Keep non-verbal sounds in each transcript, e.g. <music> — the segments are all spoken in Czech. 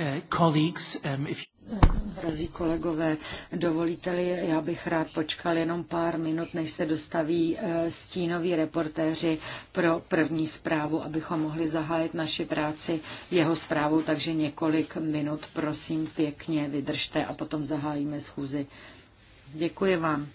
Eh, um, Drazí kolegové, dovolíte-li, já bych rád počkal jenom pár minut, než se dostaví eh, stínoví reportéři pro první zprávu, abychom mohli zahájit naši práci jeho zprávou, takže několik minut, prosím, pěkně vydržte a potom zahájíme schůzi. Děkuji vám.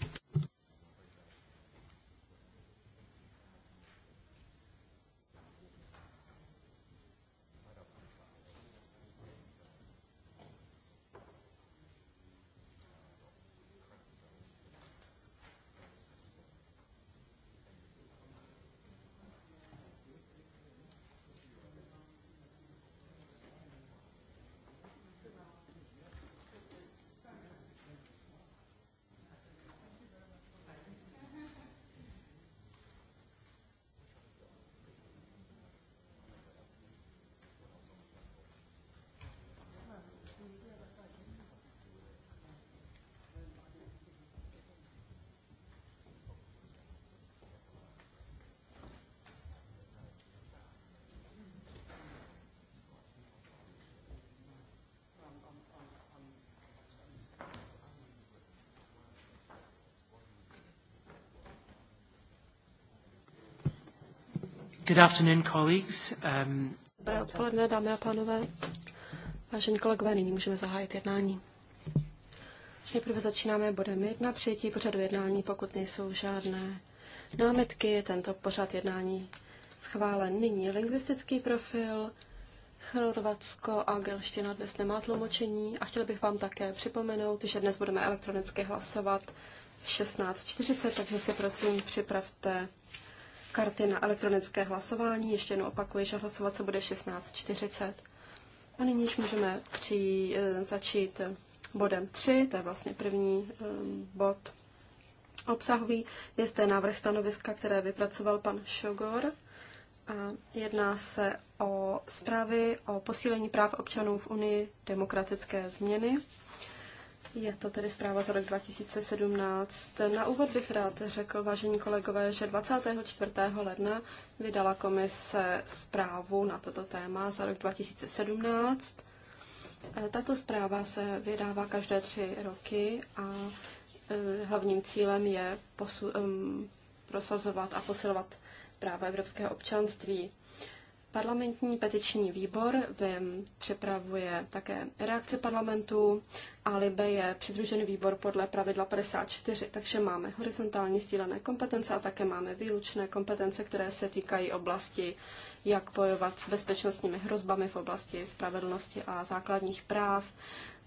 Good afternoon, colleagues. Um, Dobré odpoledne, dámy a pánové. Vážení kolegové, nyní můžeme zahájit jednání. Nejprve začínáme bodem 1, přijetí pořadu jednání, pokud nejsou žádné námitky, tento pořad jednání schválen. Nyní lingvistický profil, Chorvatsko a gelština dnes nemá tlumočení a chtěl bych vám také připomenout, že dnes budeme elektronicky hlasovat v 16.40, takže si prosím připravte karty na elektronické hlasování. Ještě jednou opakuji, že hlasovat se bude 16.40. A nyní již můžeme při, eh, začít bodem 3, to je vlastně první ehm, bod obsahový. Je zde návrh stanoviska, které vypracoval pan Šogor. A jedná se o zprávy o posílení práv občanů v Unii demokratické změny. Je to tedy zpráva za rok 2017. Na úvod bych rád řekl, vážení kolegové, že 24. ledna vydala komise zprávu na toto téma za rok 2017. E, tato zpráva se vydává každé tři roky a e, hlavním cílem je posu- prosazovat a posilovat práva evropského občanství. Parlamentní petiční výbor VIM připravuje také reakce parlamentu a LIBE je přidružený výbor podle pravidla 54, takže máme horizontální sdílené kompetence a také máme výlučné kompetence, které se týkají oblasti, jak bojovat s bezpečnostními hrozbami v oblasti spravedlnosti a základních práv.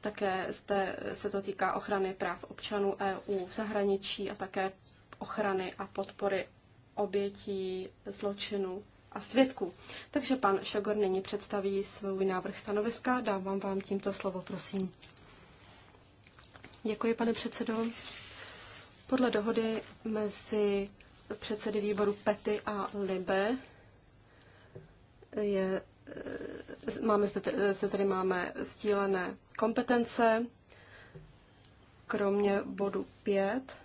Také zde se to týká ochrany práv občanů EU v zahraničí a také ochrany a podpory obětí zločinu a svědků. Takže pan Šogor nyní představí svůj návrh stanoviska. Dávám vám tímto slovo, prosím. Děkuji, pane předsedo. Podle dohody mezi předsedy výboru PETY a LIBE je, e, máme zde, e, zde tady máme stílené kompetence, kromě bodu 5,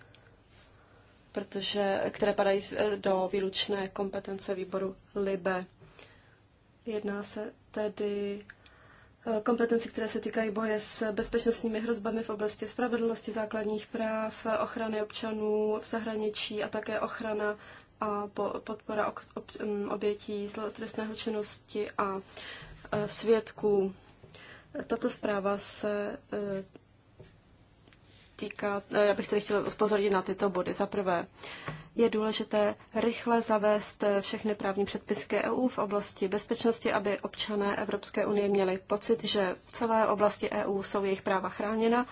protože, které padají eh, do výlučné kompetence výboru LIBE. Jedná se tedy eh, kompetenci, které se týkají boje s bezpečnostními hrozbami v oblasti spravedlnosti, základních práv, ochrany občanů v zahraničí a také ochrana a podpora mm, obětí trestné činnosti a eh, svědků. Tato zpráva se týkat, eh, já bych tady chtěla upozornit na tyto body. Za prvé, je důležité rychle zavést eh, všechny právní předpisy EU v oblasti bezpečnosti, aby občané Evropské unie měli pocit, že v celé oblasti EU jsou jejich práva chráněna.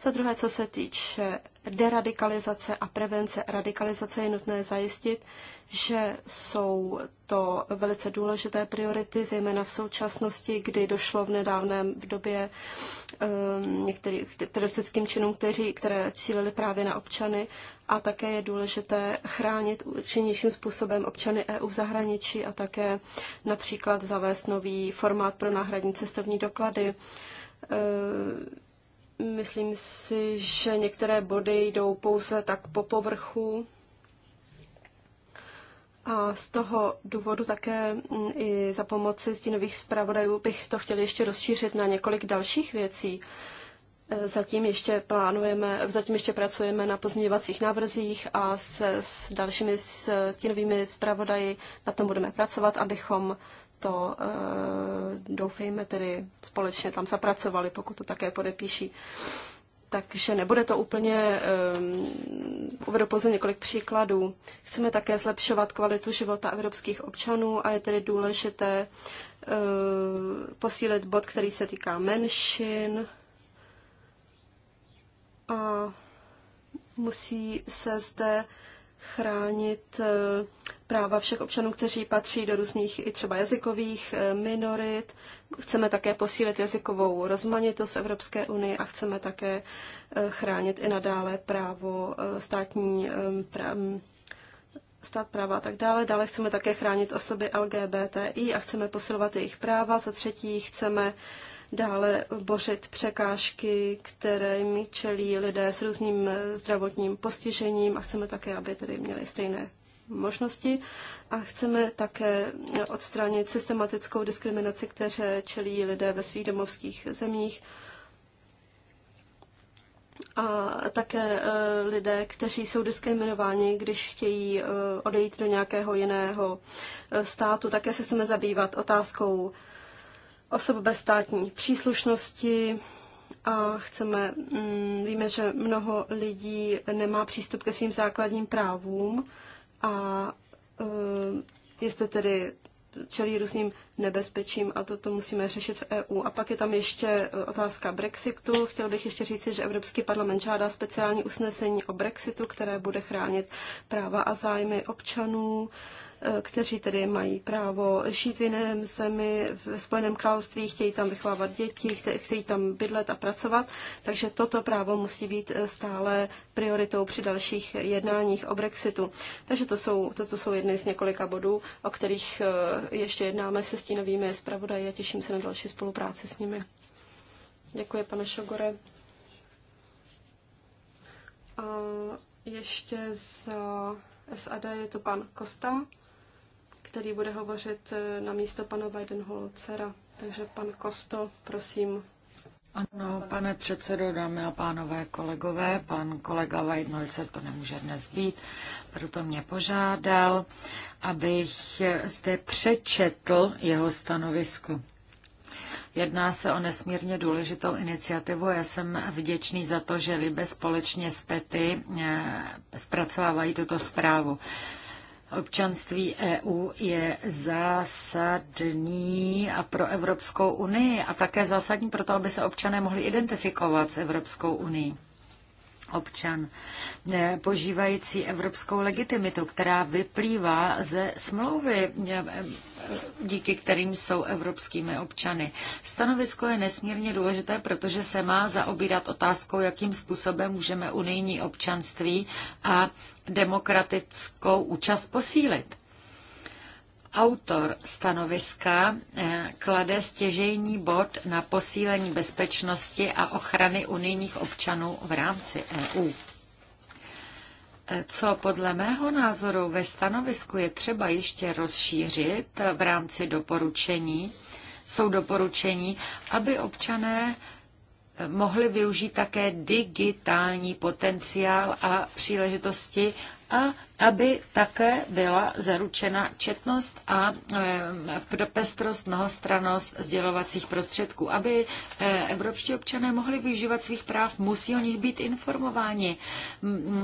Za druhé, co se týče deradikalizace a prevence radikalizace, je nutné zajistit, že jsou to velice důležité priority, zejména v současnosti, kdy došlo v nedávném v době um, některých teroristickým činům, kteří, které cílili právě na občany. A také je důležité chránit účinnějším způsobem občany EU v zahraničí a také například zavést nový formát pro náhradní cestovní doklady. Um, Myslím si, že některé body jdou pouze tak po povrchu. A z toho důvodu také mm, i za pomoci stínových zpravodajů bych to chtěl ještě rozšířit na několik dalších věcí. E, zatím ještě plánujeme, zatím ještě pracujeme na pozměňovacích návrzích a s, s dalšími stínovými zpravodaji na tom budeme pracovat, abychom to eh, doufejme tedy společně tam zapracovali, pokud to také podepíší. Takže nebude to úplně, um, uvedu pouze několik příkladů. Chceme také zlepšovat kvalitu života evropských občanů a je tedy důležité uh, posílit bod, který se týká menšin. A musí se zde chránit eh, práva všech občanů, kteří patří do různých i třeba jazykových eh, minorit. Chceme také posílit jazykovou rozmanitost v Evropské unii a chceme také eh, chránit i nadále právo státní práv, mm, stát práva a tak dále. Dále chceme také chránit osoby LGBTI a chceme posilovat jejich práva. Za třetí chceme uh, dále bořit překážky, které mi čelí lidé s různým zdravotním postižením a chceme také, aby tedy měli stejné možnosti a chceme také odstranit systematickou diskriminaci, které čelí lidé ve svých domovských zemích a také e, lidé, kteří jsou diskriminováni, když chtějí e, odejít do nějakého jiného e, státu. Také se chceme zabývat otázkou osob bez státní příslušnosti a chceme, mm, víme, že mnoho lidí nemá přístup ke svým základním právům a eh, jestli tedy čelí různým nebezpečím a toto musíme řešit v EU. A pak je tam ještě eh, otázka Brexitu. Chtěl bych ještě říci, že Evropský parlament žádá speciální usnesení o Brexitu, které bude chránit práva a zájmy občanů. Uh, Eh, kteří tedy mají právo žít v jiném zemi, v Spojeném království, chtějí tam vychovávat děti, chtějí tam bydlet a pracovat. Takže toto právo musí být eh, stále prioritou při dalších jednáních o Brexitu. Takže to jsou, toto jsou jedny z několika bodů, o kterých eh, ještě jednáme se stínovými zpravodaji a těším se na další spolupráci s nimi. Děkuji, pane Šogore. A ještě za SAD je to pan Kosta který bude hovořit eh, na místo pana Bidenholcera. Takže pan Kosto, prosím. Ano, pane předsedo, dámy a pánové kolegové, pan kolega Vajdnolce to nemůže dnes být, proto mě požádal, abych zde přečetl jeho stanovisko. Jedná se o nesmírně důležitou iniciativu. Já jsem vděčný za to, že Libe společně s Pety eh, zpracovávají tuto zprávu. Občanství EU je zásadní a pro Evropskou unii a také zásadní pro to, aby se občané mohli identifikovat s Evropskou unii občan eh, požívající evropskou legitimitu, která vyplývá ze smlouvy eh, díky kterým jsou evropskými občany. Stanovisko je nesmírně důležité, protože se má zaobírat otázkou, jakým způsobem můžeme unijní občanství a demokratickou účast posílit. Autor stanoviska eh, klade stěžejní bod na posílení bezpečnosti a ochrany unijních občanů v rámci EU co podle mého názoru ve stanovisku je třeba ještě rozšířit v rámci doporučení, jsou doporučení, aby občané mohli využít také digitální potenciál a příležitosti a aby také byla zaručena četnost a e, eh, pestrost, mnohostranost sdělovacích prostředků. Aby e, evropští občané mohli využívat svých práv, musí o nich být informováni,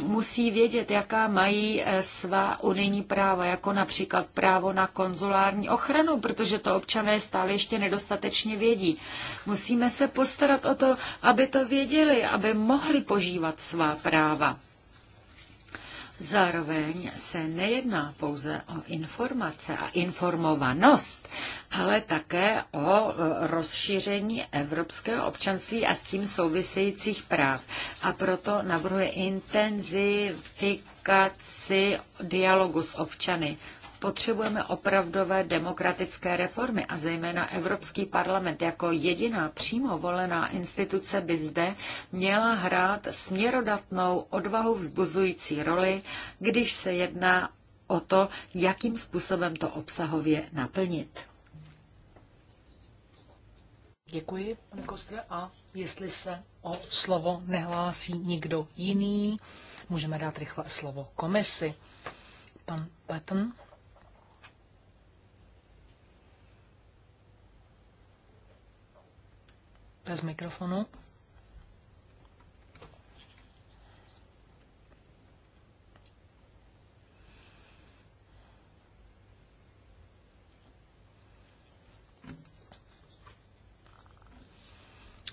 musí vědět, jaká mají e, svá unijní práva, jako například právo na konzulární ochranu, protože to občané stále ještě nedostatečně vědí. Musíme se postarat o to, aby to věděli, aby mohli požívat svá práva. Zároveň se nejedná pouze o informace a informovanost, ale také o e, rozšíření evropského občanství a s tím souvisejících práv. A proto navrhuje intenzifikaci dialogu s občany Potřebujeme opravdové demokratické reformy a zejména Evropský parlament jako jediná přímo volená instituce by zde měla hrát směrodatnou, odvahu vzbuzující roli, když se jedná o to, jakým způsobem to obsahově naplnit. Děkuji, pane Kostě, a jestli se o slovo nehlásí nikdo jiný, můžeme dát rychle slovo komisi. Pan Patton. bez mikrofonu.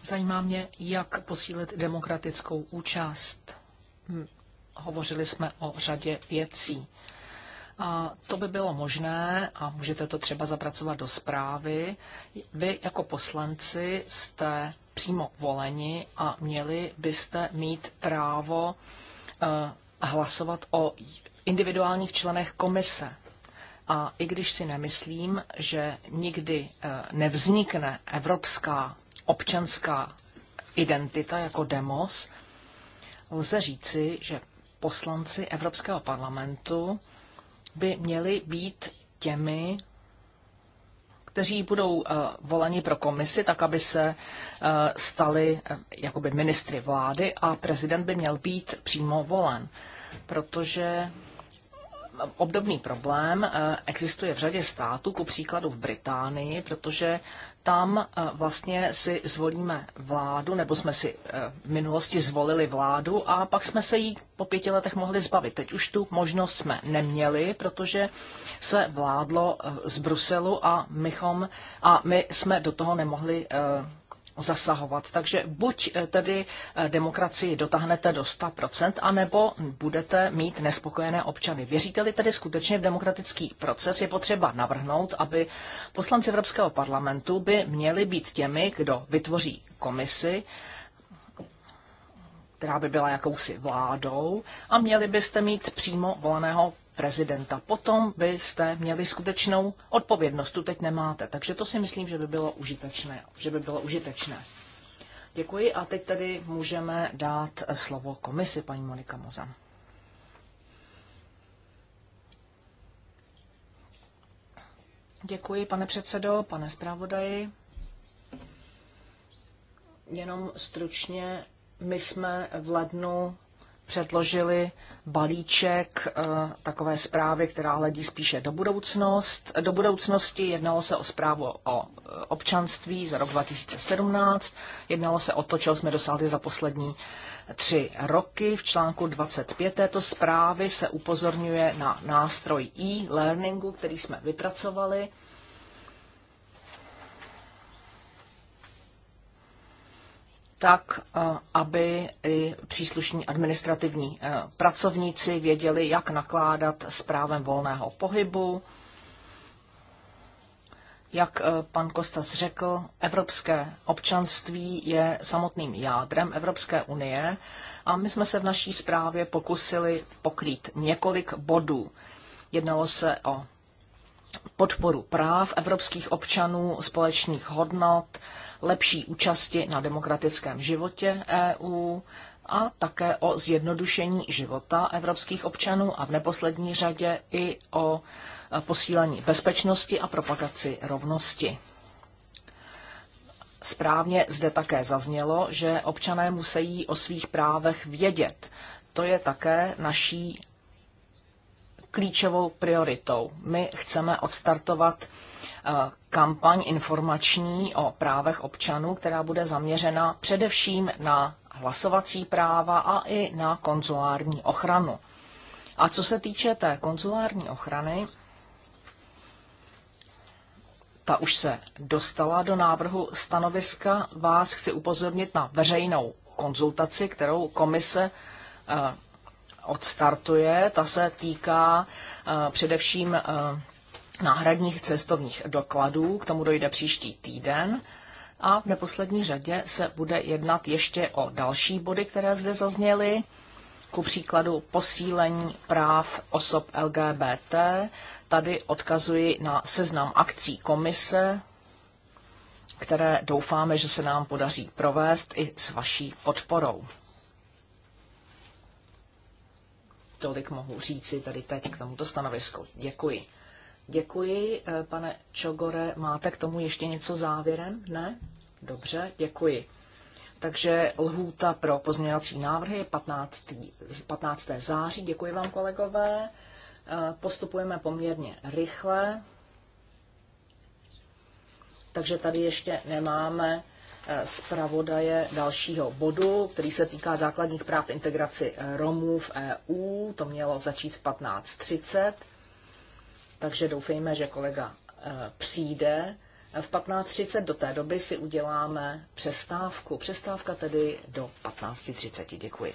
Zajímá mě, jak posílit demokratickou účast. Hm. Hovořili jsme o řadě věcí. A to by bylo možné a můžete to třeba zapracovat do zprávy. Vy jako poslanci jste přímo voleni a měli byste mít právo eh, hlasovat o individuálních členech komise. A i když si nemyslím, že nikdy eh, nevznikne evropská občanská identita jako demos, lze říci, že poslanci Evropského parlamentu by měli být těmi, kteří budou eh, voleni pro komisi, tak aby se eh, stali eh, jakoby ministry vlády a prezident by měl být přímo volen, protože obdobný problém eh, existuje v řadě států, ku příkladu v Británii, protože tam eh, vlastně si zvolíme vládu, nebo jsme si eh, v minulosti zvolili vládu a pak jsme se jí po pěti letech mohli zbavit. Teď už tu možnost jsme neměli, protože se vládlo z Bruselu a, chom, a my jsme do toho nemohli zasahovat. Takže buď eh, tedy eh, demokracii dotáhnete do 100%, anebo budete mít nespokojené občany. Věříte-li tedy skutečně v demokratický proces, je potřeba navrhnout, aby poslanci Evropského parlamentu by měli být těmi, kdo vytvoří komisi, která by byla jakousi vládou a měli byste mít přímo voleného prezidenta. Potom byste měli skutečnou odpovědnost, tu teď nemáte, takže to si myslím, že by bylo užitečné. Že by bylo užitečné. Děkuji a teď tady můžeme dát slovo komisi, paní Monika Mozan. Děkuji, pane předsedo, pane zpravodaji. Jenom stručně, my jsme v lednu předložili balíček eh, takové zprávy, která hledí spíše do, budoucnost, do budoucnosti. Jednalo se o zprávu o eh, občanství za rok 2017. Jednalo se o to, čeho jsme dosáhli za poslední tři roky. V článku 25 této zprávy se upozorňuje na nástroj e-learningu, který jsme vypracovali tak, eh, aby i příslušní administrativní eh, pracovníci věděli, jak nakládat s právem volného pohybu. Jak eh, pan Kostas řekl, evropské občanství je samotným jádrem Evropské unie a my jsme se v naší zprávě pokusili pokrýt několik bodů. Jednalo se o podporu práv evropských občanů, společných hodnot, lepší účasti na demokratickém životě EU a také o zjednodušení života evropských občanů a v neposlední řadě i o posílení bezpečnosti a propagaci rovnosti. Správně zde také zaznělo, že občané musí o svých právech vědět. To je také naší klíčovou prioritou. My chceme odstartovat eh, kampaň informační o právech občanů, která bude zaměřena především na hlasovací práva a i na konzulární ochranu. A co se týče té konzulární ochrany, ta už se dostala do návrhu stanoviska. Vás chci upozornit na veřejnou konzultaci, kterou komise eh, odstartuje. Ta se týká eh, především eh, náhradních cestovních dokladů, k tomu dojde příští týden. A v neposlední řadě se bude jednat ještě o další body, které zde zazněly, ku příkladu posílení práv osob LGBT. Tady odkazuji na seznam akcí komise, které doufáme, že se nám podaří provést i s vaší podporou. Tolik mohu říci tady teď k tomuto stanovisku. Děkuji. Děkuji, eh, pane Čogore. Máte k tomu ještě něco závěrem? Ne? Dobře, děkuji. Takže lhůta pro pozměňovací návrhy je 15. 15. září. Děkuji vám, kolegové. Eh, postupujeme poměrně rychle. Takže tady ještě nemáme zpravodaje dalšího bodu, který se týká základních práv integraci Romů v EU. To mělo začít v 15.30, takže doufejme, že kolega eh, přijde. V 15.30 do té doby si uděláme přestávku. Přestávka tedy do 15.30. Děkuji.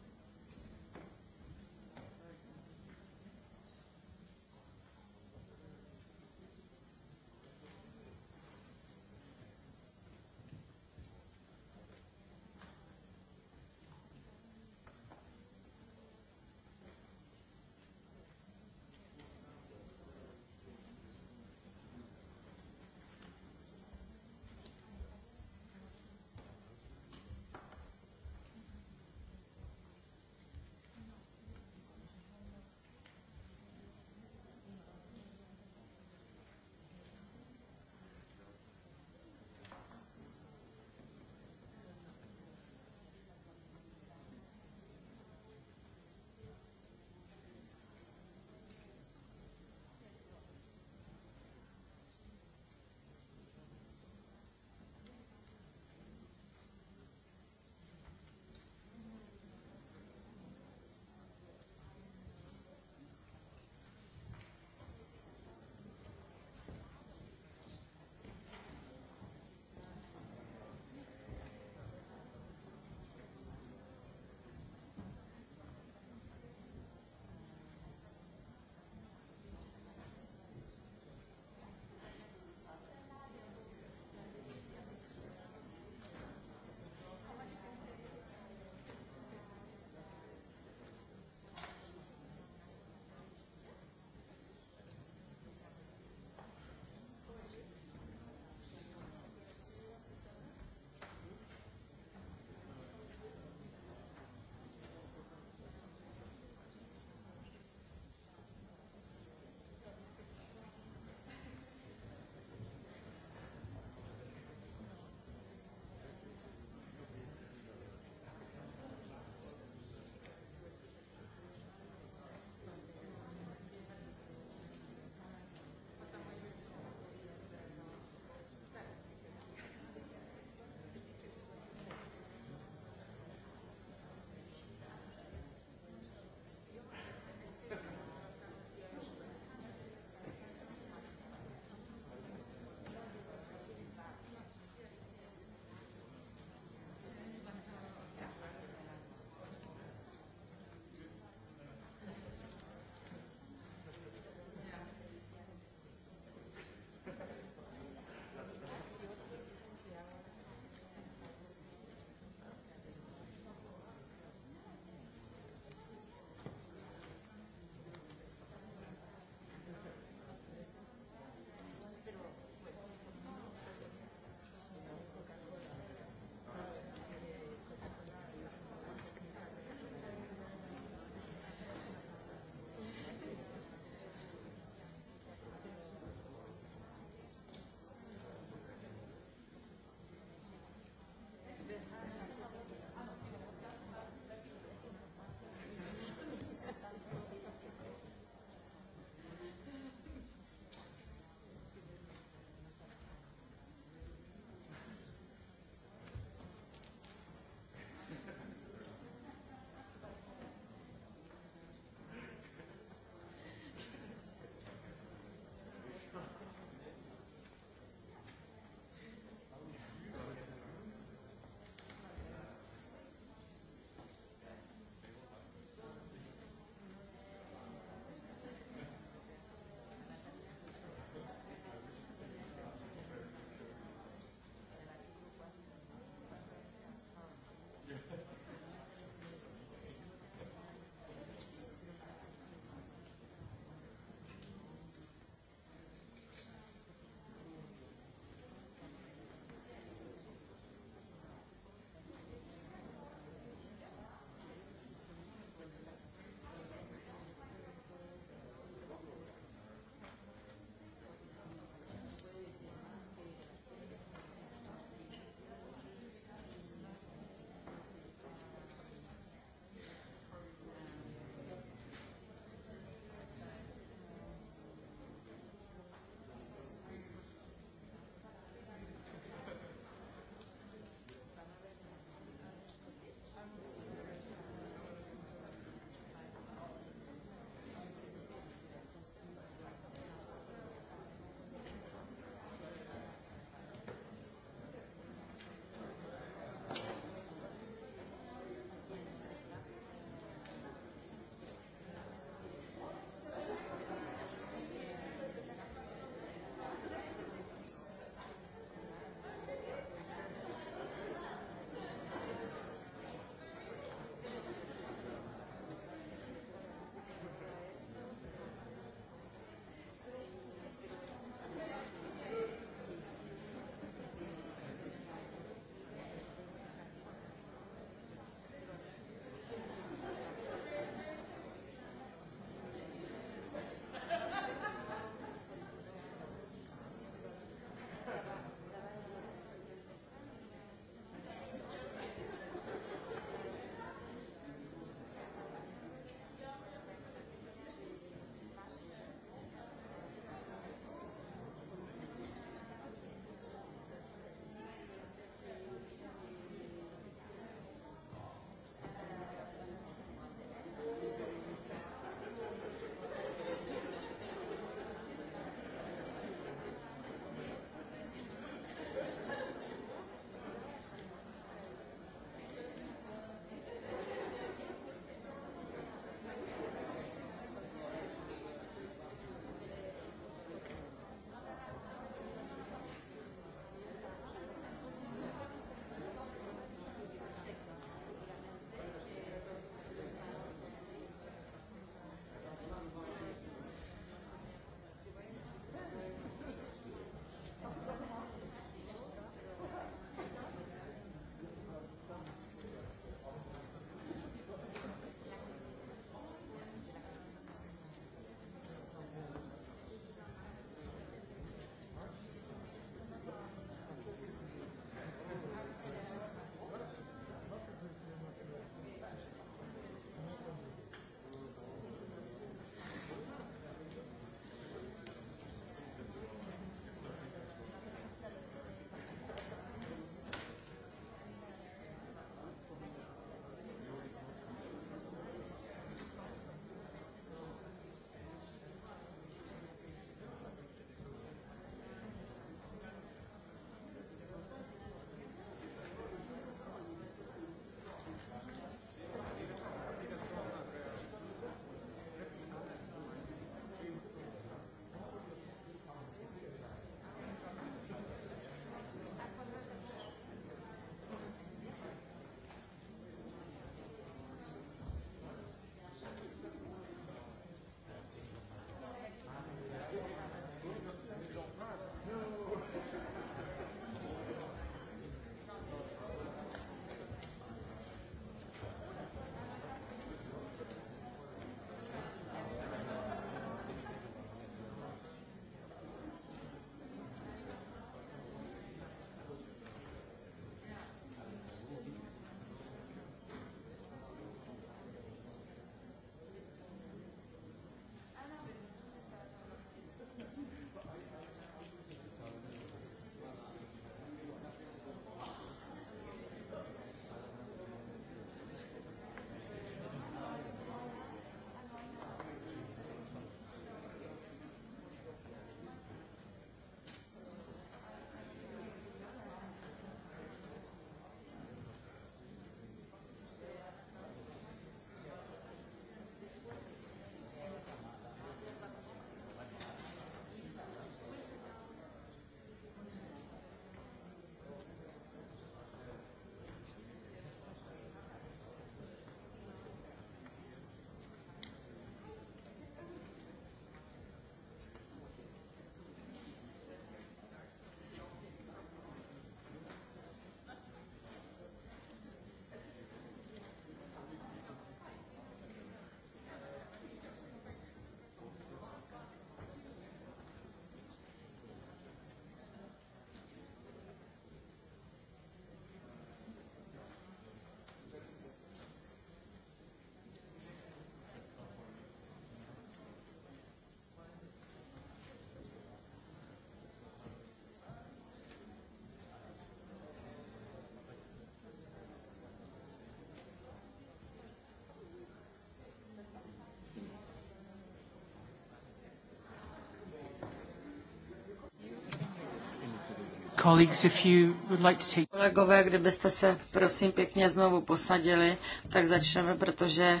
Kolegové, kdybyste se prosím pěkně znovu posadili, tak začneme, protože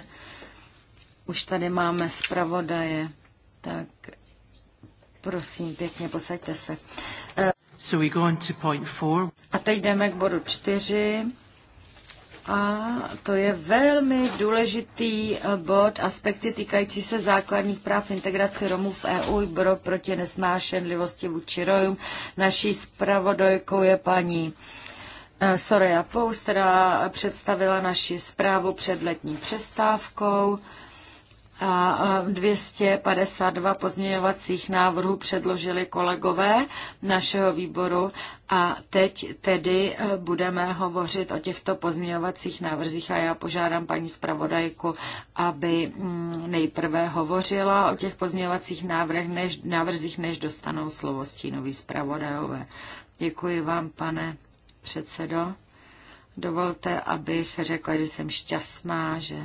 už tady máme zpravodaje. Tak prosím pěkně, posaďte se. So we go point four. A teď jdeme k bodu čtyři. A to je velmi důležitý eh, bod, aspekty týkající se základních práv integrace Romů v EU bro proti nesmášenlivosti vůči Rojům. Naší zpravodajkou je paní eh, Soraya Pous, která představila naši zprávu před letní přestávkou a 252 pozměňovacích návrhů předložili kolegové našeho výboru a teď tedy e, budeme hovořit o těchto pozměňovacích návrzích a já požádám paní zpravodajku, aby mm, nejprve hovořila o těch pozměňovacích návrh, než, návrzích, než dostanou slovo stínoví zpravodajové. Děkuji vám, pane předsedo. Dovolte, abych řekla, že jsem šťastná, že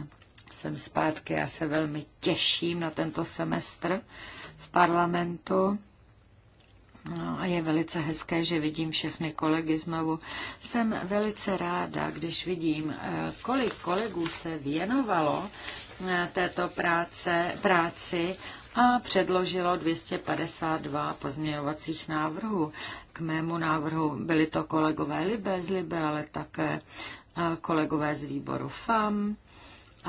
jsem zpátky. Já se velmi těším na tento semestr v parlamentu. No a je velice hezké, že vidím všechny kolegy znovu. Jsem velice ráda, když vidím, eh, kolik kolegů se věnovalo eh, této práce, práci a předložilo 252 pozměňovacích návrhů. K mému návrhu byli to kolegové Libe z Libe, ale také eh, kolegové z výboru FAM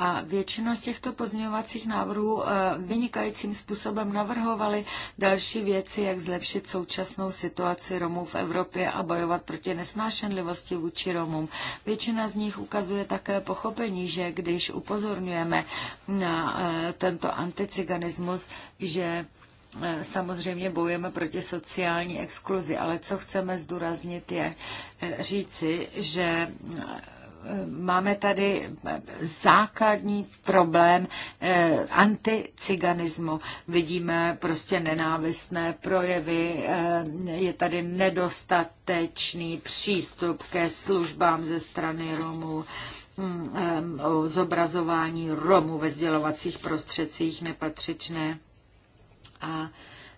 a většina z těchto pozměňovacích návrhů eh, vynikajícím způsobem navrhovaly další věci, jak zlepšit současnou situaci Romů v Evropě a bojovat proti nesnášenlivosti vůči Romům. Většina z nich ukazuje také pochopení, že když upozorňujeme na eh, tento anticiganismus, že eh, samozřejmě bojujeme proti sociální exkluzi, ale co chceme zdůraznit je říci, že máme tady základní problém eh, anticiganismu. Vidíme prostě nenávistné projevy, eh, je tady nedostatečný přístup ke službám ze strany Romů mm, eh, zobrazování Romů ve sdělovacích prostředcích nepatřičné. A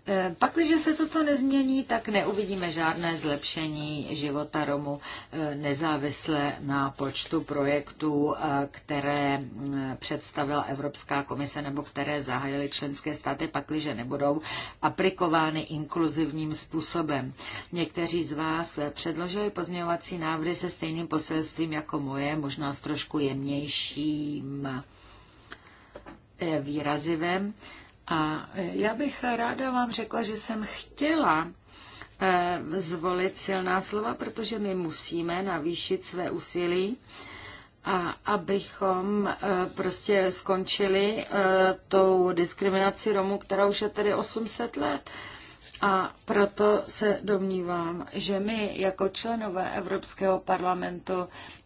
Eh, Pak, když se toto nezmění, tak neuvidíme žádné zlepšení života Romů eh, nezávisle na počtu projektů, eh, které mm, představila Evropská komise nebo které zahájily členské státy, pakliže nebudou aplikovány inkluzivním způsobem. Někteří z vás předložili pozměňovací návrhy se stejným poselstvím jako moje, možná s trošku jemnějším výrazivem. A e, já bych ráda vám řekla, že jsem chtěla e, zvolit silná slova, protože my musíme navýšit své úsilí, a abychom e, prostě skončili tou diskriminaci Romů, která už je tady 800 let. A proto se domnívám, že my jako členové Evropského parlamentu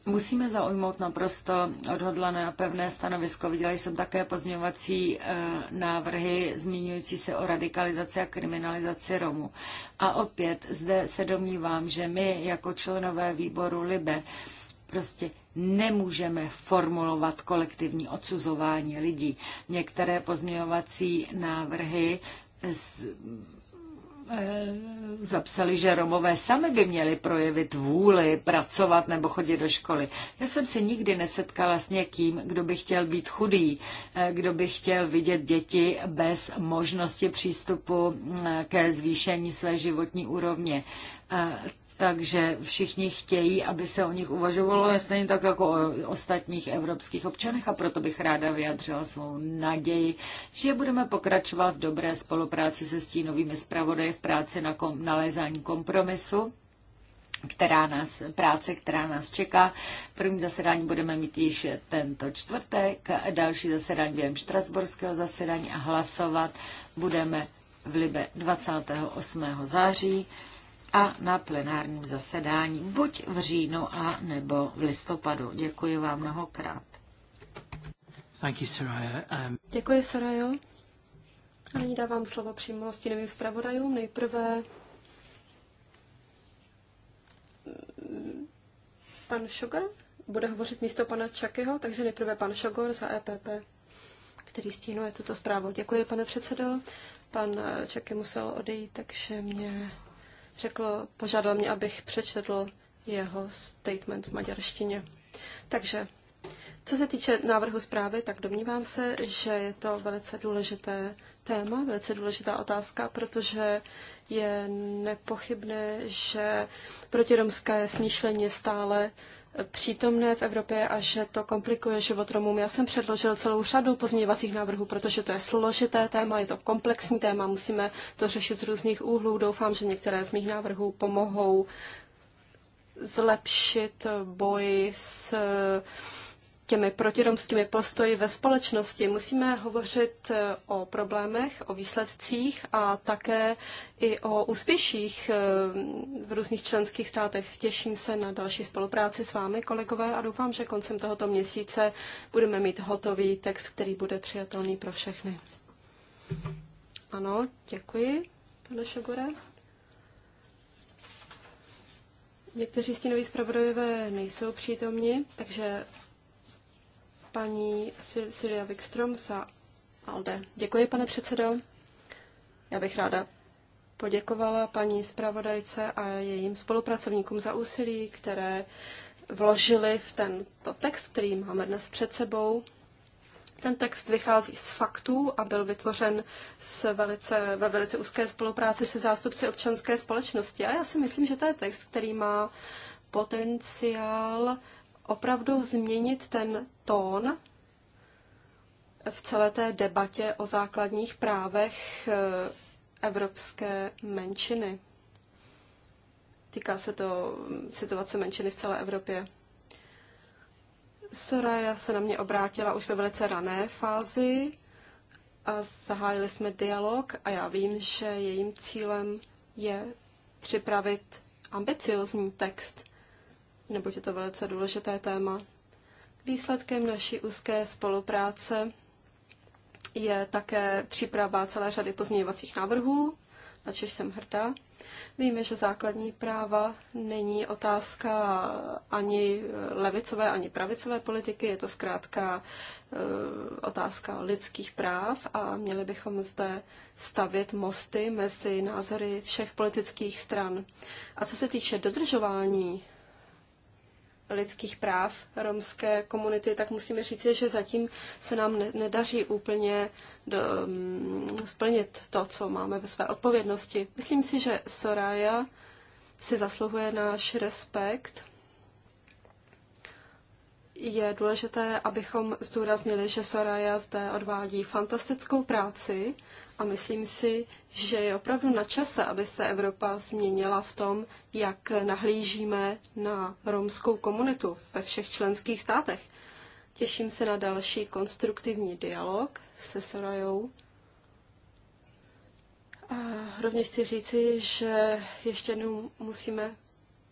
musíme zaujmout naprosto odhodlané a pevné stanovisko. Viděla jsem také pozměňovací e, návrhy zmiňující se o radikalizaci a kriminalizaci Romů. A opět zde se domnívám, že my jako členové výboru LIBE prostě nemůžeme formulovat kolektivní odsuzování lidí. Některé pozměňovací návrhy Eh, zapsali, že Romové sami by měli projevit vůli pracovat nebo chodit do školy. Já jsem se nikdy nesetkala s někým, kdo by chtěl být chudý, eh, kdo by chtěl vidět děti bez možnosti přístupu eh, ke zvýšení své životní úrovně takže všichni chtějí, aby se o nich uvažovalo, stejně tak jako o ostatních evropských občanech a proto bych ráda vyjadřila svou naději, že budeme pokračovat v dobré spolupráci se stínovými zpravodaji v práci na kom- nalézání kompromisu která nás, práce, která nás čeká. První zasedání budeme mít již tento čtvrtek, další zasedání během štrasburského zasedání a hlasovat budeme v Libe 28. září a na plenárním zasedání, buď v říjnu a nebo v listopadu. Děkuji vám mnohokrát. Thank you, Soraya. Um... Děkuji, Sorajo. A nyní dávám slovo přímo stínovým zpravodajům. Nejprve mm, pan Šogar bude hovořit místo pana Čakyho, takže nejprve pan Šogor za EPP, který stínuje tuto zprávu. Děkuji, pane předsedo. Pan Čaky musel odejít, takže mě řekl, požádal mě, abych přečetl jeho statement v maďarštině. Takže, co se týče návrhu zprávy, tak domnívám se, že je to velice důležité téma, velice důležitá otázka, protože je nepochybné, že protiromské smýšlení stále přítomné v Evropě a že to komplikuje život Romům. Já jsem předložil celou řadu pozměňovacích návrhů, protože to je složité téma, je to komplexní téma, musíme to řešit z různých úhlů. Doufám, že některé z mých návrhů pomohou zlepšit boj s těmi protiromskými postoji ve společnosti. Musíme hovořit eh, o problémech, o výsledcích a také i o úspěších eh, v různých členských státech. Těším se na další spolupráci s vámi, kolegové, a doufám, že koncem tohoto měsíce budeme mít hotový text, který bude přijatelný pro všechny. Ano, děkuji, pane Šogore. Někteří stínoví zpravodajové nejsou přítomni, takže paní Silvia Wikström za ALDE. Děkuji, pane předsedo. Já bych ráda poděkovala paní zpravodajce a jejím spolupracovníkům za úsilí, které vložili v tento text, který máme dnes před sebou. Ten text vychází z faktů a byl vytvořen s velice, ve velice úzké spolupráci se zástupci občanské společnosti. A já si myslím, že to je text, který má potenciál opravdu změnit ten tón v celé té debatě o základních právech eh, evropské menšiny. Týká se to situace menšiny v celé Evropě. Soraya se na mě obrátila už ve velice rané fázi a zahájili jsme dialog a já vím, že jejím cílem je připravit ambiciozní text, neboť je to velice důležité téma. Výsledkem naší úzké spolupráce je také příprava celé řady pozměňovacích návrhů, na což jsem hrdá. Víme, že základní práva není otázka ani levicové, ani pravicové politiky, je to zkrátka eh, otázka lidských práv a měli bychom zde stavět mosty mezi názory všech politických stran. A co se týče dodržování lidských práv romské komunity, tak musíme říct, že zatím se nám nedaří úplně do, um, splnit to, co máme ve své odpovědnosti. Myslím si, že Soraya si zasluhuje náš respekt. Je důležité, abychom zdůraznili, že Soraya zde odvádí fantastickou práci a myslím si, že je opravdu na čase, aby se Evropa změnila v tom, jak nahlížíme na romskou komunitu ve všech členských státech. Těším se na další konstruktivní dialog se Sarajou. A rovněž chci říci, že ještě jednou musíme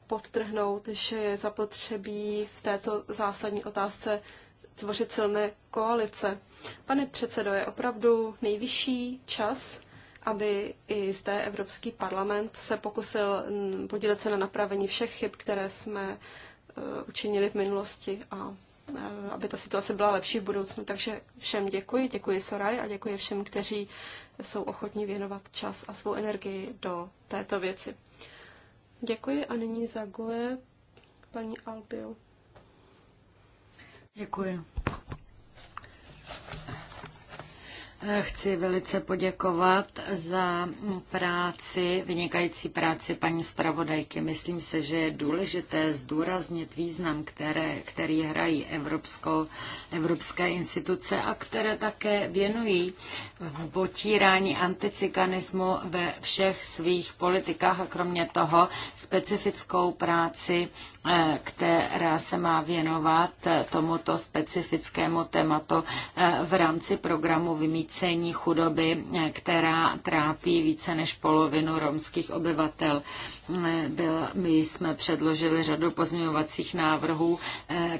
podtrhnout, že je zapotřebí v této zásadní otázce tvořit silné koalice. Pane předsedo, je opravdu nejvyšší čas, aby i zde Evropský parlament se pokusil mm, podílet se na napravení všech chyb, které jsme e, učinili v minulosti a e, aby ta situace byla lepší v budoucnu. Takže všem děkuji, děkuji Soraj a děkuji všem, kteří jsou ochotní věnovat čas a svou energii do této věci. Děkuji a nyní za Goe paní Albiu. Děkuji. Chci velice poděkovat za práci, vynikající práci paní zpravodajky. Myslím se, že je důležité zdůraznit význam, které, který hrají evropskou, evropské instituce a které také věnují v potírání anticikanismu ve všech svých politikách a kromě toho specifickou práci, eh, která se má věnovat tomuto specifickému tématu eh, v rámci programu vymít vymícení chudoby, která trápí více než polovinu romských obyvatel. Byl, my jsme předložili řadu pozměňovacích návrhů,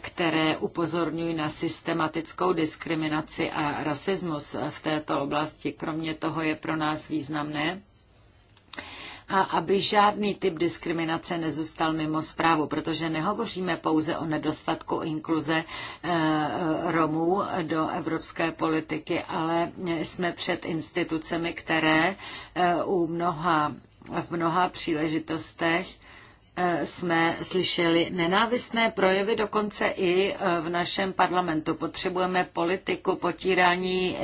které upozorňují na systematickou diskriminaci a rasismus v této oblasti. Kromě toho je pro nás významné, a aby žádný typ diskriminace nezůstal mimo zprávu, protože nehovoříme pouze o nedostatku inkluze eh, Romů do evropské politiky, ale jsme před institucemi, které eh, u mnoha, v mnoha příležitostech eh, jsme slyšeli nenávistné projevy dokonce i v našem parlamentu. Potřebujeme politiku potírání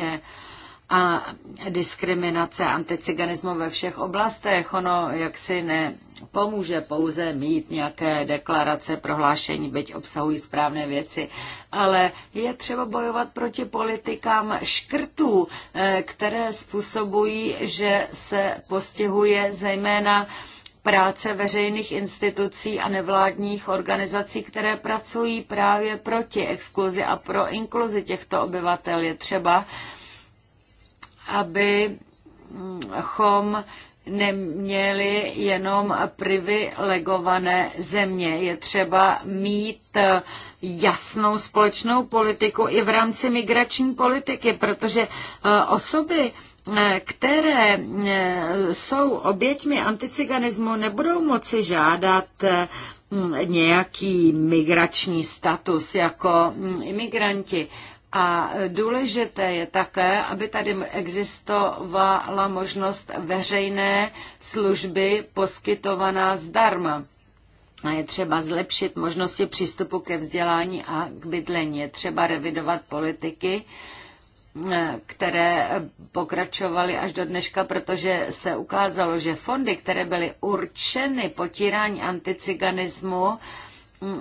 a diskriminace, anticiganismu ve všech oblastech. Ono jaksi nepomůže pouze mít nějaké deklarace, prohlášení, byť obsahují správné věci, ale je třeba bojovat proti politikám škrtů, eh, které způsobují, že se postihuje zejména práce veřejných institucí a nevládních organizací, které pracují právě proti exkluzi a pro inkluzi těchto obyvatel. Je třeba, abychom neměli jenom privilegované země. Je třeba mít jasnou společnou politiku i v rámci migrační politiky, protože eh, osoby, eh, které eh, jsou oběťmi anticiganismu, nebudou moci žádat nějaký migrační status jako mm, imigranti. A důležité je také, aby tady existovala možnost veřejné služby poskytovaná zdarma. A je třeba zlepšit možnosti přístupu ke vzdělání a k bydlení. Je třeba revidovat politiky, které pokračovaly až do dneška, protože se ukázalo, že fondy, které byly určeny potírání anticiganismu,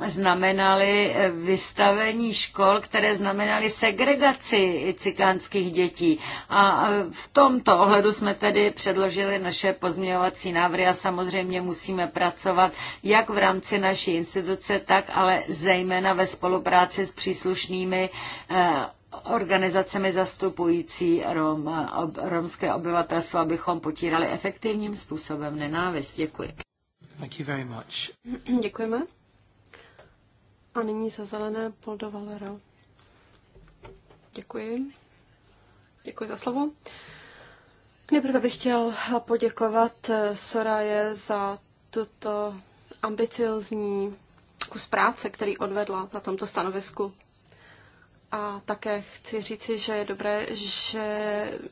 znamenaly eh, vystavení škol, které znamenaly segregaci cikánských dětí. A eh, v tomto ohledu jsme tedy předložili naše pozměňovací návrhy a samozřejmě musíme pracovat jak v rámci naší instituce, tak ale zejména ve spolupráci s příslušnými eh, organizacemi zastupující Rom, ob, romské obyvatelstvo, abychom potírali efektivním způsobem nenávist. Děkuji. Thank you very much. Děkujeme. A nyní za zelené Poldo Valera. Děkuji. Děkuji za slovo. Nejprve bych chtěl poděkovat Soraje za tuto ambiciozní kus práce, který odvedla na tomto stanovisku. A také chci říci, že je dobré, že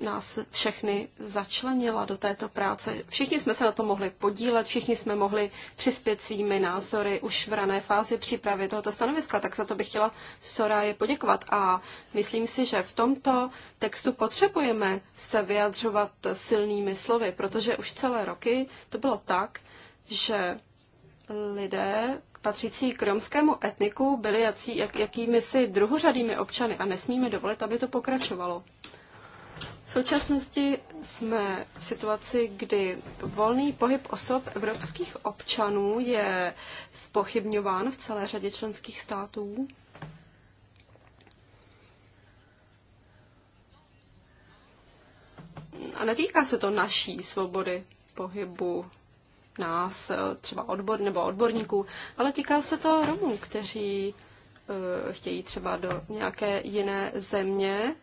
nás všechny začlenila do této práce. Všichni jsme se na to mohli podílet, všichni jsme mohli přispět svými názory už v rané fázi přípravy tohoto stanoviska, tak za to bych chtěla Soraje poděkovat. A myslím si, že v tomto textu potřebujeme se vyjadřovat silnými slovy, protože už celé roky to bylo tak, že lidé patřící k romskému etniku byli jací, jak, jakými si druhořadými občany a nesmíme dovolit, aby to pokračovalo. V současnosti jsme v situaci, kdy volný pohyb osob evropských občanů je spochybňován v celé řadě členských států. A netýká se to naší svobody pohybu nás, eh, třeba odbor nebo odborníků, ale týká se to Romů, kteří eh, chtějí třeba do nějaké jiné země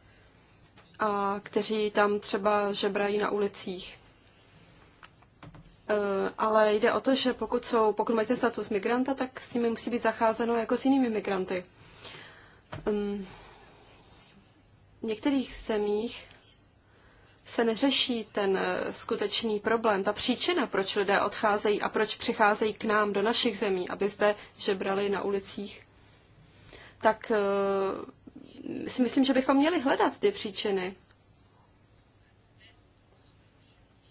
a kteří tam třeba žebrají na ulicích. Eh, ale jde o to, že pokud, jsou, pokud máte status migranta, tak s nimi musí být zacházeno jako s jinými migranty. Ehm, v některých zemích se neřeší ten eh, skutečný problém, ta příčina, proč lidé odcházejí a proč přicházejí k nám do našich zemí, aby zde žebrali na ulicích, tak eh, si myslím, že bychom měli hledat ty příčiny.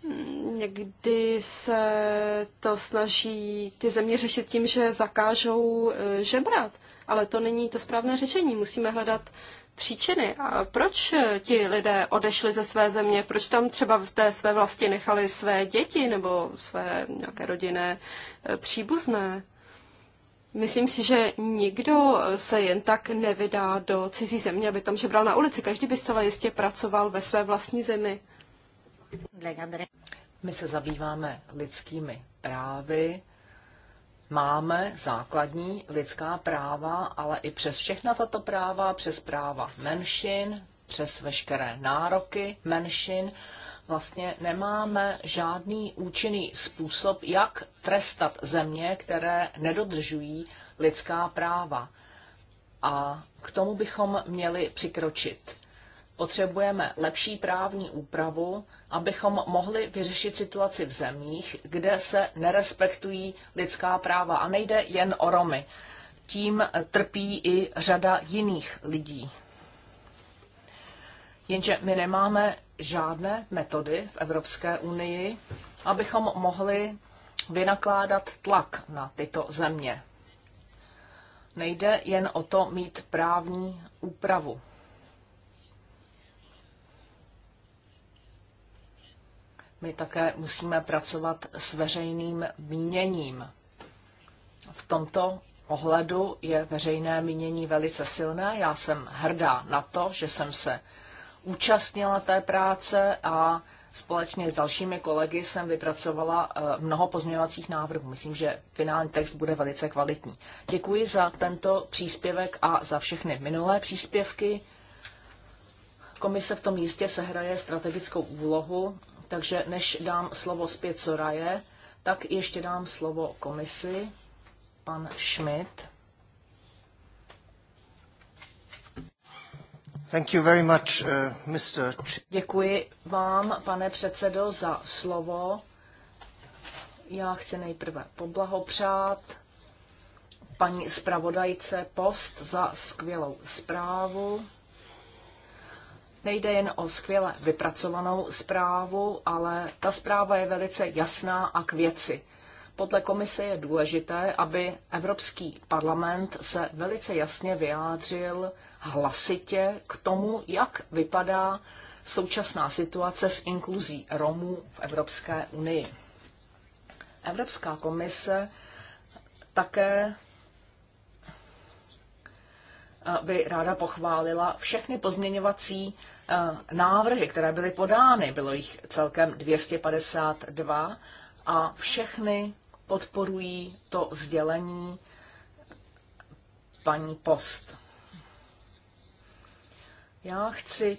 Hmm, někdy se to snaží ty země řešit tím, že zakážou eh, žebrat, ale to není to správné řešení. Musíme hledat příčiny. A proč ti lidé odešli ze své země? Proč tam třeba v té své vlasti nechali své děti nebo své nějaké rodinné e, příbuzné? Myslím si, že nikdo se jen tak nevydá do cizí země, aby tam žebral na ulici. Každý by zcela jistě pracoval ve své vlastní zemi. My se zabýváme lidskými právy, máme základní lidská práva, ale i přes všechna tato práva, přes práva menšin, přes veškeré nároky menšin, vlastně nemáme žádný účinný způsob, jak trestat země, které nedodržují lidská práva. A k tomu bychom měli přikročit. Potřebujeme lepší právní úpravu, abychom mohli vyřešit situaci v zemích, kde se nerespektují lidská práva. A nejde jen o Romy. Tím trpí i řada jiných lidí. Jenže my nemáme žádné metody v Evropské unii, abychom mohli vynakládat tlak na tyto země. Nejde jen o to mít právní úpravu. my také musíme pracovat s veřejným míněním. V tomto ohledu je veřejné mínění velice silné. Já jsem hrdá na to, že jsem se účastnila té práce a společně s dalšími kolegy jsem vypracovala eh, mnoho pozměňovacích návrhů. Myslím, že finální text bude velice kvalitní. Děkuji za tento příspěvek a za všechny minulé příspěvky. Komise v tom jistě sehraje strategickou úlohu takže než dám slovo zpět Soraje, tak ještě dám slovo komisi, pan Schmidt. Thank you very much, uh, Mr. Děkuji vám, pane předsedo, za slovo. Já chci nejprve poblahopřát paní zpravodajce Post za skvělou zprávu. Nejde jen o skvěle vypracovanou zprávu, ale ta zpráva je velice jasná a k věci. Podle komise je důležité, aby Evropský parlament se velice jasně vyjádřil hlasitě k tomu, jak vypadá současná situace s inkluzí Romů v Evropské unii. Evropská komise také eh, by ráda pochválila všechny pozměňovací Eh, návrhy, které byly podány, bylo jich celkem 252 a všechny podporují to sdělení paní Post. Já chci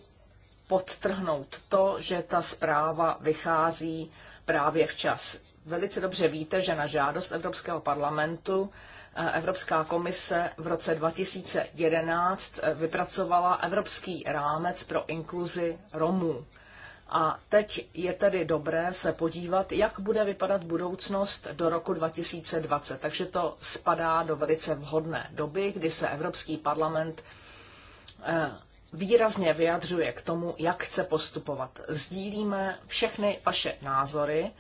podtrhnout to, že ta zpráva vychází právě včas. Velice dobře víte, že na žádost Evropského parlamentu Evropská komise v roce 2011 eh, vypracovala Evropský rámec pro inkluzi Romů. A teď je tedy dobré se podívat, jak bude vypadat budoucnost do roku 2020. Takže to spadá do velice vhodné doby, kdy se Evropský parlament eh, výrazně vyjadřuje k tomu, jak chce postupovat. Sdílíme všechny vaše názory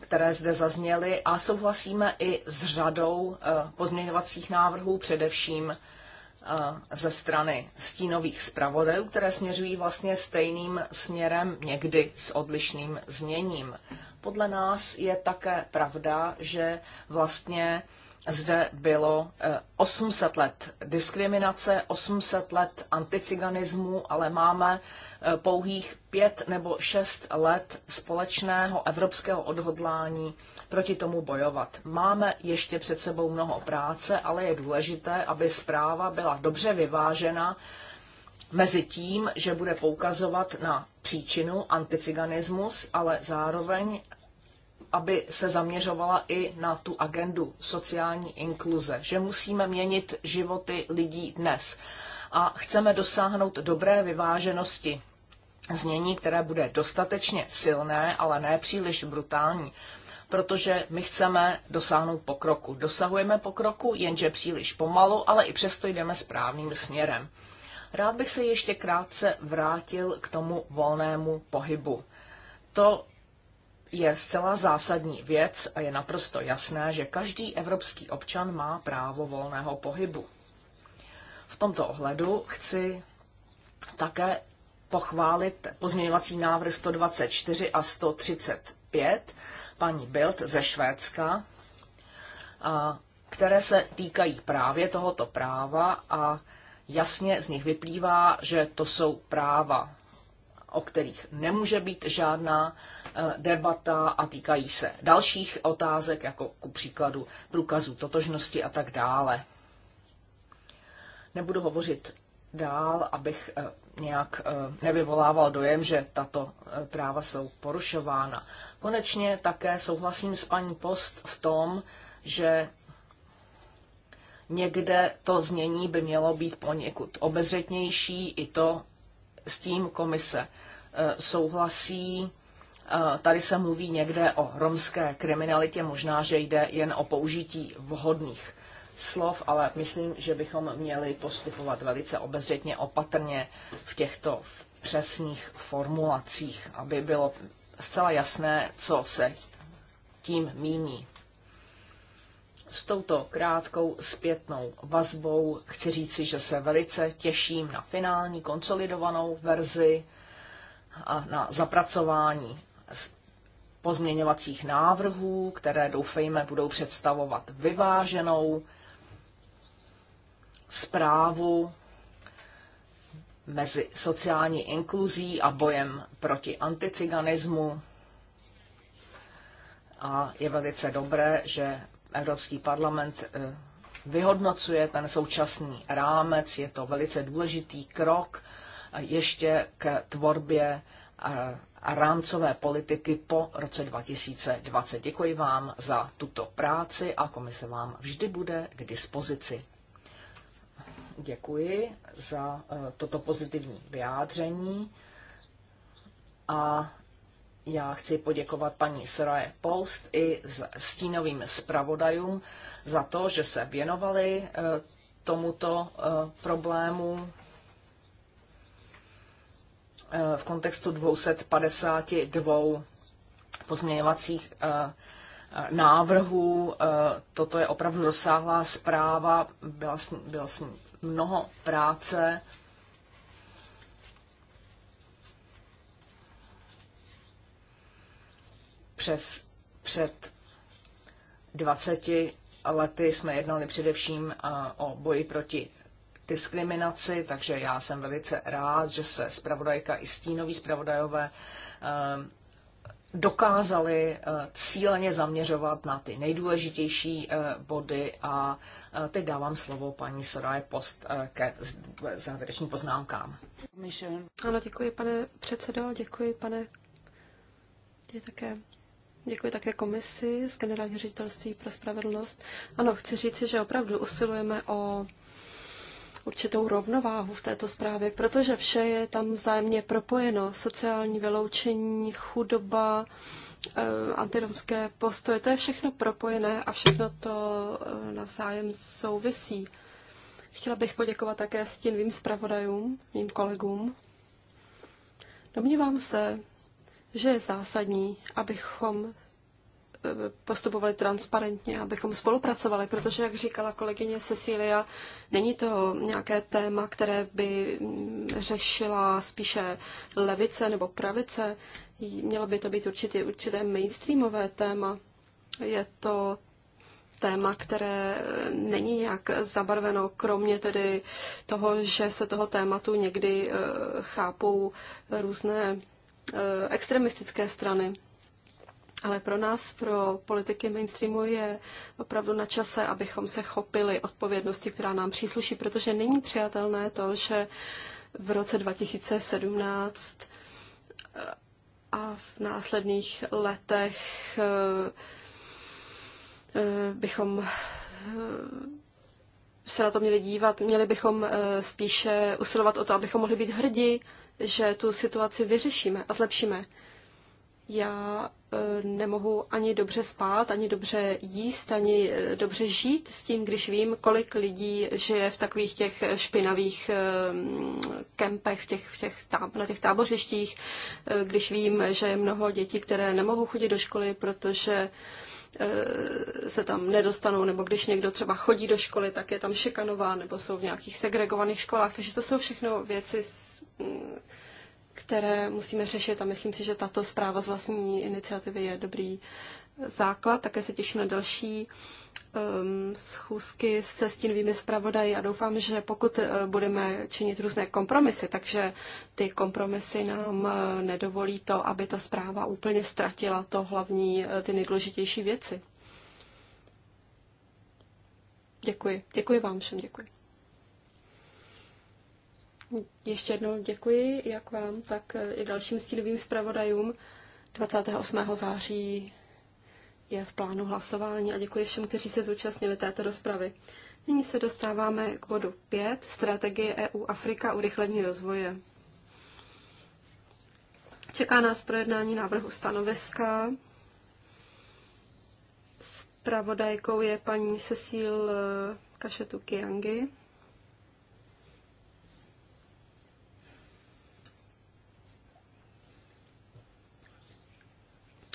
které zde zazněly a souhlasíme i s řadou eh, pozměňovacích návrhů, především eh, ze strany stínových zpravodajů, které směřují vlastně stejným směrem, někdy s odlišným zněním. Podle nás je také pravda, že vlastně zde bylo 800 eh, let diskriminace, 800 let anticiganismu, ale máme eh, pouhých pět nebo šest let společného evropského odhodlání proti tomu bojovat. Máme ještě před sebou mnoho práce, ale je důležité, aby zpráva byla dobře vyvážena mezi tím, že bude poukazovat na příčinu anticiganismus, ale zároveň aby se zaměřovala i na tu agendu sociální inkluze, že musíme měnit životy lidí dnes a chceme dosáhnout dobré vyváženosti znění, které bude dostatečně silné, ale ne příliš brutální, protože my chceme dosáhnout pokroku. Dosahujeme pokroku, jenže příliš pomalu, ale i přesto jdeme správným směrem. Rád bych se ještě krátce vrátil k tomu volnému pohybu. To je zcela zásadní věc a je naprosto jasné, že každý evropský občan má právo volného pohybu. V tomto ohledu chci také pochválit pozměňovací návrh 124 a 135 paní Bild ze Švédska, a, které se týkají právě tohoto práva a jasně z nich vyplývá, že to jsou práva, o kterých nemůže být žádná Eh, debata a týkají se dalších otázek, jako ku příkladu průkazů totožnosti a tak dále. Nebudu hovořit dál, abych eh, nějak eh, nevyvolával dojem, že tato práva jsou porušována. Konečně také souhlasím s paní Post v tom, že někde to znění by mělo být poněkud obezřetnější, i to s tím komise souhlasí Eh, tady se mluví někde o romské kriminalitě, možná, že jde jen o použití vhodných slov, ale myslím, že bychom měli postupovat velice obezřetně, opatrně v těchto přesných formulacích, aby bylo zcela jasné, co se tím míní. S touto krátkou zpětnou vazbou chci říci, že se velice těším na finální konsolidovanou verzi a na zapracování pozměňovacích návrhů, které doufejme budou představovat vyváženou zprávu mezi sociální inkluzí a bojem proti anticiganismu. A je velice dobré, že Evropský parlament eh, vyhodnocuje ten současný rámec. Je to velice důležitý krok eh, ještě k tvorbě a rámcové politiky po roce 2020. Děkuji vám za tuto práci a komise vám vždy bude k dispozici. Děkuji za e, toto pozitivní vyjádření a já chci poděkovat paní Sraje Post i stínovým zpravodajům za to, že se věnovali e, tomuto e, problému Eh, v kontextu 252 pozměňovacích eh, eh, návrhů. Toto je opravdu rozsáhlá zpráva, bylo s, ní, bylo s ní mnoho práce. Přes, před 20 lety jsme jednali především o boji proti diskriminaci, takže já jsem velice rád, že se zpravodajka i stínoví zpravodajové ehm, dokázali eh, cíleně zaměřovat na ty nejdůležitější eh, body a eh, teď dávám slovo paní Soraje Post ke závěrečným poznámkám. Ano, děkuji pane předsedo, děkuji pane je také Děkuji také komisi z Generálního ředitelství pro spravedlnost. Ano, chci říci, že opravdu usilujeme o určitou rovnováhu v této zprávě, protože vše je tam vzájemně propojeno. Sociální vyloučení, chudoba, eh, antiromské postoje, to je všechno propojené a všechno to eh, navzájem souvisí. Chtěla bych poděkovat také stínovým zpravodajům, mým kolegům. Domnívám se, že je zásadní, abychom postupovali transparentně, abychom spolupracovali, protože, jak říkala kolegyně Cecília, není to nějaké téma, které by řešila spíše levice nebo pravice. Mělo by to být určitě, určité mainstreamové téma. Je to téma, které není nějak zabarveno, kromě tedy toho, že se toho tématu někdy eh, chápou různé eh, extremistické strany. Ale pro nás, pro politiky mainstreamu, je opravdu na čase, abychom se chopili odpovědnosti, která nám přísluší, protože není přijatelné to, že v roce 2017 eh, a v následných letech eh, eh, bychom se na to měli dívat, měli bychom spíše usilovat o to, abychom mohli být hrdí, že tu situaci vyřešíme a zlepšíme já e, nemohu ani dobře spát, ani dobře jíst, ani e, dobře žít s tím, když vím, kolik lidí žije v takových těch špinavých e, mm, kempech, v těch, v těch na těch tábořištích, když vím, že je mnoho dětí, které nemohou chodit do školy, protože se tam nedostanou, nebo když někdo třeba chodí do školy, tak je tam šikanován, nebo jsou v nějakých segregovaných školách. Takže to jsou všechno věci, mm, které musíme řešit a myslím si, že tato zpráva z vlastní iniciativy je dobrý základ. Také se těším na další um, schůzky se stínovými zpravodaji a doufám, že pokud uh, budeme činit různé kompromisy, takže ty kompromisy nám uh, nedovolí to, aby ta zpráva úplně ztratila to hlavní, uh, ty nejdůležitější věci. Děkuji. Děkuji vám všem. Děkuji. Ještě jednou děkuji jak vám, tak eh, i dalším stínovým zpravodajům. 28. září je v plánu hlasování a děkuji všem, kteří se zúčastnili této rozpravy. Nyní se dostáváme k bodu 5, strategie EU Afrika urychlení rozvoje. Čeká nás projednání návrhu stanoviska. Spravodajkou je paní Cecil eh, Kašetu Kiangi.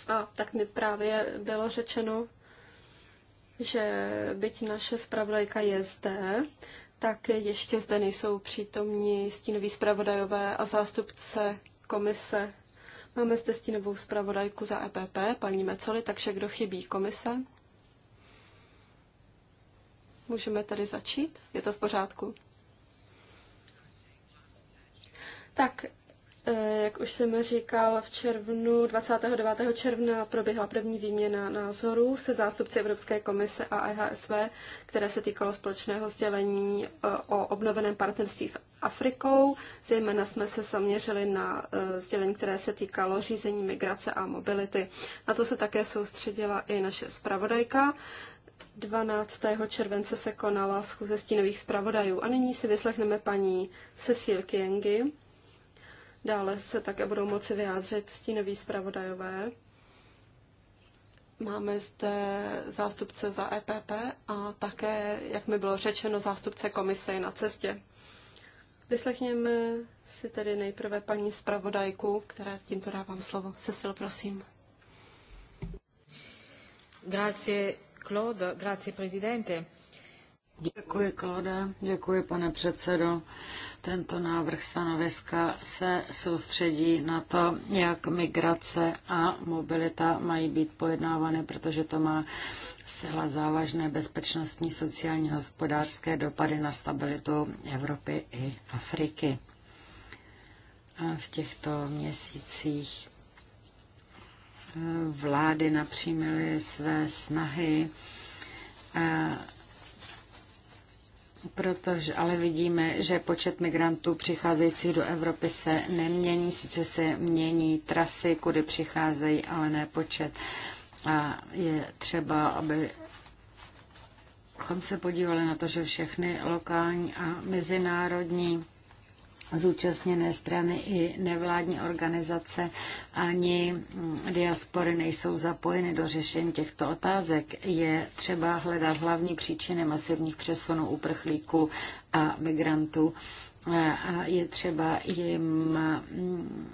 A tak mi právě bylo řečeno, že byť naše zpravodajka je zde, tak ještě zde nejsou přítomní stínoví zpravodajové a zástupce komise. Máme zde stínovou zpravodajku za EPP, paní Mecoli, takže kdo chybí komise? Můžeme tady začít? Je to v pořádku? Tak Eh, jak už jsem říkal, v červnu, 29. června proběhla první výměna názorů se zástupci Evropské komise a IHSV, které se týkalo společného sdělení eh, o obnoveném partnerství v Afrikou. Zejména jsme se zaměřili na eh, sdělení, které se týkalo řízení migrace a mobility. Na to se také soustředila i naše zpravodajka. 12. července se konala schůze stínových zpravodajů. A nyní si vyslechneme paní Cecil Kiengi, Dále se také budou moci vyjádřit stínoví zpravodajové. Máme zde zástupce za EPP a také, jak mi bylo řečeno, zástupce komise na cestě. Vyslechněme si tedy nejprve paní zpravodajku, které tímto dávám slovo. Cecil, prosím. Grazie, Claude. Grazie, presidente. Děkuji, Klode, děkuji, pane předsedo. Tento návrh stanoviska se soustředí na to, jak migrace a mobilita mají být pojednávány, protože to má zcela závažné bezpečnostní, sociální, a hospodářské dopady na stabilitu Evropy i Afriky. A v těchto měsících eh, vlády napřímily své snahy eh, Protože ale vidíme, že počet migrantů přicházejících do Evropy se nemění, sice se mění trasy, kudy přicházejí, ale ne počet. A je třeba, aby abychom se podívali na to, že všechny lokální a mezinárodní zúčastněné strany i nevládní organizace ani diaspory nejsou zapojeny do řešení těchto otázek. Je třeba hledat hlavní příčiny masivních přesunů uprchlíků a migrantů a je třeba jim mm,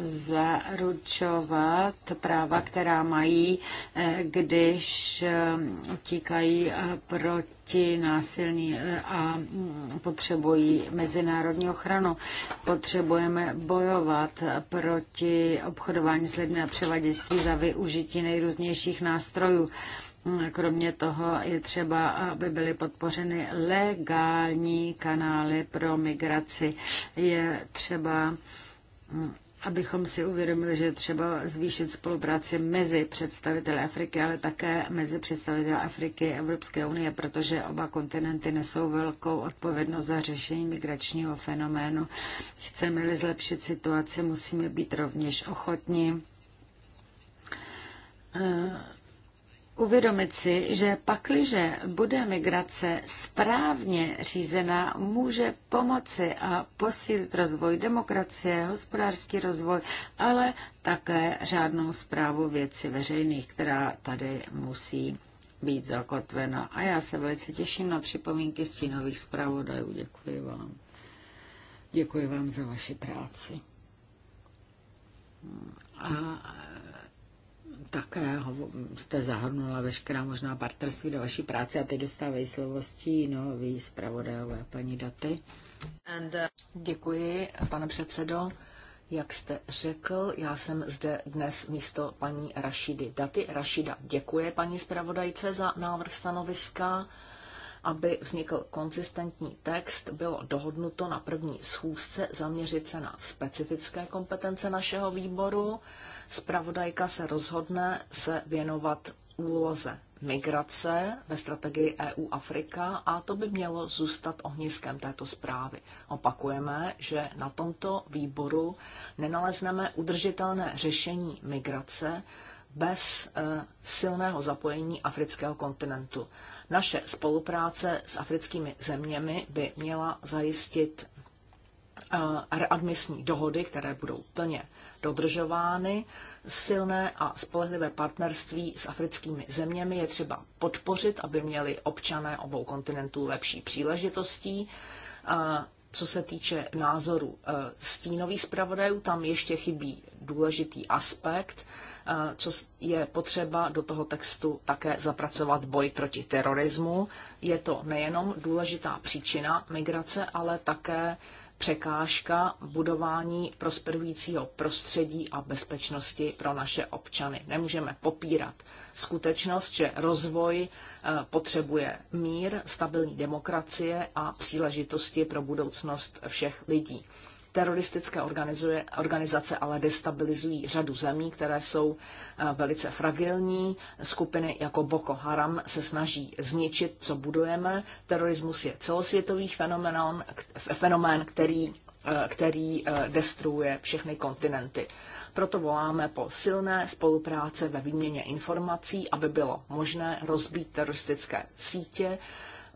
zaručovat práva, která mají, eh, když mm, utíkají eh, proti děti násilní eh, a mm, potřebují mezinárodní ochranu. Potřebujeme bojovat proti obchodování s lidmi a převaděství za využití nejrůznějších nástrojů. Mm, kromě toho je třeba, aby byly podpořeny legální kanály pro migraci. Je třeba mm, abychom si uvědomili, že třeba zvýšit spolupráci mezi představiteli Afriky, ale také mezi představiteli Afriky a Evropské unie, protože oba kontinenty nesou velkou odpovědnost za řešení migračního fenoménu. Chceme-li zlepšit situaci, musíme být rovněž ochotní eh, uvědomit si, že pakliže bude migrace správně řízená, může pomoci a posílit rozvoj demokracie, hospodářský rozvoj, ale také řádnou zprávu věcí veřejných, která tady musí být zakotvena. A já se velice těším na připomínky stínových zpravodajů. Děkuji vám. Děkuji vám za vaši práci. A také jste zahrnula veškerá možná partnerství do vaší práce a teď dostávají slovosti. noví zpravodajové paní Daty. And, uh... Děkuji, pane předsedo. Jak jste řekl, já jsem zde dnes místo paní Rašidy Daty. Rašida děkuje paní zpravodajce za návrh stanoviska aby vznikl konzistentní text, bylo dohodnuto na první schůzce zaměřit se na specifické kompetence našeho výboru. Spravodajka se rozhodne se věnovat úloze migrace ve strategii EU Afrika a to by mělo zůstat ohniskem této zprávy. Opakujeme, že na tomto výboru nenalezneme udržitelné řešení migrace, bez eh, silného zapojení afrického kontinentu. Naše spolupráce s africkými zeměmi by měla zajistit eh, readmisní dohody, které budou plně dodržovány. Silné a spolehlivé partnerství s africkými zeměmi je třeba podpořit, aby měli občané obou kontinentů lepší příležitostí. Eh, co se týče názoru stínových zpravodajů, tam ještě chybí důležitý aspekt, co je potřeba do toho textu také zapracovat boj proti terorismu. Je to nejenom důležitá příčina migrace, ale také překážka budování prosperujícího prostředí a bezpečnosti pro naše občany. Nemůžeme popírat skutečnost, že rozvoj e, potřebuje mír, stabilní demokracie a příležitosti pro budoucnost všech lidí. Teroristické organizace ale destabilizují řadu zemí, které jsou eh, velice fragilní. Skupiny jako Boko Haram se snaží zničit, co budujeme. Terorismus je celosvětový fenomén, fenomén který eh, který eh, destruuje všechny kontinenty. Proto voláme po silné spolupráce ve výměně informací, aby bylo možné rozbít teroristické sítě.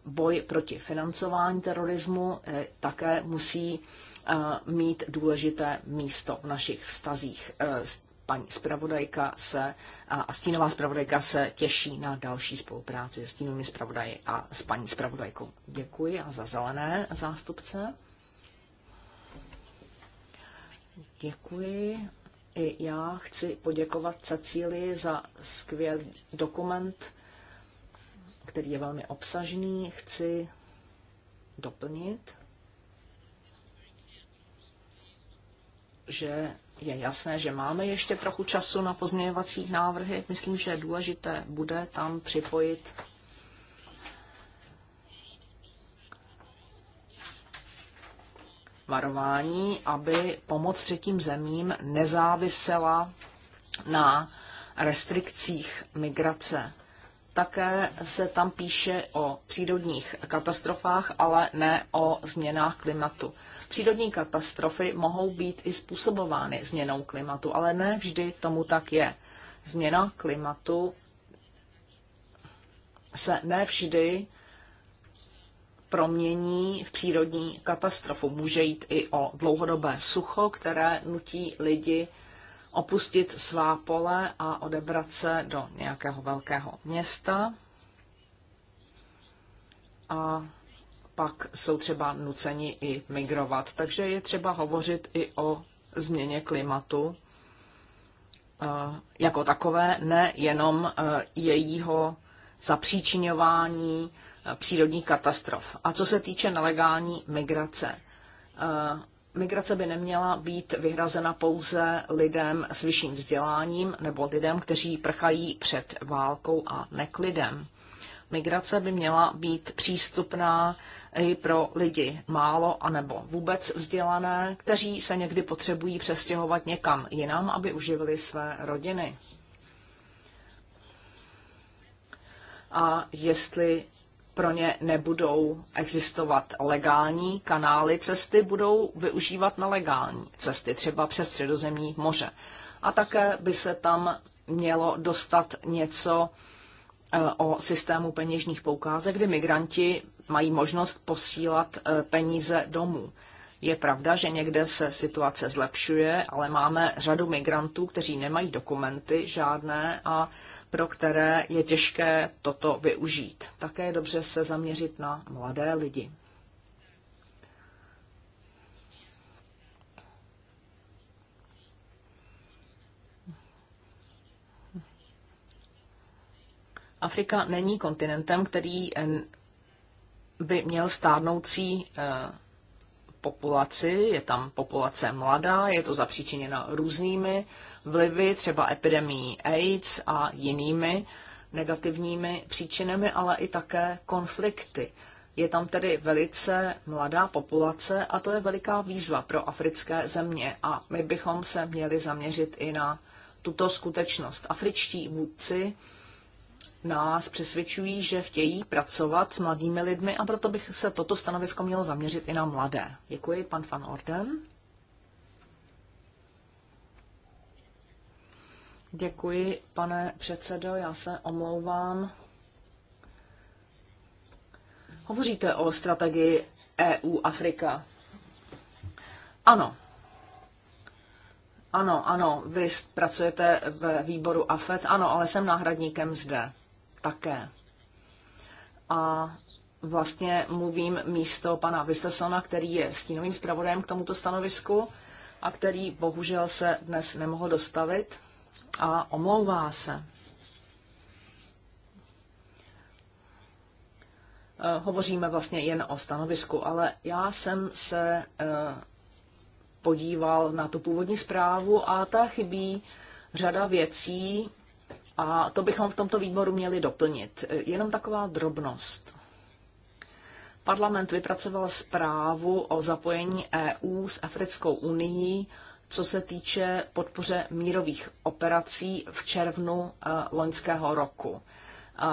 Boj proti financování terorismu také musí Eh, mít důležité místo v našich vztazích. Eh, paní zpravodajka se a stínová zpravodajka se těší na další spolupráci s stínovými zpravodaji a s paní zpravodajkou. Děkuji a za zelené zástupce. Děkuji. I já chci poděkovat Cecílii za skvělý dokument, který je velmi obsažný. Chci doplnit že je jasné, že máme ještě trochu času na pozměňovací návrhy. Myslím, že důležité bude tam připojit varování, aby pomoc třetím zemím nezávisela na restrikcích migrace. Také se tam píše o přírodních katastrofách, ale ne o změnách klimatu. Přírodní katastrofy mohou být i způsobovány změnou klimatu, ale ne vždy tomu tak je. Změna klimatu se ne vždy promění v přírodní katastrofu. Může jít i o dlouhodobé sucho, které nutí lidi opustit svá pole a odebrat se do nějakého velkého města. A pak jsou třeba nuceni i migrovat. Takže je třeba hovořit i o změně klimatu eh, jako takové, ne jenom eh, jejího zapříčiňování eh, přírodních katastrof. A co se týče nelegální migrace, migrace by neměla být vyhrazena pouze lidem s vyšším vzděláním nebo lidem, kteří prchají před válkou a neklidem. Migrace by měla být přístupná i pro lidi málo anebo vůbec vzdělané, kteří se někdy potřebují přestěhovat někam jinam, aby uživili své rodiny. A jestli pro ně nebudou existovat legální kanály cesty, budou využívat legální cesty, třeba přes středozemní moře. A také by se tam mělo dostat něco, Eh, o systému peněžních poukázek, kdy migranti mají možnost posílat eh, peníze domů. Je pravda, že někde se situace zlepšuje, ale máme řadu migrantů, kteří nemají dokumenty žádné a pro které je těžké toto využít. Také je dobře se zaměřit na mladé lidi. Afrika není kontinentem, který eh, by měl stárnoucí eh, populaci, je tam populace mladá, je to zapříčiněna různými vlivy, třeba epidemií AIDS a jinými negativními příčinami, ale i také konflikty. Je tam tedy velice mladá populace a to je veliká výzva pro africké země a my bychom se měli zaměřit i na tuto skutečnost. Afričtí vůdci nás přesvědčují, že chtějí pracovat s mladými lidmi a proto bych se toto stanovisko mělo zaměřit i na mladé. Děkuji, pan Van Orden. Děkuji, pane předsedo, já se omlouvám. Hovoříte o strategii EU Afrika. Ano. Ano, ano, vy pracujete ve výboru AFET, ano, ale jsem náhradníkem zde také. A vlastně mluvím místo pana Vistesona, který je stínovým zpravodajem k tomuto stanovisku a který bohužel se dnes nemohl dostavit a omlouvá se. Eh, hovoříme vlastně jen o stanovisku, ale já jsem se eh, podíval na tu původní zprávu a ta chybí řada věcí, a to bychom v tomto výboru měli doplnit. Jenom taková drobnost. Parlament vypracoval zprávu o zapojení EU s Africkou unii, co se týče podpoře mírových operací v červnu eh, loňského roku. Eh,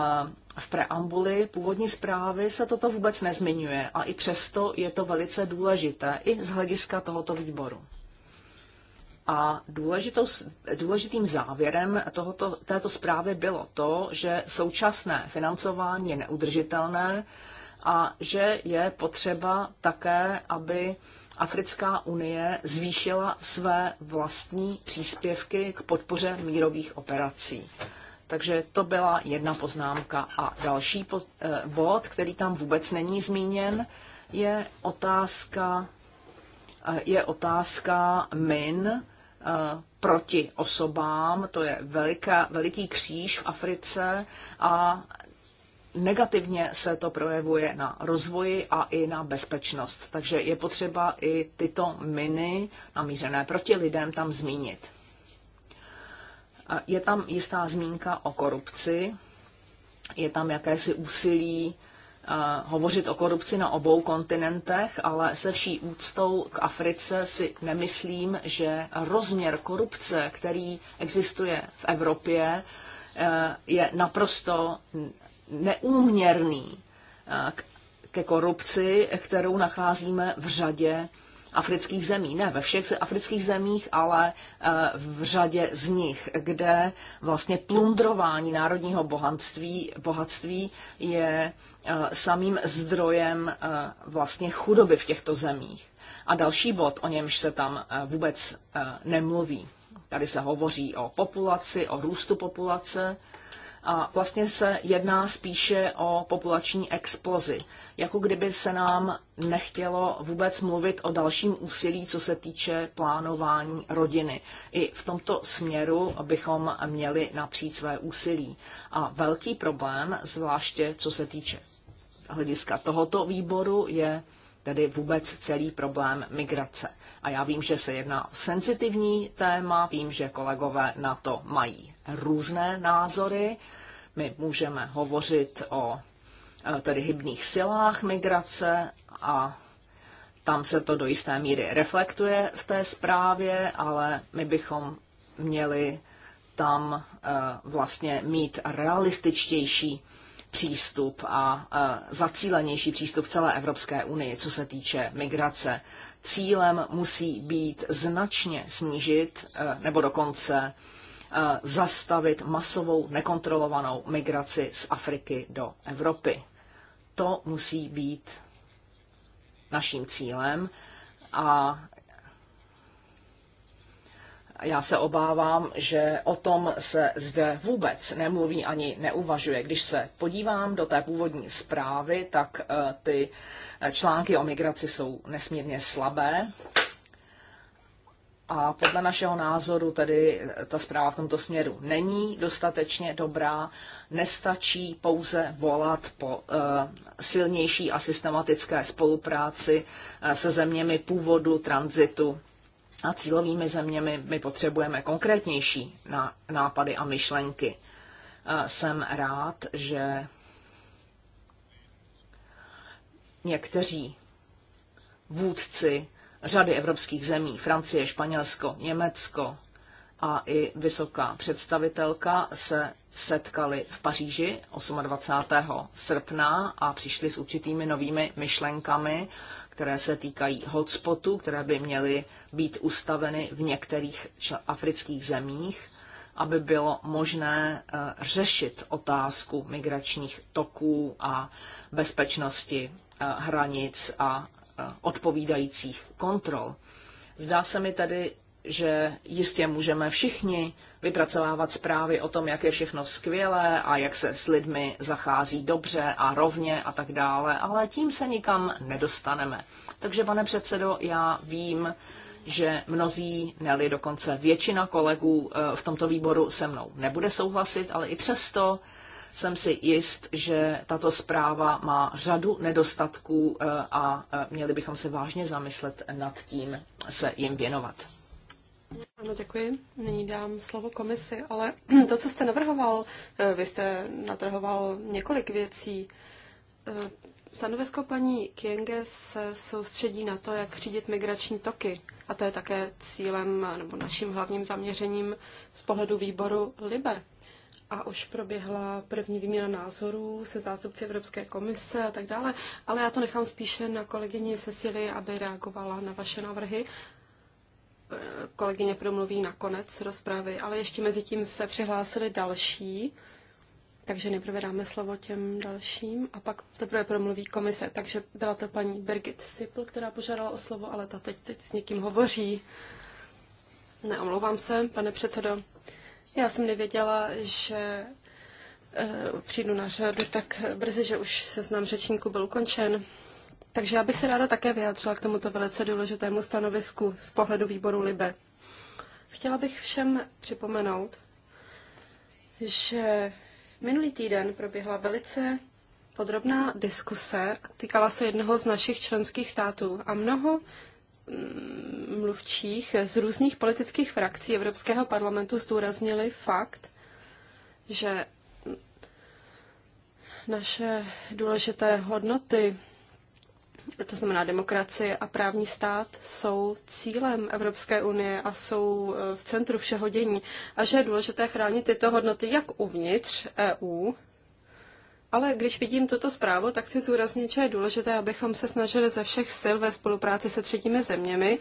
v preambuli původní zprávy se toto vůbec nezmiňuje a i přesto je to velice důležité i z hlediska tohoto výboru. A důležitým závěrem tohoto, této zprávy bylo to, že současné financování je neudržitelné a že je potřeba také, aby Africká unie zvýšila své vlastní příspěvky k podpoře mírových operací. Takže to byla jedna poznámka. A další eh, bod, který tam vůbec není zmíněn, je otázka, eh, je otázka min Eh, proti osobám, to je veliká, veliký kříž v Africe a negativně se to projevuje na rozvoji a i na bezpečnost. Takže je potřeba i tyto miny namířené proti lidem tam zmínit. Eh, je tam jistá zmínka o korupci, je tam jakési úsilí Eh, hovořit o korupci na obou kontinentech, ale se vší úctou k Africe si nemyslím, že rozměr korupce, který existuje v Evropě, eh, je naprosto neúměrný eh, ke korupci, kterou nacházíme v řadě afrických zemí. Ne ve všech afrických zemích, ale eh, v řadě z nich, kde vlastně plundrování národního bohatství, bohatství je eh, samým zdrojem eh, vlastně chudoby v těchto zemích. A další bod, o němž se tam vůbec nemluví. Tady se hovoří o populaci, o růstu populace, a vlastně se jedná spíše o populační explozi, jako kdyby se nám nechtělo vůbec mluvit o dalším úsilí, co se týče plánování rodiny. I v tomto směru bychom měli napřít své úsilí. A velký problém, zvláště co se týče hlediska tohoto výboru, je tedy vůbec celý problém migrace. A já vím, že se jedná o senzitivní téma, vím, že kolegové na to mají různé názory. My můžeme hovořit o eh, tedy hybných silách migrace a tam se to do jisté míry reflektuje v té zprávě, ale my bychom měli tam eh, vlastně mít realističtější přístup a eh, zacílenější přístup celé Evropské unii, co se týče migrace. Cílem musí být značně snížit nebo dokonce Eh, zastavit masovou nekontrolovanou migraci z Afriky do Evropy. To musí být naším cílem a já se obávám, že o tom se zde vůbec nemluví ani neuvažuje. Když se podívám do té původní zprávy, tak eh, ty eh, články o migraci jsou nesmírně slabé a podle našeho názoru tedy eh, ta zpráva v tomto směru není dostatečně dobrá. Nestačí pouze volat po eh, silnější a systematické spolupráci eh, se zeměmi původu, tranzitu a cílovými zeměmi. My potřebujeme konkrétnější nápady a myšlenky. Jsem rád, že někteří vůdci řady evropských zemí, Francie, Španělsko, Německo a i vysoká představitelka se setkali v Paříži 28. srpna a přišli s určitými novými myšlenkami, které se týkají hotspotů, které by měly být ustaveny v některých afrických zemích, aby bylo možné eh, řešit otázku migračních toků a bezpečnosti eh, hranic a odpovídajících kontrol. Zdá se mi tedy, že jistě můžeme všichni vypracovávat zprávy o tom, jak je všechno skvělé a jak se s lidmi zachází dobře a rovně a tak dále, ale tím se nikam nedostaneme. Takže, pane předsedo, já vím, že mnozí, neli dokonce většina kolegů eh, v tomto výboru se mnou nebude souhlasit, ale i přesto jsem si jist, že tato zpráva má řadu nedostatků eh, a eh, měli bychom se vážně zamyslet nad tím se jim věnovat. Ano, děkuji. Nyní dám slovo komisi, ale <clears throat> to, co jste navrhoval, eh, vy jste natrhoval několik věcí. Stanovisko paní Kienge se soustředí na to, jak řídit migrační toky. A to je také cílem nebo naším hlavním zaměřením z pohledu výboru LIBE a už proběhla první výměna názorů se zástupci Evropské komise a tak dále, ale já to nechám spíše na kolegyni Cecily, aby reagovala na vaše návrhy. Kolegyně promluví na konec rozpravy, ale ještě mezi tím se přihlásili další, takže nejprve dáme slovo těm dalším a pak teprve promluví komise. Takže byla to paní Birgit Sipl, která požádala o slovo, ale ta teď, teď s někým hovoří. Neomlouvám se, pane předsedo. Já jsem nevěděla, že eh, přijdu na řadu tak brzy, že už seznam řečníku byl ukončen. Takže já bych se ráda také vyjádřila k tomuto velice důležitému stanovisku z pohledu výboru Libe. Chtěla bych všem připomenout, že minulý týden proběhla velice podrobná diskuse, týkala se jednoho z našich členských států a mnoho Mm, mluvčích z různých politických frakcí Evropského parlamentu zdůraznili fakt, že naše důležité hodnoty, to znamená demokracie a právní stát, jsou cílem Evropské unie a jsou eh, v centru všeho dění. A že je důležité chránit tyto hodnoty jak uvnitř EU, ale když vidím tuto zprávu, tak chci zúraznit, že je důležité, abychom se snažili ze všech sil ve spolupráci se třetími zeměmi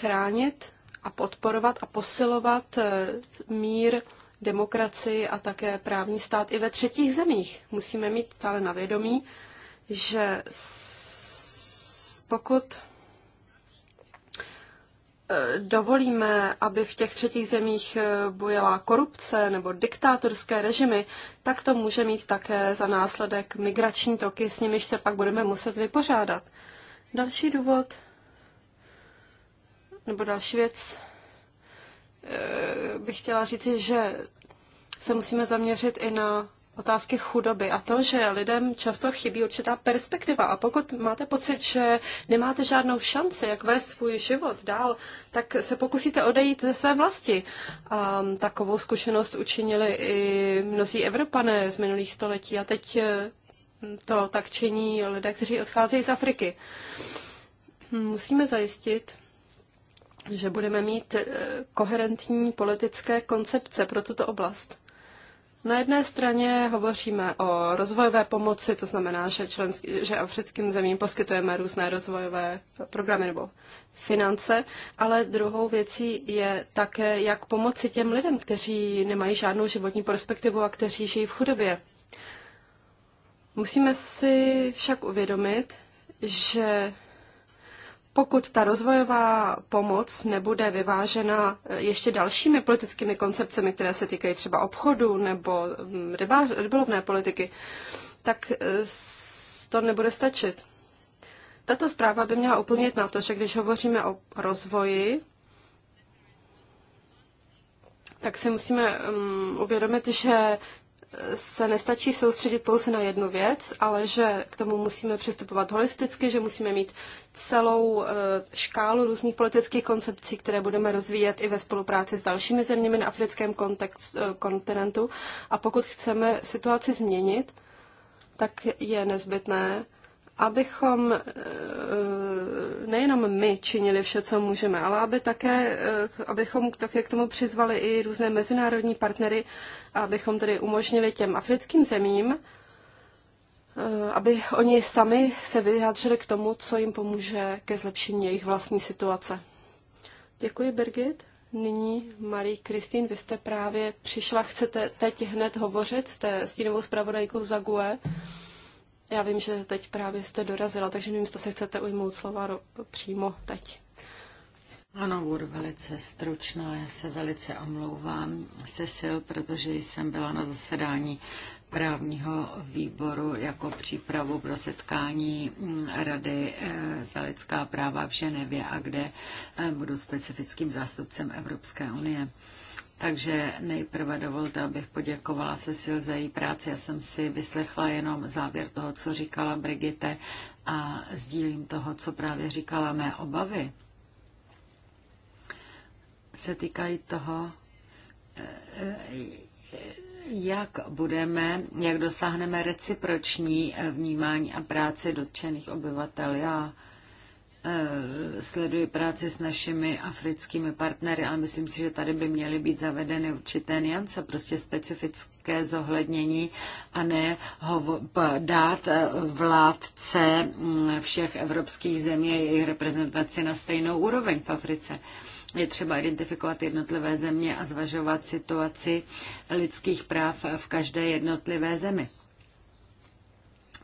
chránit a podporovat a posilovat eh, mír, demokracii a také právní stát i ve třetích zemích. Musíme mít stále na vědomí, že pokud Eh, dovolíme, aby v těch třetích zemích eh, bojela korupce nebo diktátorské režimy, tak to může mít také za následek migrační toky, s nimiž se pak budeme muset vypořádat. Další důvod, nebo další věc, eh, bych chtěla říci, že se musíme zaměřit i na otázky chudoby a to, že lidem často chybí určitá perspektiva. A pokud máte pocit, že nemáte žádnou šanci, jak vést svůj život dál, tak se pokusíte odejít ze své vlasti. A takovou zkušenost učinili i mnozí Evropané z minulých století a teď e, to tak činí lidé, kteří odcházejí z Afriky. Musíme zajistit, že budeme mít e, koherentní politické koncepce pro tuto oblast. Na jedné straně hovoříme o rozvojové pomoci, to znamená, že, členský, že africkým zemím poskytujeme různé rozvojové programy nebo finance, ale druhou věcí je také, jak pomoci těm lidem, kteří nemají žádnou životní perspektivu a kteří žijí v chudobě. Musíme si však uvědomit, že pokud ta rozvojová pomoc nebude vyvážena eh, ještě dalšími politickými koncepcemi, které se týkají třeba obchodu nebo mm, rybolovné politiky, tak eh, to nebude stačit. Tato zpráva by měla uplnit na to, že když hovoříme o rozvoji, tak si musíme um, uvědomit, že se nestačí soustředit pouze na jednu věc, ale že k tomu musíme přistupovat holisticky, že musíme mít celou eh, škálu různých politických koncepcí, které budeme rozvíjet i ve spolupráci s dalšími zeměmi na africkém kontext, eh, kontinentu. A pokud chceme situaci změnit, tak je nezbytné, abychom eh, nejenom my činili vše, co můžeme, ale aby také, eh, abychom také k tomu přizvali i různé mezinárodní partnery, abychom tedy umožnili těm africkým zemím, eh, aby oni sami se vyjádřili k tomu, co jim pomůže ke zlepšení jejich vlastní situace. Děkuji, Birgit. Nyní, Marie Kristýn, vy jste právě přišla, chcete teď hned hovořit, jste stínovou zpravodajkou za GUE. Já vím, že teď právě jste dorazila, takže nevím, jestli se chcete ujmout slova přímo teď. Ano, budu velice stručná, já se velice omlouvám, Sil, protože jsem byla na zasedání právního výboru jako přípravu pro setkání mm, Rady eh, za lidská práva v Ženevě a kde eh, budu specifickým zástupcem Evropské unie. Takže nejprve dovolte, abych poděkovala Cecil za její práci. Já jsem si vyslechla jenom závěr toho, co říkala Brigitte a sdílím toho, co právě říkala mé obavy. Se týkají toho, jak budeme, jak dosáhneme reciproční vnímání a práci dotčených obyvatel. Já Eh, sleduji práci s našimi africkými partnery, ale myslím si, že tady by měly být zavedeny určité niance, prostě specifické zohlednění a ne ho dát eh, vládce mm, všech evropských zemí a jejich reprezentaci na stejnou úroveň v Africe je třeba identifikovat jednotlivé země a zvažovat situaci lidských práv v každé jednotlivé zemi.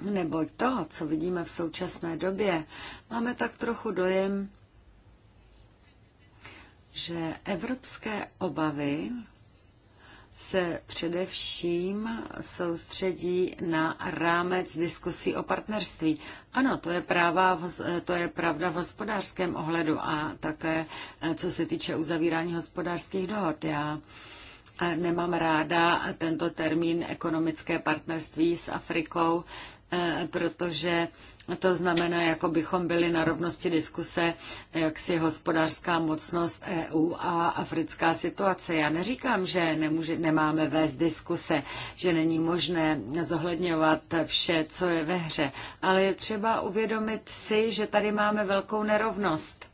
Neboť to, co vidíme v současné době, máme tak trochu dojem, že evropské obavy se především soustředí na rámec diskusí o partnerství. Ano, to je, práva, to je pravda v hospodářském ohledu a také eh, co se týče uzavírání hospodářských dohod. Já eh, nemám ráda tento termín ekonomické partnerství s Afrikou, Eh, protože to znamená, jako bychom byli na rovnosti diskuse, jak si hospodářská mocnost EU a africká situace. Já neříkám, že nemůže, nemáme vést diskuse, že není možné zohledňovat vše, co je ve hře, ale je třeba uvědomit si, že tady máme velkou nerovnost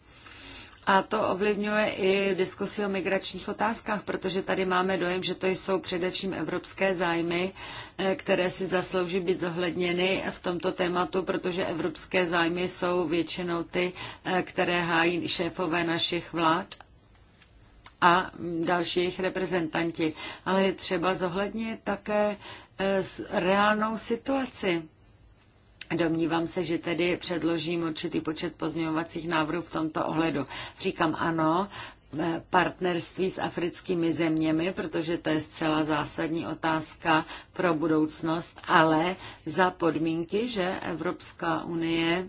a to ovlivňuje i diskusi o migračních otázkách, protože tady máme dojem, že to jsou především evropské zájmy, eh, které si zaslouží být zohledněny v tomto tématu, protože evropské zájmy jsou většinou ty, eh, které hájí šéfové našich vlád a mm, další jejich reprezentanti. Ale je třeba zohlednit také eh, reálnou situaci Domnívám se, že tedy předložím určitý počet pozměňovacích návrhů v tomto ohledu. Říkám ano, eh, partnerství s africkými zeměmi, protože to je zcela zásadní otázka pro budoucnost, ale za podmínky, že Evropská unie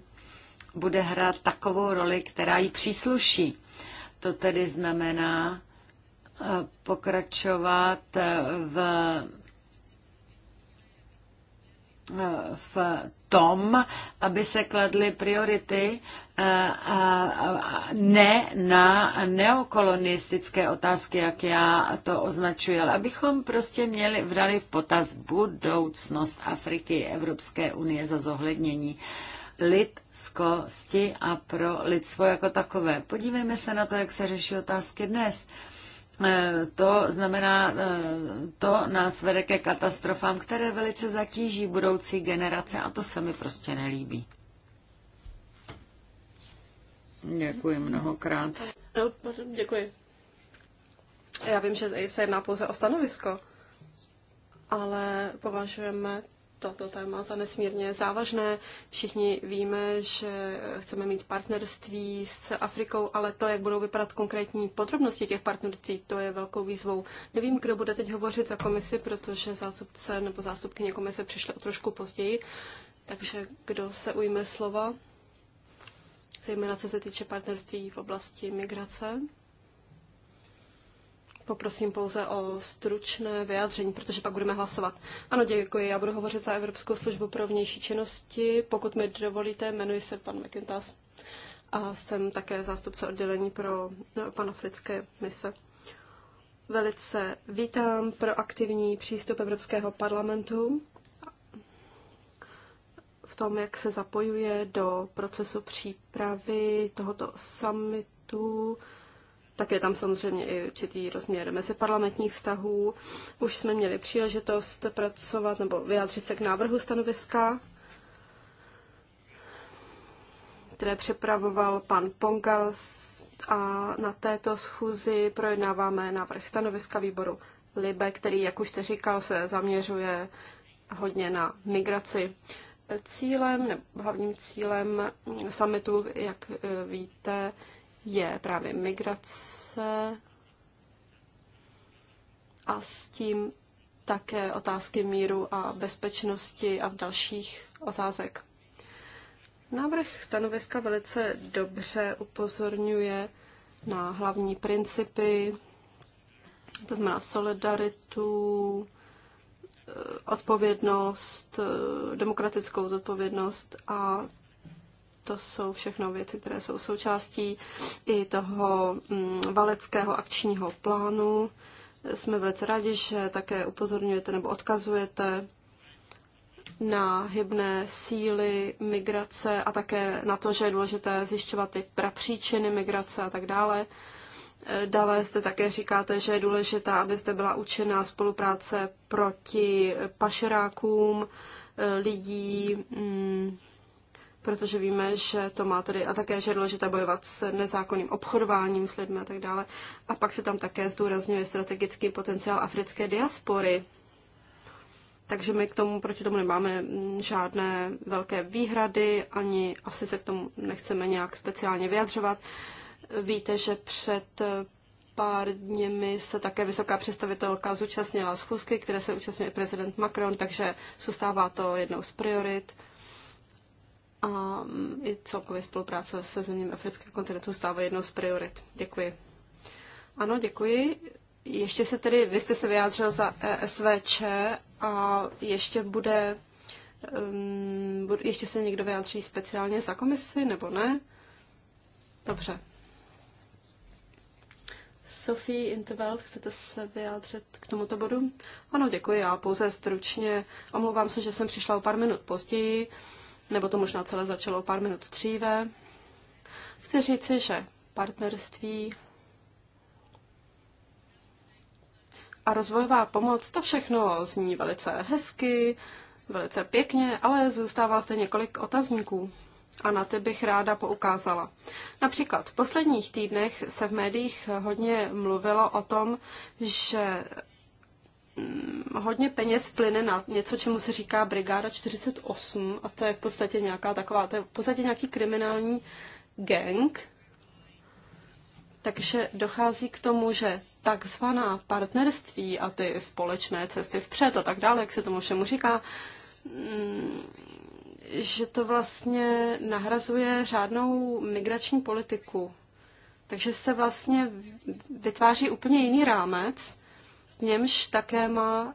bude hrát takovou roli, která jí přísluší. To tedy znamená eh, pokračovat eh, v v tom, aby se kladly priority eh, eh, ne na neokolonistické otázky, jak já to označuji, ale abychom prostě měli vrali v potaz budoucnost Afriky, Evropské unie za zohlednění lidskosti a pro lidstvo jako takové. Podívejme se na to, jak se řeší otázky dnes. Eh, to znamená, eh, to nás vede ke katastrofám, které velice zatíží budoucí generace a to se mi prostě nelíbí. Děkuji mnohokrát. No, děkuji. Já vím, že se jedná pouze o stanovisko, ale považujeme toto téma za nesmírně závažné. Všichni víme, že chceme mít partnerství s Afrikou, ale to, jak budou vypadat konkrétní podrobnosti těch partnerství, to je velkou výzvou. Nevím, kdo bude teď hovořit za komisi, protože zástupce nebo zástupkyně komise přišly o trošku později. Takže kdo se ujme slova, zejména co se týče partnerství v oblasti migrace? Poprosím pouze o stručné vyjádření, protože pak budeme hlasovat. Ano, děkuji. Já budu hovořit za Evropskou službu pro vnější činnosti. Pokud mi dovolíte, jmenuji se pan McIntas a jsem také zástupce oddělení pro no, panafrické mise. Velice vítám proaktivní přístup Evropského parlamentu v tom, jak se zapojuje do procesu přípravy tohoto summitu tak je tam samozřejmě i určitý rozměr meziparlamentních vztahů. Už jsme měli příležitost pracovat nebo vyjádřit se k návrhu stanoviska, které připravoval pan Pongal a na této schůzi projednáváme návrh stanoviska výboru Libe, který, jak už jste říkal, se zaměřuje hodně na migraci. Cílem, hlavním cílem summitu, jak eh, víte, je právě migrace a s tím také otázky míru a bezpečnosti a v dalších otázek. Návrh stanoviska velice dobře upozorňuje na hlavní principy, to znamená solidaritu, eh, odpovědnost, eh, demokratickou zodpovědnost a to jsou všechno věci, které jsou součástí i toho mm, valeckého akčního plánu. Jsme velice rádi, že také upozorňujete nebo odkazujete na hybné síly migrace a také na to, že je důležité zjišťovat ty prapříčiny migrace a tak dále. Dále zde také říkáte, že je důležitá, aby zde byla učená spolupráce proti pašerákům eh, lidí, mm, protože víme, že to má tady a také, že je důležité bojovat s nezákonným obchodováním s lidmi a tak dále. A pak se tam také zdůrazňuje strategický potenciál africké diaspory. Takže my k tomu, proti tomu nemáme mm, žádné velké výhrady, ani asi se k tomu nechceme nějak speciálně vyjadřovat. Víte, že před eh, pár dněmi se také vysoká představitelka zúčastnila schůzky, které se účastnil i prezident Macron, takže zůstává to jednou z priorit a mm, i celkově spolupráce se zeměmi afrického kontinentu stává jednou z priorit. Děkuji. Ano, děkuji. Ještě se tedy, vy jste se vyjádřil za ESVČ eh, a ještě bude, um, ještě se někdo vyjádří speciálně za komisi, nebo ne? Dobře. Sophie Interveld, chcete se vyjádřit k tomuto bodu? Ano, děkuji, já pouze stručně. Omlouvám se, že jsem přišla o pár minut později. Um, nebo to možná celé začalo pár minut dříve. Chci říci, že partnerství a rozvojová pomoc, to všechno zní velice hezky, velice pěkně, ale zůstává zde několik otazníků. A na ty bych ráda poukázala. Například v posledních týdnech se v médiích hodně mluvilo o tom, že Mm, hodně peněz plyne na něco, čemu se říká Brigáda 48 a to je v podstatě nějaká taková, to je v podstatě nějaký kriminální gang. Takže dochází k tomu, že takzvaná partnerství a ty společné cesty vpřed a tak dále, jak se tomu všemu říká, mm, že to vlastně nahrazuje řádnou migrační politiku. Takže se vlastně vytváří úplně jiný rámec, v němž také má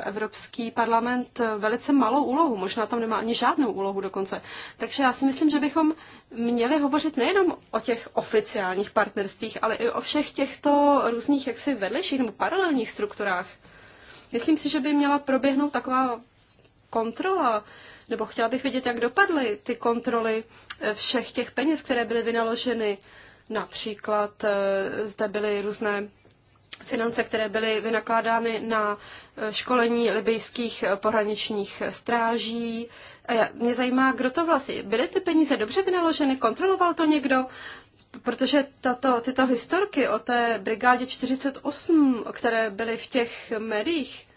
e, Evropský parlament e, velice malou úlohu, možná tam nemá ani žádnou úlohu dokonce. Takže já si myslím, že bychom měli hovořit nejenom o těch oficiálních partnerstvích, ale i o všech těchto různých jaksi vedlejších nebo paralelních strukturách. Myslím si, že by měla proběhnout taková kontrola, nebo chtěla bych vidět, jak dopadly ty kontroly e, všech těch peněz, které byly vynaloženy. Například zde byly různé finance, které byly vynakládány na eh, školení libyjských eh, pohraničních stráží. A mě zajímá, kdo to vlastně. Byly ty peníze dobře vynaloženy? Kontroloval to někdo? Protože tato, tyto historky o té brigádě 48, které byly v těch médiích,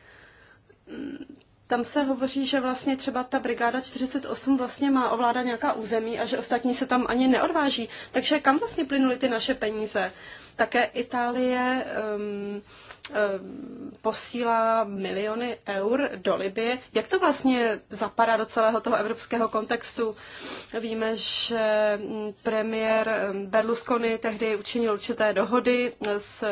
mm, tam se hovoří, že vlastně třeba ta brigáda 48 vlastně má ovládá nějaká území a že ostatní se tam ani neodváží. Takže kam vlastně plynuly ty naše peníze? Také Itálie ehm, Ehm, posílá miliony eur do Libie. Jak to vlastně zapadá do celého toho evropského kontextu? Víme, že mm, premiér ehm, Berlusconi tehdy učinil určité dohody eh, s eh,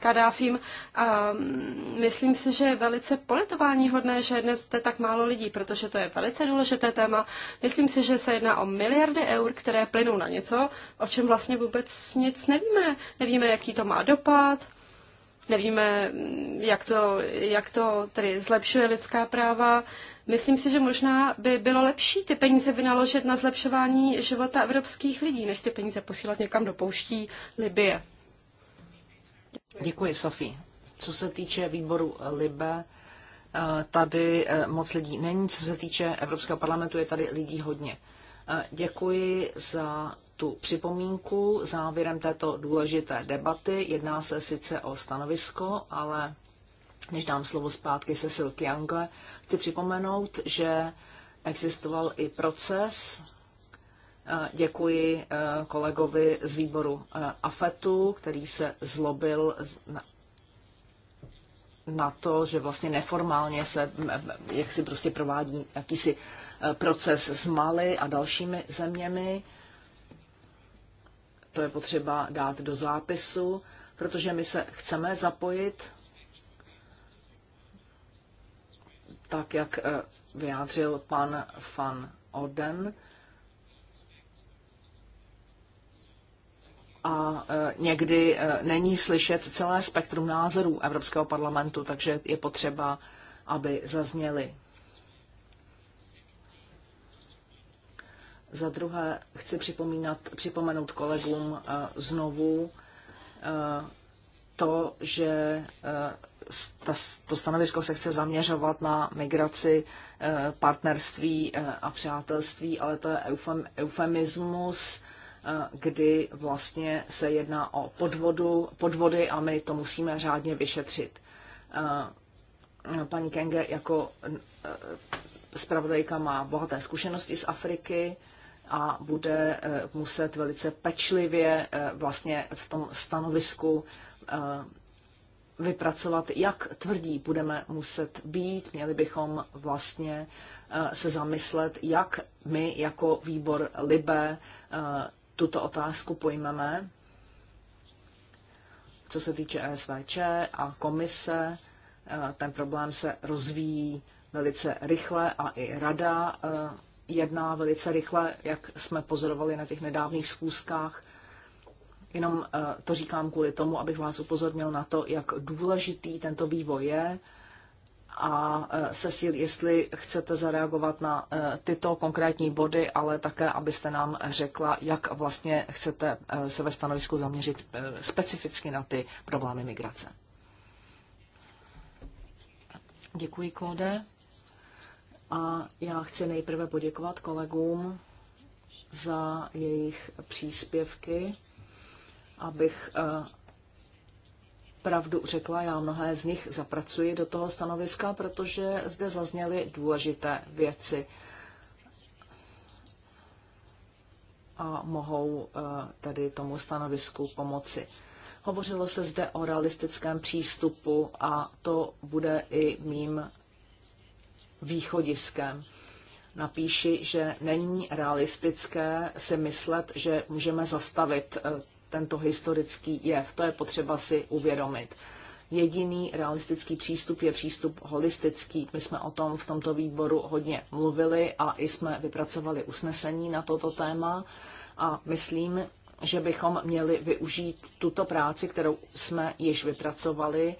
Kadáfím a mm, myslím si, že je velice politování hodné, že dnes jste tak málo lidí, protože to je velice důležité téma. Myslím si, že se jedná o miliardy eur, které plynou na něco, o čem vlastně vůbec nic nevíme. Nevíme, jaký to má dopad, nevíme, jak to, jak to tedy zlepšuje lidská práva. Myslím si, že možná by bylo lepší ty peníze vynaložit na zlepšování života evropských lidí, než ty peníze posílat někam do pouští Libie. Děkuji, Sofí. Co se týče výboru eh, Libe, eh, tady eh, moc lidí není. Co se týče Evropského parlamentu, je tady lidí hodně. Děkuji za tu připomínku závěrem této důležité debaty. Jedná se sice o stanovisko, ale než dám slovo zpátky se Silky Yange, chci připomenout, že existoval i proces. Eh, děkuji eh, kolegovi z výboru eh, AFETu, který se zlobil na to, že vlastně neformálně se jak si prostě provádí jakýsi proces s Mali a dalšími zeměmi to je potřeba dát do zápisu, protože my se chceme zapojit, tak jak eh, vyjádřil pan Van Oden. A eh, někdy eh, není slyšet celé spektrum názorů Evropského parlamentu, takže je potřeba, aby zazněly Za druhé chci připomínat, připomenout kolegům eh, znovu eh, to, že eh, to stanovisko se chce zaměřovat na migraci partnerství a přátelství, ale to je eufem, eufemismus, kdy vlastně se jedná o podvodu, podvody a my to musíme řádně vyšetřit. Paní Kenge jako zpravodajka má bohaté zkušenosti z Afriky a bude eh, muset velice pečlivě eh, vlastně v tom stanovisku eh, vypracovat, jak tvrdí budeme muset být. Měli bychom vlastně se zamyslet, jak my jako výbor Libe tuto otázku pojmeme, co se týče ESVČ a komise. Ten problém se rozvíjí velice rychle a i rada jedná velice rychle, jak jsme pozorovali na těch nedávných schůzkách. Jenom eh, to říkám kvůli tomu, abych vás upozornil na to, jak důležitý tento vývoj je. A eh, Cecil, jestli chcete zareagovat na eh, tyto konkrétní body, ale také, abyste nám řekla, jak vlastně chcete se ve stanovisku zaměřit specificky na ty problémy migrace. Děkuji, Klode. A já chci nejprve poděkovat kolegům za jejich příspěvky, abych eh, pravdu řekla, já mnohé z nich zapracuji do toho stanoviska, protože zde zazněly důležité věci a mohou eh, tedy tomu stanovisku pomoci. Hovořilo se zde o realistickém přístupu a to bude i mým východiskem. Napíši, že není realistické si myslet, že můžeme zastavit eh, tento historický jev. To je potřeba si uvědomit. Jediný realistický přístup je přístup holistický. My jsme o tom v tomto výboru hodně mluvili a i jsme vypracovali usnesení na toto téma a myslím, že bychom měli využít tuto práci, kterou jsme již vypracovali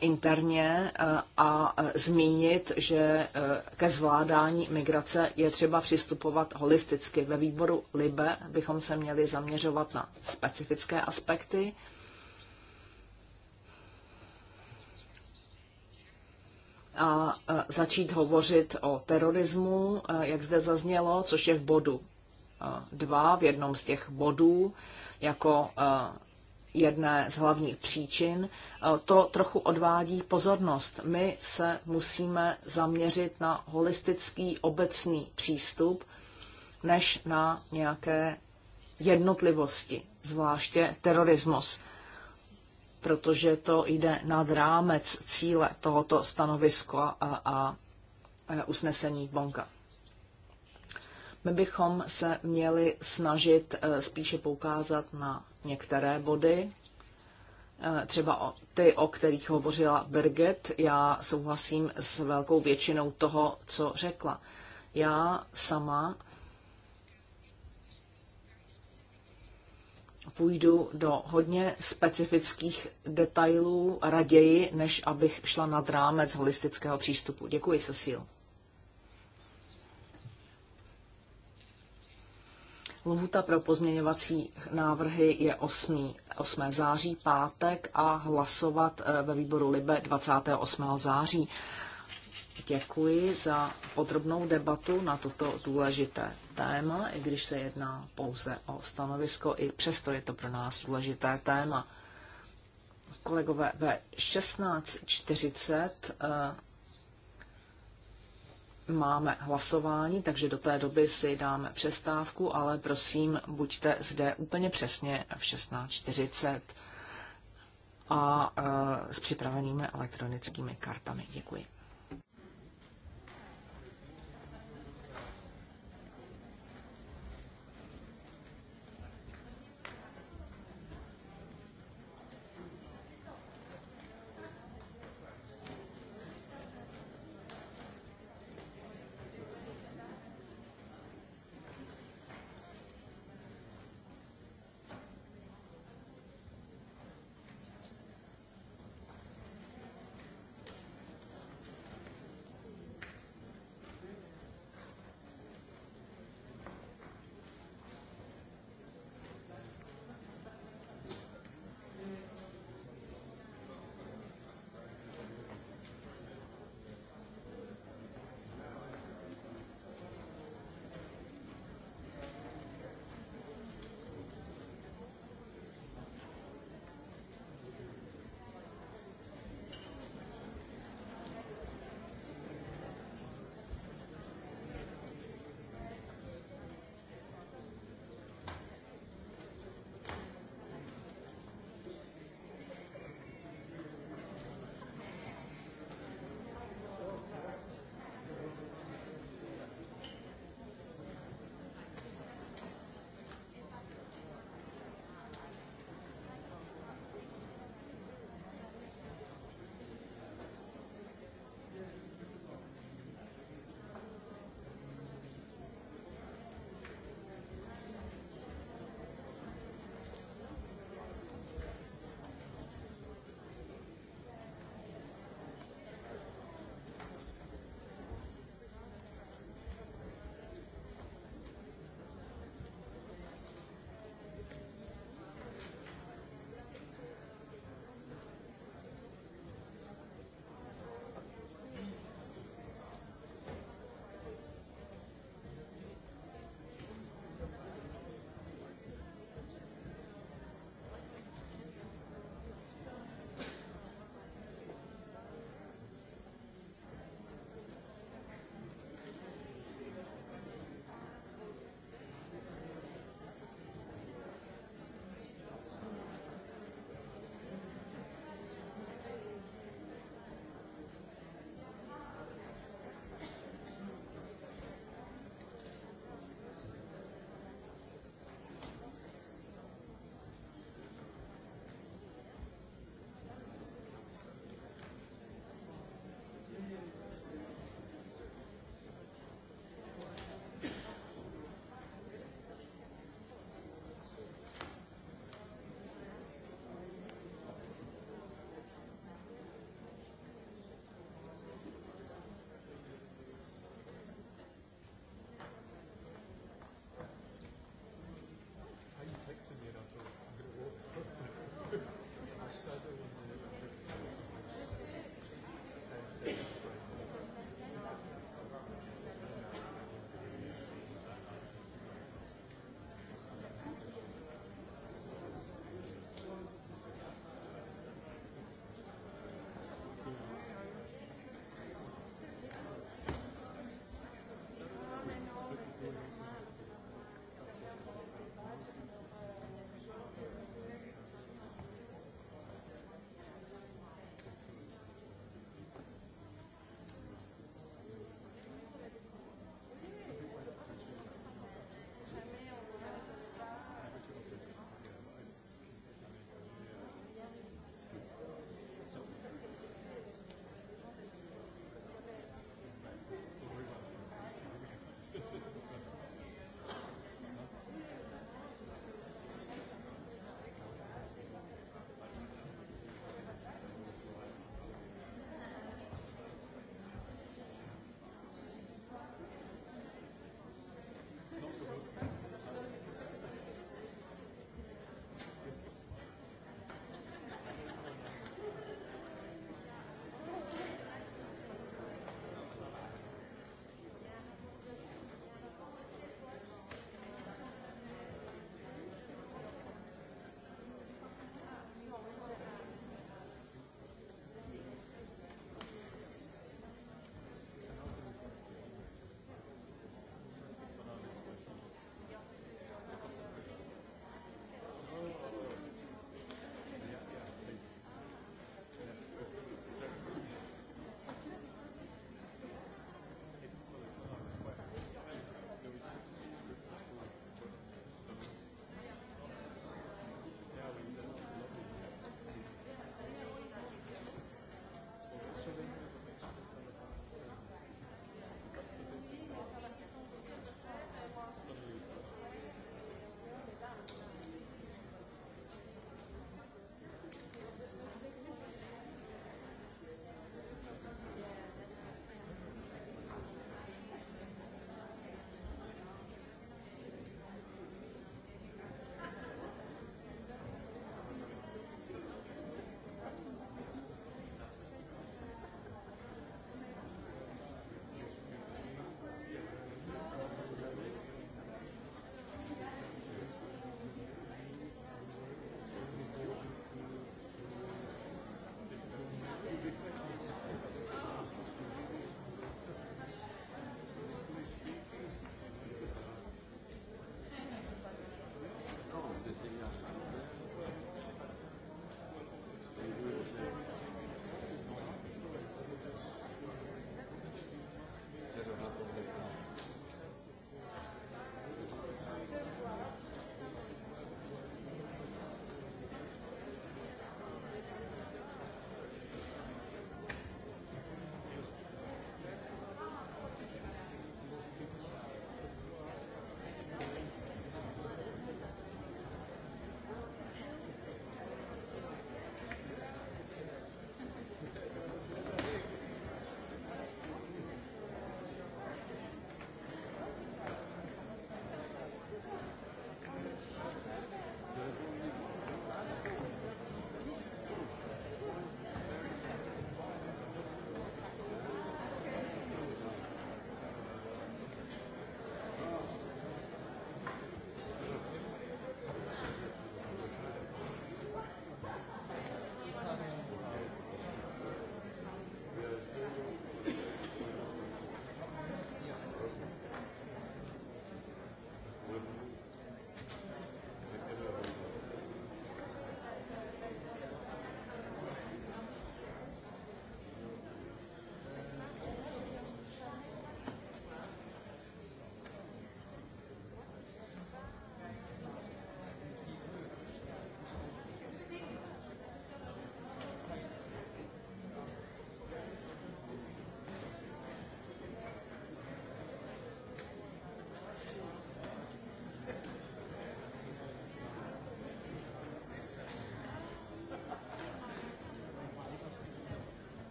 interně eh, a eh, zmínit, že eh, ke zvládání migrace je třeba přistupovat holisticky. Ve výboru LIBE bychom se měli zaměřovat na specifické aspekty. a začít hovořit o terorismu, jak zde zaznělo, což je v bodu dva, v jednom z těch bodů, jako jedné z hlavních příčin. E, to trochu odvádí pozornost. My se musíme zaměřit na holistický obecný přístup, než na nějaké jednotlivosti, zvláště terorismus, protože to jde nad rámec cíle tohoto stanoviska a, a e, usnesení Bonka. My bychom se měli snažit e, spíše poukázat na některé body, eh, třeba ty, o kterých hovořila Birgit, já souhlasím s velkou většinou toho, co řekla. Já sama půjdu do hodně specifických detailů raději, než abych šla nad rámec holistického přístupu. Děkuji, Cecil. Lhuta pro pozměňovací návrhy je 8. 8. září, pátek a hlasovat eh, ve výboru Libe 28. září. Děkuji za podrobnou debatu na toto důležité téma, i když se jedná pouze o stanovisko, i přesto je to pro nás důležité téma. Kolegové, ve 16.40 máme hlasování, takže do té doby si dáme přestávku, ale prosím, buďte zde úplně přesně v 16.40 a e, s připravenými elektronickými kartami. Děkuji.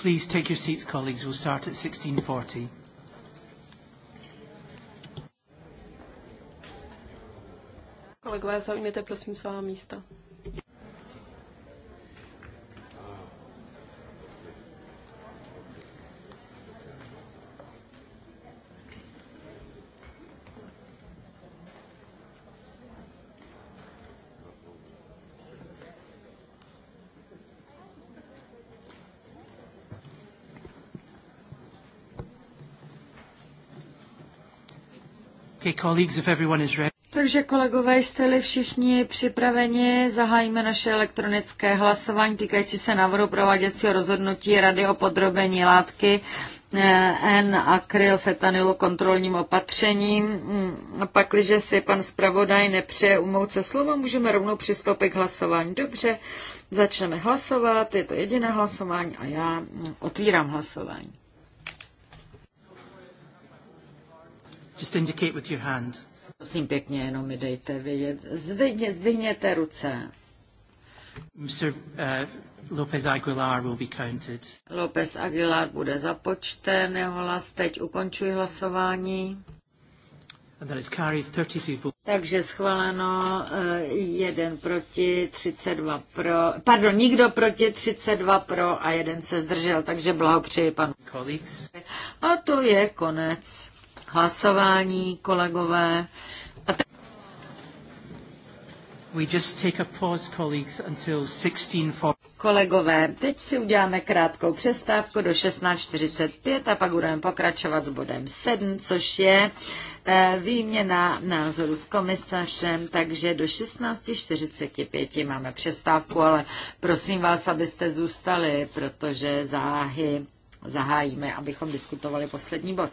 Please take your seats, colleagues. We'll start at 1640. Kolegové, zaujměte prosím svá místa. Okay, colleagues, if everyone is ready. Takže kolegové, jste-li všichni připraveni, zahájíme naše elektronické hlasování týkající se návrhu prováděcího rozhodnutí Rady o podrobení látky eh, N akrylfetanilu kontrolním opatřením. Mm, pakliže si pan zpravodaj nepřeje umout se slovo, můžeme rovnou přistoupit k hlasování. Dobře, začneme hlasovat, je to jediné hlasování a já otvírám hlasování. just indicate with your hand. Prosím pěkně, jenom mi dejte vědět. ruce. Mr. Uh, López Aguilar will be counted. López Aguilar bude započten, jeho hlas teď ukončuji hlasování. And that is carried 32 votes. Takže schváleno eh, jeden proti, 32 pro, pardon, nikdo proti, 32 pro a jeden se zdržel, takže blahopřeji panu. Colleagues. A to je konec hlasování, kolegové. A te... We just take a pause, colleagues, until 16.40. Kolegové, teď si uděláme krátkou přestávku do 16.45 a pak budeme pokračovat s bodem 7, což je eh, výměna názoru s komisařem, takže do 16.45 máme přestávku, ale prosím vás, abyste zůstali, protože záhy zahájíme, abychom diskutovali poslední bod.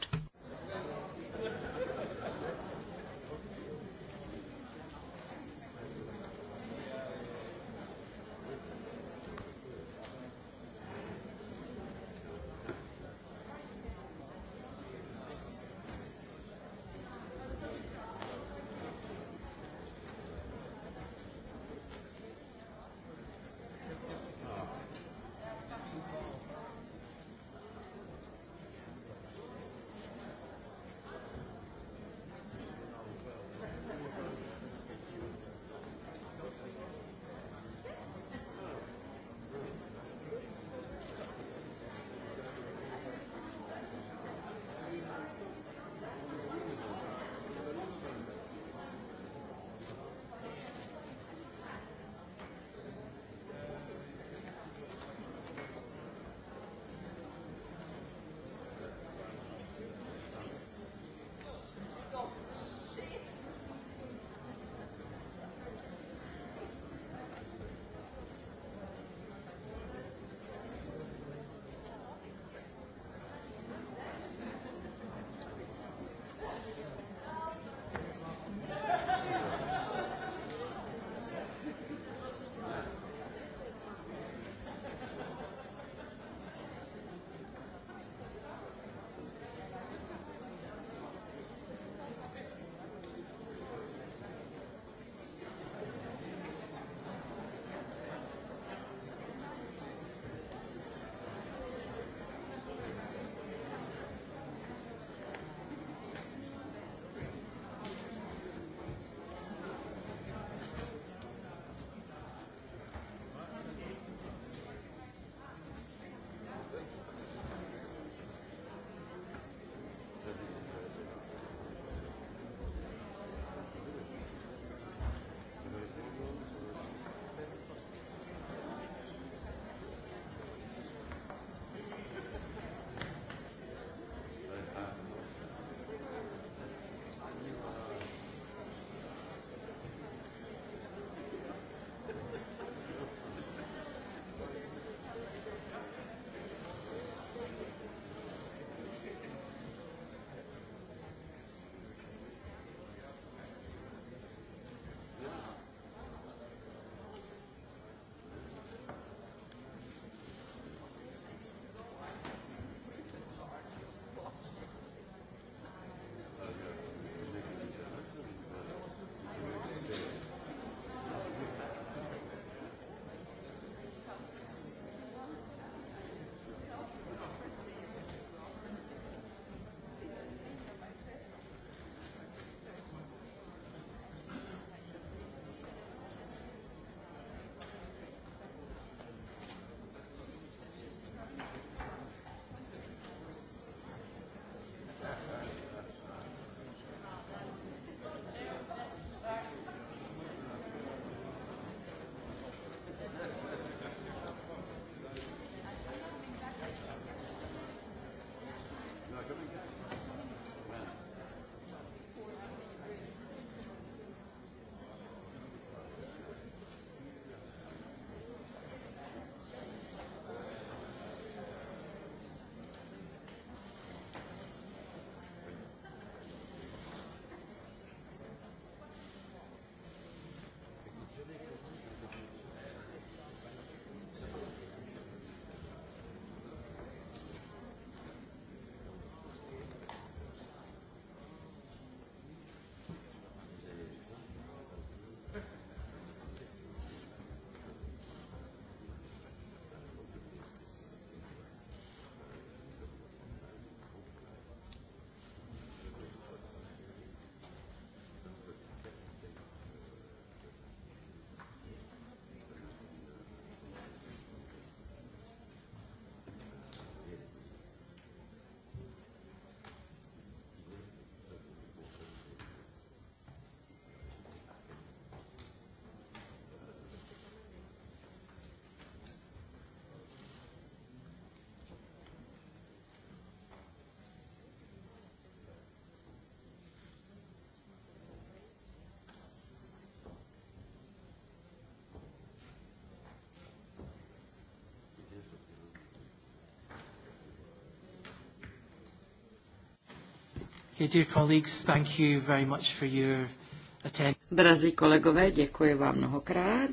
Drazí kolegové, děkuji vám mnohokrát,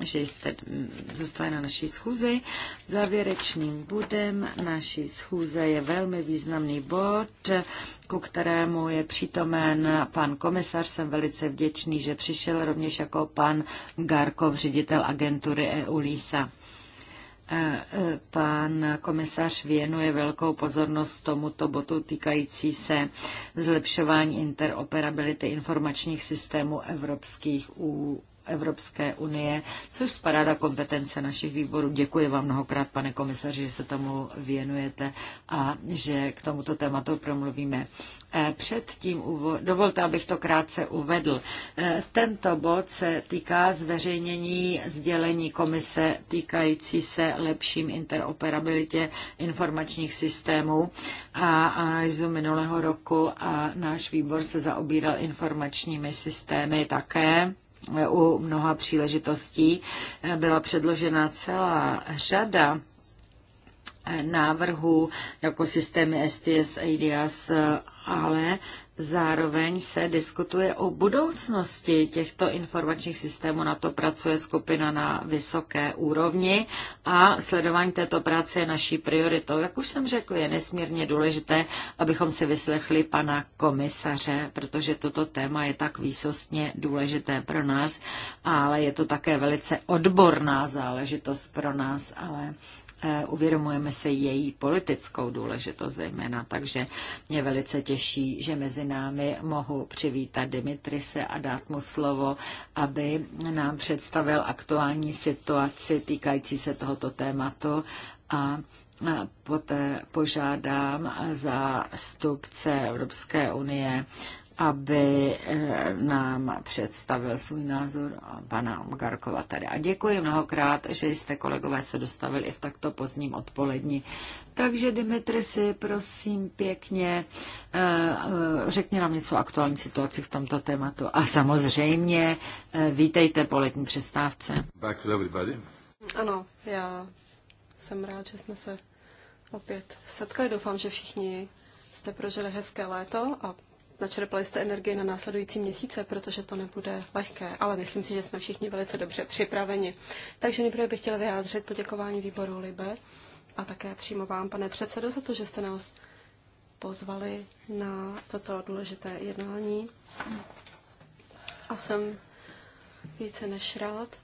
že jste zůstali na naší schůzi. Závěrečným bodem naší schůze je velmi významný bod, ku kterému je přítomen pan komisař. Jsem velice vděčný, že přišel rovněž jako pan Garkov, ředitel agentury EU LISA. E, pan komisař věnuje velkou pozornost tomuto botu týkající se zlepšování interoperability informačních systémů evropských Evropské unie, což spadá do kompetence našich výborů. Děkuji vám mnohokrát, pane komisaři, že se tomu věnujete a že k tomuto tématu promluvíme. Eh, předtím dovolte, abych to krátce uvedl. Eh, tento bod se týká zveřejnění sdělení komise týkající se lepším interoperabilitě informačních systémů a analýzu minulého roku a náš výbor se zaobíral informačními systémy také u mnoha příležitostí eh, byla předložena celá řada eh, návrhů jako systémy STS, ADS ale zároveň se diskutuje o budoucnosti těchto informačních systémů. Na to pracuje skupina na vysoké úrovni a sledování této práce je naší prioritou. Jak už jsem řekl, je nesmírně důležité, abychom si vyslechli pana komisaře, protože toto téma je tak výsostně důležité pro nás, ale je to také velice odborná záležitost pro nás, ale E, uvědomujeme se její politickou důležitost zejména, takže mě velice těší, že mezi námi mohu přivítat Dimitrise a dát mu slovo, aby nám představil aktuální situaci týkající se tohoto tématu a poté požádám zástupce Evropské unie aby eh, nám představil svůj názor pana Garkova tady. A děkuji mnohokrát, že jste kolegové se dostavili i v takto pozdním odpoledni. Takže Dimitri si prosím pěkně eh, řekně nám něco o aktuální situaci v tomto tématu. A samozřejmě eh, vítejte po letní přestávce. Back to everybody. Ano, já jsem rád, že jsme se opět setkali. Doufám, že všichni jste prožili hezké léto a načerpali jste energie na následující měsíce, protože to nebude lehké, ale myslím si, že jsme všichni velice dobře připraveni. Takže nejprve bych chtěla vyjádřit poděkování výboru Libe a také přímo vám, pane předsedo, za to, že jste nás pozvali na toto důležité jednání. A jsem více než rád,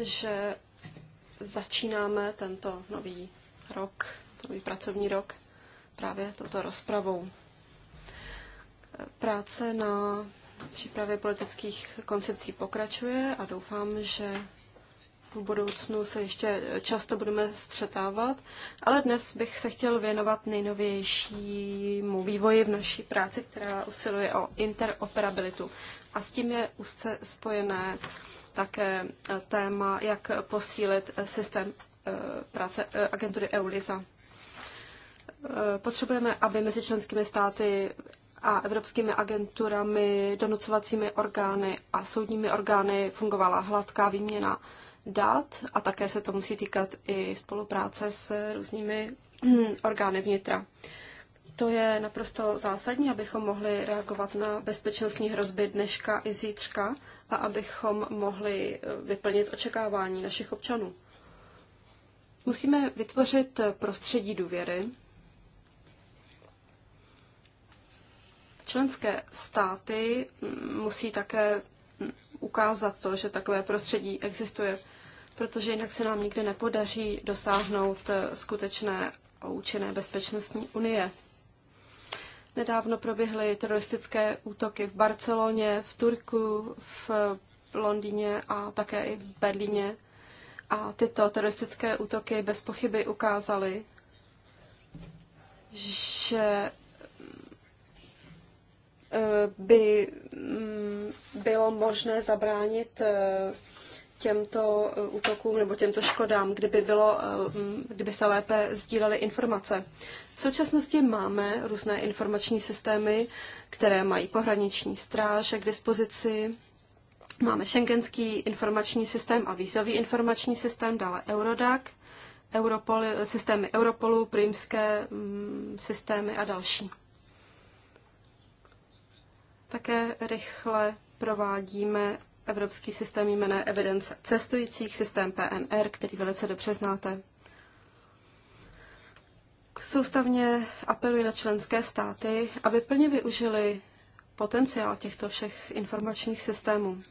že začínáme tento nový rok, nový pracovní rok právě touto rozpravou. Práce na přípravě politických koncepcí pokračuje a doufám, že v budoucnu se ještě často budeme střetávat, ale dnes bych se chtěl věnovat nejnovějšímu vývoji v naší práci, která usiluje o interoperabilitu. A s tím je úzce spojené také téma, jak posílit systém eh, práce eh, agentury EULISA. Eh, potřebujeme, aby mezi členskými státy a evropskými agenturami, donucovacími orgány a soudními orgány fungovala hladká výměna dat a také se to musí týkat i spolupráce s různými <clears throat> orgány vnitra. To je naprosto zásadní, abychom mohli reagovat na bezpečnostní hrozby dneška i zítřka a abychom mohli eh, vyplnit očekávání našich občanů. Musíme vytvořit prostředí důvěry, Členské státy mm, musí také mm, ukázat to, že takové prostředí existuje, protože jinak se nám nikdy nepodaří dosáhnout eh, skutečné a účinné bezpečnostní unie. Nedávno proběhly teroristické útoky v Barceloně, v Turku, v Londýně a také i v Berlíně. A tyto teroristické útoky bez pochyby ukázaly, že Eh, by mm, bylo možné zabránit eh, těmto eh, útokům nebo těmto škodám, kdyby, bylo, mm, kdyby se lépe sdílely informace. V současnosti máme různé informační systémy, které mají pohraniční stráž k dispozici. Máme šengenský informační systém a vízový informační systém, dále Eurodac, Europol, systémy Europolu, prýmské mm, systémy a další. Také rychle provádíme evropský systém jmené evidence cestujících, systém PNR, který velice dobře znáte. Soustavně apeluji na členské státy, aby plně využili potenciál těchto všech informačních systémů.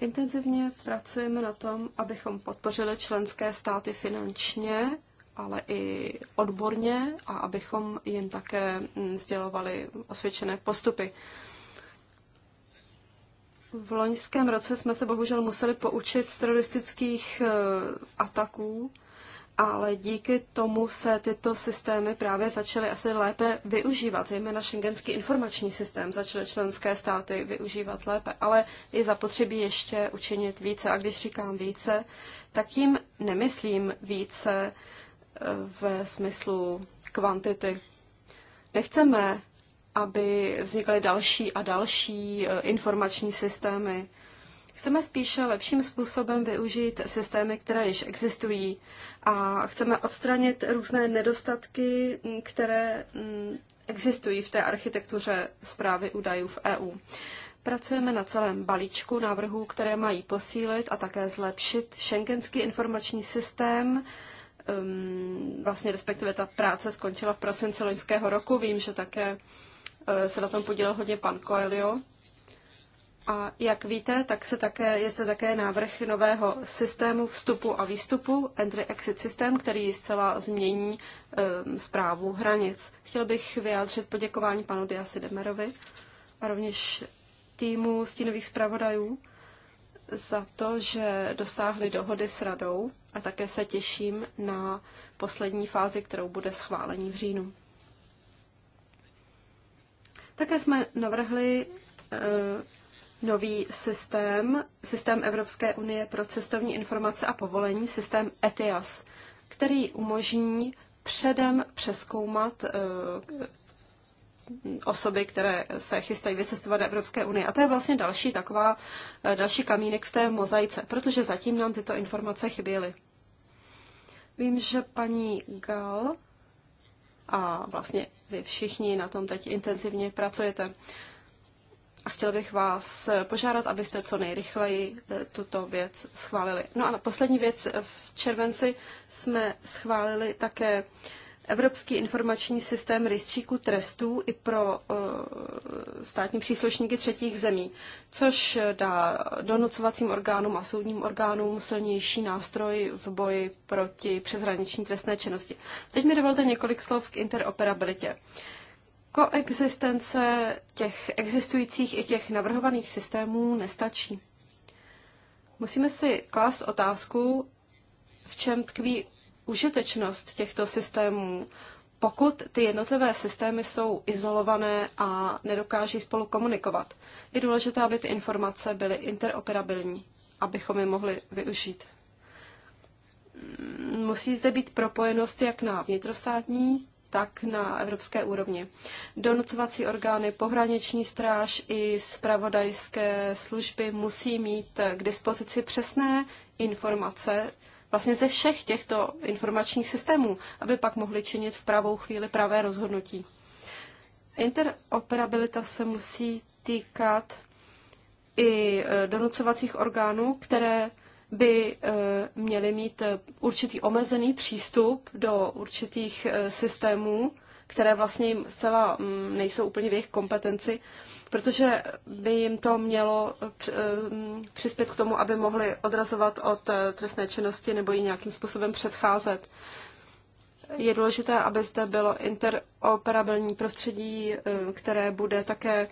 Intenzivně pracujeme na tom, abychom podpořili členské státy finančně ale i odborně a abychom jim také mm, sdělovali osvědčené postupy. V loňském roce jsme se bohužel museli poučit z teroristických e, ataků, ale díky tomu se tyto systémy právě začaly asi lépe využívat, zejména šengenský informační systém začaly členské státy využívat lépe, ale je zapotřebí ještě učinit více. A když říkám více, tak tím nemyslím více ve smyslu kvantity. Nechceme, aby vznikaly další a další e, informační systémy. Chceme spíše lepším způsobem využít systémy, které již existují a chceme odstranit různé nedostatky, které existují v té architektuře zprávy údajů v EU. Pracujeme na celém balíčku návrhů, které mají posílit a také zlepšit šengenský informační systém, um, vlastně respektive ta práce skončila v prosinci loňského roku. Vím, že také uh, se na tom podílel hodně pan Coelho. A jak víte, tak se také, je se také návrh nového systému vstupu a výstupu, entry-exit systém, který zcela změní um, zprávu hranic. Chtěl bych vyjádřit poděkování panu Diasi Demerovi a rovněž týmu stínových zpravodajů za to, že dosáhli dohody s radou a také se těším na poslední fázi, kterou bude schválení v říjnu. Také jsme navrhli eh, nový systém, systém Evropské unie pro cestovní informace a povolení, systém ETIAS, který umožní předem přeskoumat eh, osoby, které se chystají vycestovat do Evropské unie. A to je vlastně další taková, eh, další kamínek v té mozaice, protože zatím nám tyto informace chyběly. Vím, že paní Gal a vlastně vy všichni na tom teď intenzivně pracujete. A chtěl bych vás požádat, abyste co nejrychleji eh, tuto věc schválili. No a poslední věc, eh, v červenci jsme schválili také Evropský informační systém rejstříku trestů i pro eh, státní příslušníky třetích zemí, což dá donucovacím orgánům a soudním orgánům silnější nástroj v boji proti přeshraniční trestné činnosti. Teď mi dovolte několik slov k interoperabilitě. Koexistence těch existujících i těch navrhovaných systémů nestačí. Musíme si klást otázku, v čem tkví užitečnost těchto systémů, pokud ty jednotlivé systémy jsou izolované a nedokáží spolu komunikovat. Je důležité, aby ty informace byly interoperabilní, abychom je mohli využít. Musí zde být propojenost jak na vnitrostátní, tak na evropské úrovni. Donocovací orgány, pohraniční stráž i spravodajské služby musí mít k dispozici přesné informace, vlastně ze všech těchto informačních systémů, aby pak mohli činit v pravou chvíli pravé rozhodnutí. Interoperabilita se musí týkat i e, donucovacích orgánů, které by e, měly mít e, určitý omezený přístup do určitých systémů, které vlastně jim zcela mm, nejsou úplně v jejich kompetenci, protože by jim to mělo eh, eh, mm, přispět k tomu, aby mohli odrazovat od eh, trestné činnosti nebo ji nějakým způsobem předcházet. Je důležité, aby zde bylo interoperabilní prostředí, které bude také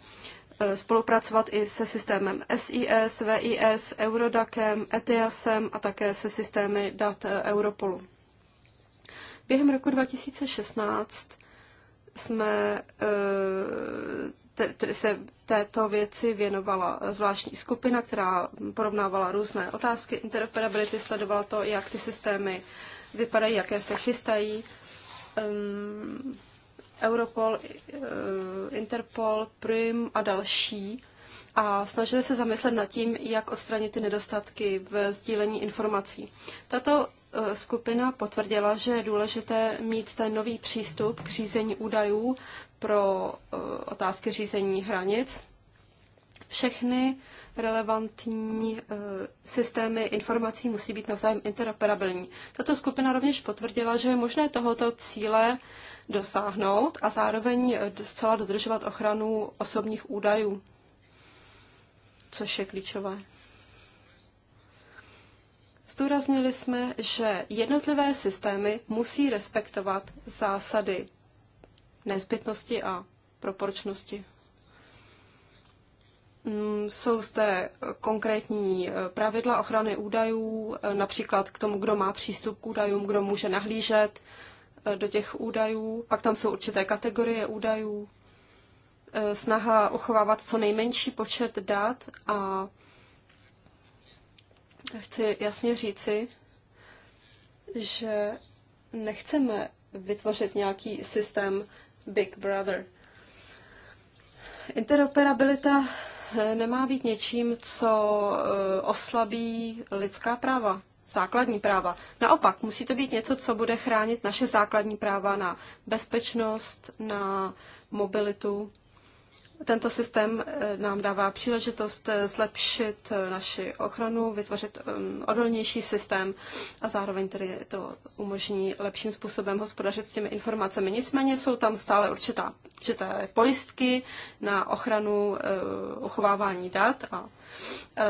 spolupracovat i se systémem SIS, VIS, Eurodacem, ETIASem a také se systémy dat Europolu. Během roku 2016 jsme eh, se této věci věnovala zvláštní skupina, která porovnávala různé otázky interoperability, sledovala to, jak ty systémy vypadají, jaké se chystají. Um, Europol, eh, Interpol, Prim a další a snažili se zamyslet nad tím, jak odstranit ty nedostatky v sdílení informací. Tato Eh, skupina potvrdila, že je důležité mít ten nový přístup k řízení údajů pro eh, otázky řízení hranic. Všechny relevantní eh, systémy informací musí být navzájem interoperabilní. Tato skupina rovněž potvrdila, že je možné tohoto cíle dosáhnout a zároveň zcela dodržovat ochranu osobních údajů, což je klíčové. Zdůraznili jsme, že jednotlivé systémy musí respektovat zásady nezbytnosti a proporčnosti. Mm, jsou zde konkrétní eh, pravidla ochrany údajů, eh, například k tomu, kdo má přístup k údajům, kdo může nahlížet eh, do těch údajů. Pak tam jsou určité kategorie údajů, snaha uchovávat co nejmenší počet dat a chci jasně říci, že nechceme vytvořit nějaký systém Big Brother. Interoperabilita eh, nemá být něčím, co eh, oslabí lidská práva, základní práva. Naopak, musí to být něco, co bude chránit naše základní práva na bezpečnost, na mobilitu tento systém eh, nám dává příležitost eh, zlepšit eh, naši ochranu, vytvořit ehm, odolnější systém a zároveň tedy to umožní lepším způsobem hospodařit s těmi informacemi. Nicméně jsou tam stále určitá, určité pojistky na ochranu uchovávání dat a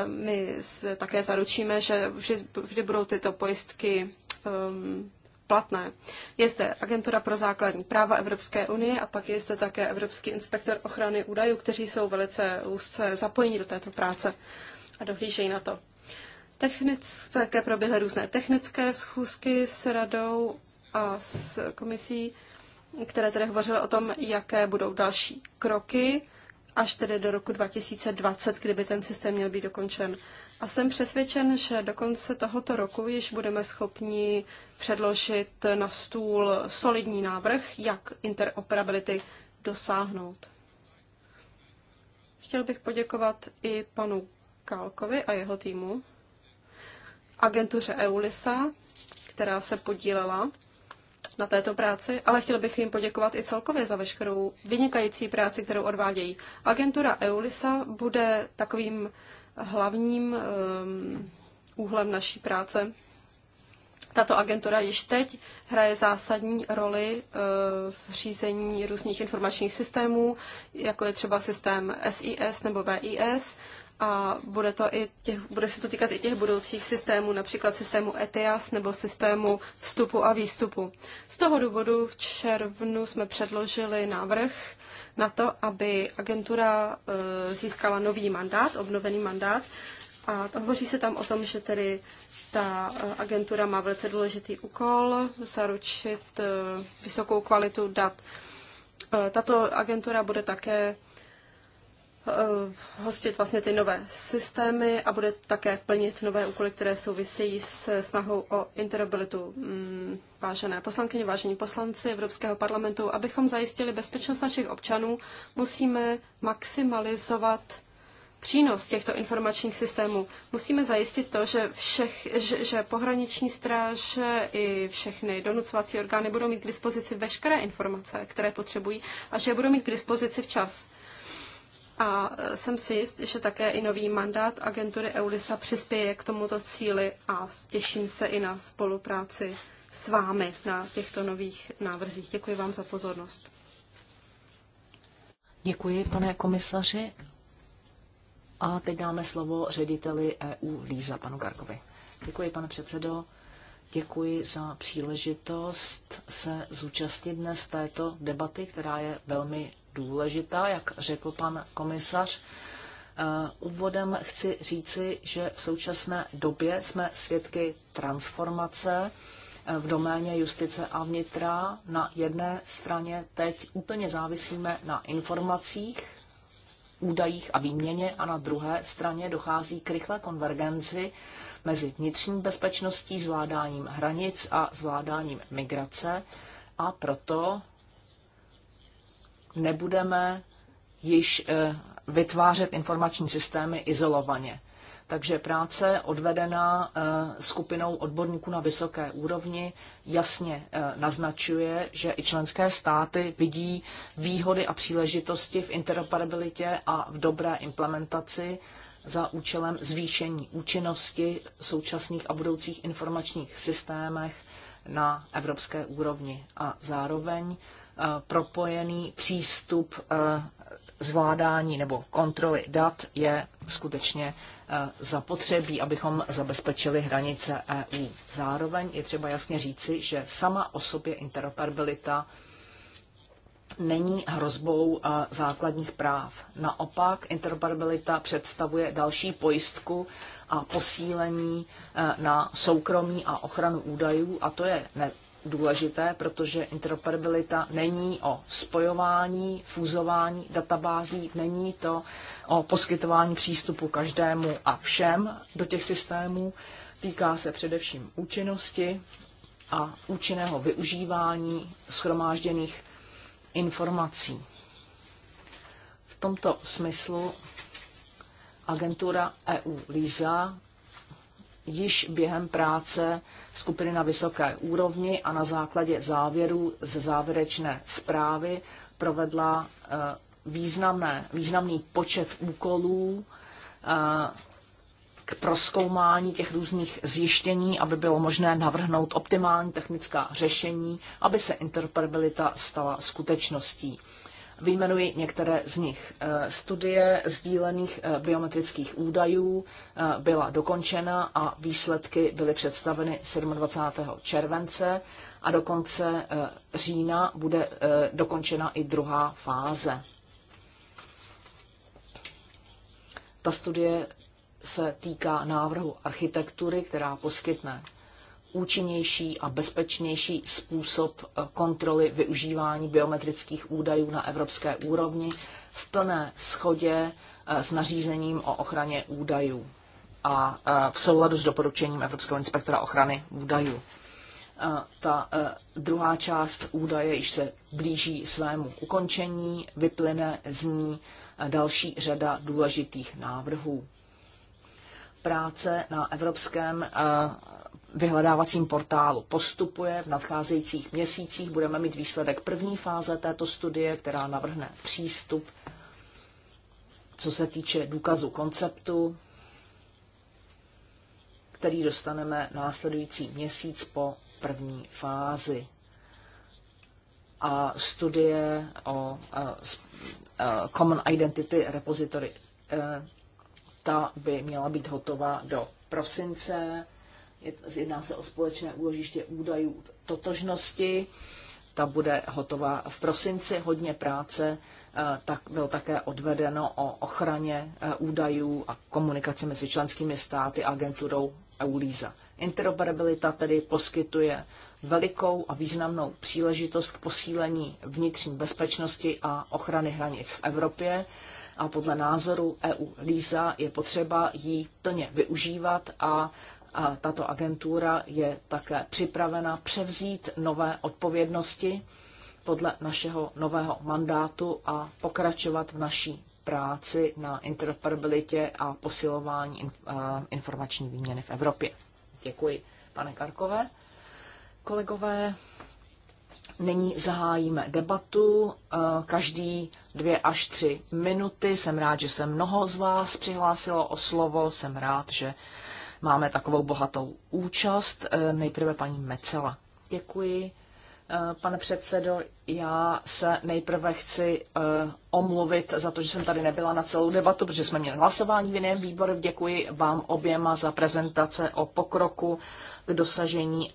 my také zaručíme, že vždy, vždy budou tyto pojistky ehm, platné. Je zde Agentura pro základní práva Evropské unie a pak je zde také Evropský inspektor ochrany údajů, kteří jsou velice úzce zapojeni do této práce a dohlížejí na to. Technické také proběhly různé technické schůzky s radou a s komisí, které tedy hovořily o tom, jaké budou další kroky až tedy do roku 2020, kdyby ten systém měl být dokončen. A jsem přesvědčen, že do konce tohoto roku již budeme schopni předložit na stůl solidní návrh, jak interoperability dosáhnout. Chtěl bych poděkovat i panu Kálkovi a jeho týmu, agentuře EULISA, která se podílela na této práci, ale chtěl bych jim poděkovat i celkově za veškerou vynikající práci, kterou odvádějí. Agentura EULISA bude takovým hlavním ehm, úhlem naší práce. Tato agentura již teď hraje zásadní roli eh, v řízení různých informačních systémů, jako je třeba systém SIS nebo VIS a bude, to i těch, bude se to týkat i těch budoucích systémů, například systému ETIAS nebo systému vstupu a výstupu. Z toho důvodu v červnu jsme předložili návrh na to, aby agentura e, získala nový mandát, obnovený mandát. A hovoří se tam o tom, že tedy ta e, agentura má velice důležitý úkol zaručit e, vysokou kvalitu dat. Tato agentura bude také Eh, hostit vlastně ty nové systémy a bude také plnit nové úkoly, které souvisejí s snahou o interoperabilitu. Mm, vážené poslankyně, vážení poslanci Evropského parlamentu, abychom zajistili bezpečnost našich občanů, musíme maximalizovat přínos těchto informačních systémů. Musíme zajistit to, že, všech, že, že pohraniční stráž i všechny donucovací orgány budou mít k dispozici veškeré informace, které potřebují a že budou mít k dispozici včas a jsem si jist, že také i nový mandát agentury EULISA přispěje k tomuto cíli a těším se i na spolupráci s vámi na těchto nových návrzích. Děkuji vám za pozornost. Děkuji, pane komisaři. A teď dáme slovo řediteli EU Líza, panu Garkovi. Děkuji, pane předsedo. Děkuji za příležitost se zúčastnit dnes této debaty, která je velmi důležitá, jak řekl pan komisař. Eh, úvodem chci říci, že v současné době jsme svědky transformace eh, v doméně justice a vnitra. Na jedné straně teď úplně závisíme na informacích, údajích a výměně a na druhé straně dochází k rychlé konvergenci mezi vnitřní bezpečností, zvládáním hranic a zvládáním migrace a proto nebudeme již eh, vytvářet informační systémy izolovaně. Takže práce odvedená eh, skupinou odborníků na vysoké úrovni jasně eh, naznačuje, že i členské státy vidí výhody a příležitosti v interoperabilitě a v dobré implementaci za účelem zvýšení účinnosti současných a budoucích informačních systémech na evropské úrovni a zároveň eh, propojený přístup zvládání nebo kontroly dat je skutečně Eh, zapotřebí, abychom zabezpečili hranice EU. Zároveň je třeba jasně říci, že sama o sobě interoperabilita není hrozbou eh, základních práv. Naopak interoperabilita představuje další pojistku a posílení eh, na soukromí a ochranu údajů a to je důležité, protože interoperabilita není o spojování, fuzování databází, není to o poskytování přístupu každému a všem do těch systémů. Týká se především účinnosti a účinného využívání schromážděných informací. V tomto smyslu agentura EU LISA již během práce skupiny na vysoké úrovni a na základě závěrů ze závěrečné zprávy provedla eh, významné, významný počet úkolů eh, k proskoumání těch různých zjištění, aby bylo možné navrhnout optimální technická řešení, aby se interoperabilita stala skutečností. Vyjmenuji některé z nich. Eh, studie sdílených eh, biometrických údajů eh, byla dokončena a výsledky byly představeny 27. července a do konce října bude dokončena i druhá fáze. Ta studie se týká návrhu architektury, která poskytne účinnější a bezpečnější způsob eh, kontroly využívání biometrických údajů na evropské úrovni v plné schodě eh, s nařízením o ochraně údajů a eh, v souladu s doporučením Evropského inspektora ochrany údajů. Ta druhá část údaje již se blíží svému ukončení, vyplyne z ní další řada důležitých návrhů práce na evropském vyhledávacím portálu postupuje. V nadcházejících měsících budeme mít výsledek první fáze této studie, která navrhne přístup, co se týče důkazu konceptu, který dostaneme následující měsíc po první fázi. A studie o e, e, Common Identity Repository, e, ta by měla být hotová do prosince jedná se o společné úložiště údajů totožnosti, ta bude hotová v prosinci, hodně práce eh, tak bylo také odvedeno o ochraně eh, údajů a komunikaci mezi členskými státy a agenturou EULISA. Interoperabilita tedy poskytuje velikou a významnou příležitost k posílení vnitřní bezpečnosti a ochrany hranic v Evropě a podle názoru EU LISA je potřeba ji plně využívat a tato agentura je také připravena převzít nové odpovědnosti podle našeho nového mandátu a pokračovat v naší práci na interoperabilitě a posilování informační výměny v Evropě. Děkuji, pane Karkové. Kolegové, Nyní zahájíme debatu, každý dvě až tři minuty. Jsem rád, že se mnoho z vás přihlásilo o slovo, jsem rád, že máme takovou bohatou účast. Eh, nejprve paní Mecela. Děkuji. Eh, pane předsedo, já se nejprve chci eh, omluvit za to, že jsem tady nebyla na celou debatu, protože jsme měli hlasování v jiném výboru. Děkuji vám oběma za prezentace o pokroku k dosažení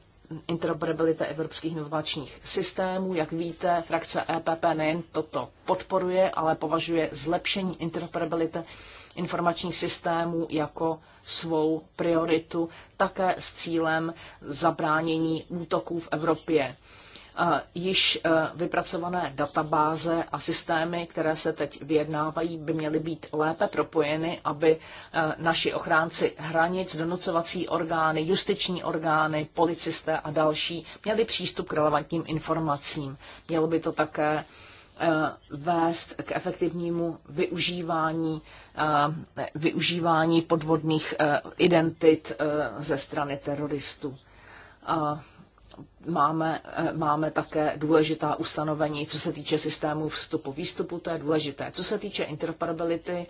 interoperability evropských inovačních systémů. Jak víte, frakce EPP nejen toto podporuje, ale považuje zlepšení interoperability informačních systémů jako svou prioritu, také s cílem zabránění útoků v Evropě. Již e, vypracované databáze a systémy, které se teď vyjednávají, by měly být lépe propojeny, aby e, naši ochránci hranic, donucovací orgány, justiční orgány, policisté a další měli přístup k relevantním informacím. Mělo by to také Eh, vést k efektivnímu využívání, eh, využívání podvodných eh, identit ze strany teroristů. Máme, máme také důležitá ustanovení, co se týče systému vstupu, výstupu, to je důležité. Co se týče interoperability,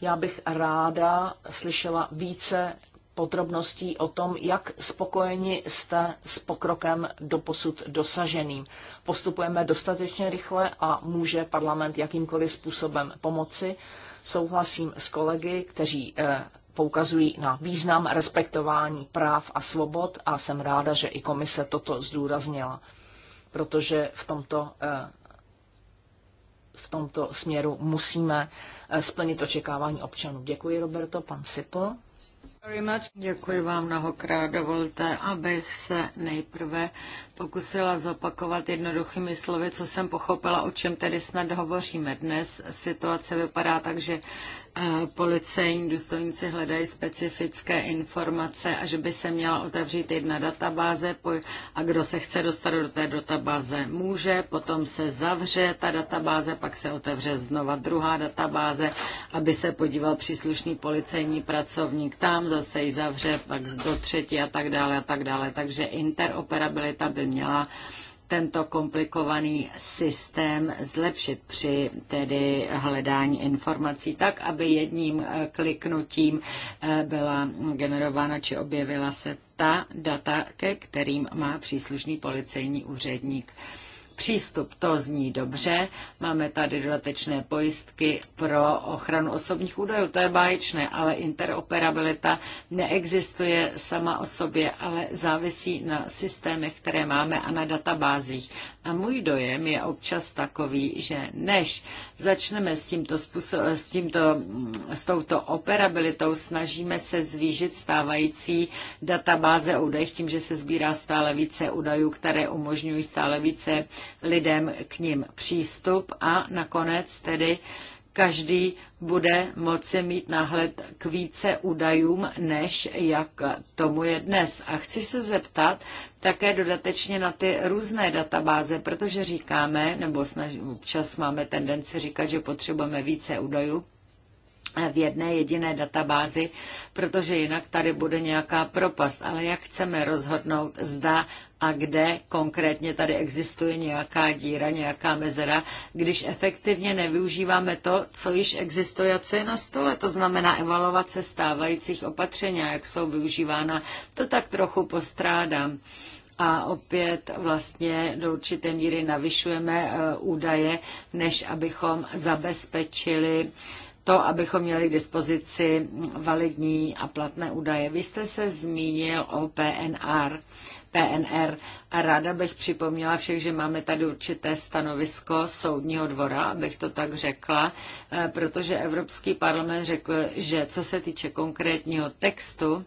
já bych ráda slyšela více podrobností o tom, jak spokojeni jste s pokrokem doposud dosaženým. Postupujeme dostatečně rychle a může parlament jakýmkoliv způsobem pomoci. Souhlasím s kolegy, kteří eh, poukazují na význam respektování práv a svobod a jsem ráda, že i komise toto zdůraznila, protože v tomto eh, v tomto směru musíme eh, splnit očekávání občanů. Děkuji, Roberto. Pan Sipl. Děkuji vám mnohokrát. Dovolte, abych se nejprve pokusila zopakovat jednoduchými slovy, co jsem pochopila, o čem tedy snad hovoříme. Dnes situace vypadá tak, že policejní důstojníci hledají specifické informace a že by se měla otevřít jedna databáze a kdo se chce dostat do té databáze může, potom se zavře ta databáze, pak se otevře znova druhá databáze, aby se podíval příslušný policejní pracovník tam, zase ji zavře, pak do třetí a tak dále a tak dále. Takže interoperabilita by měla tento komplikovaný systém zlepšit při tedy hledání informací tak, aby jedním eh, kliknutím eh, byla generována či objevila se ta data, ke kterým má příslušný policejní úředník přístup. To zní dobře. Máme tady dodatečné pojistky pro ochranu osobních údajů. To je báječné, ale interoperabilita neexistuje sama o sobě, ale závisí na systémech, které máme a na databázích. A můj dojem je občas takový, že než začneme s tímto, způsob, s, tímto mm, s touto operabilitou, snažíme se zvýšit stávající databáze údajů tím, že se sbírá stále více údajů, které umožňují stále více lidem k ním přístup a nakonec tedy každý bude moci mít náhled k více údajům, než jak tomu je dnes. A chci se zeptat také dodatečně na ty různé databáze, protože říkáme, nebo snaž, občas máme tendenci říkat, že potřebujeme více údajů v jedné jediné databázi, protože jinak tady bude nějaká propast. Ale jak chceme rozhodnout, zda a kde konkrétně tady existuje nějaká díra, nějaká mezera, když efektivně nevyužíváme to, co již existuje a co je na stole. To znamená evaluace stávajících opatření, a jak jsou využívána, to tak trochu postrádám a opět vlastně do určité míry navyšujeme eh, údaje, než abychom zabezpečili to, abychom měli k dispozici validní a platné údaje. Vy jste se zmínil o PNR. PNR. A ráda bych připomněla všech, že máme tady určité stanovisko soudního dvora, abych to tak řekla, eh, protože Evropský parlament řekl, že co se týče konkrétního textu,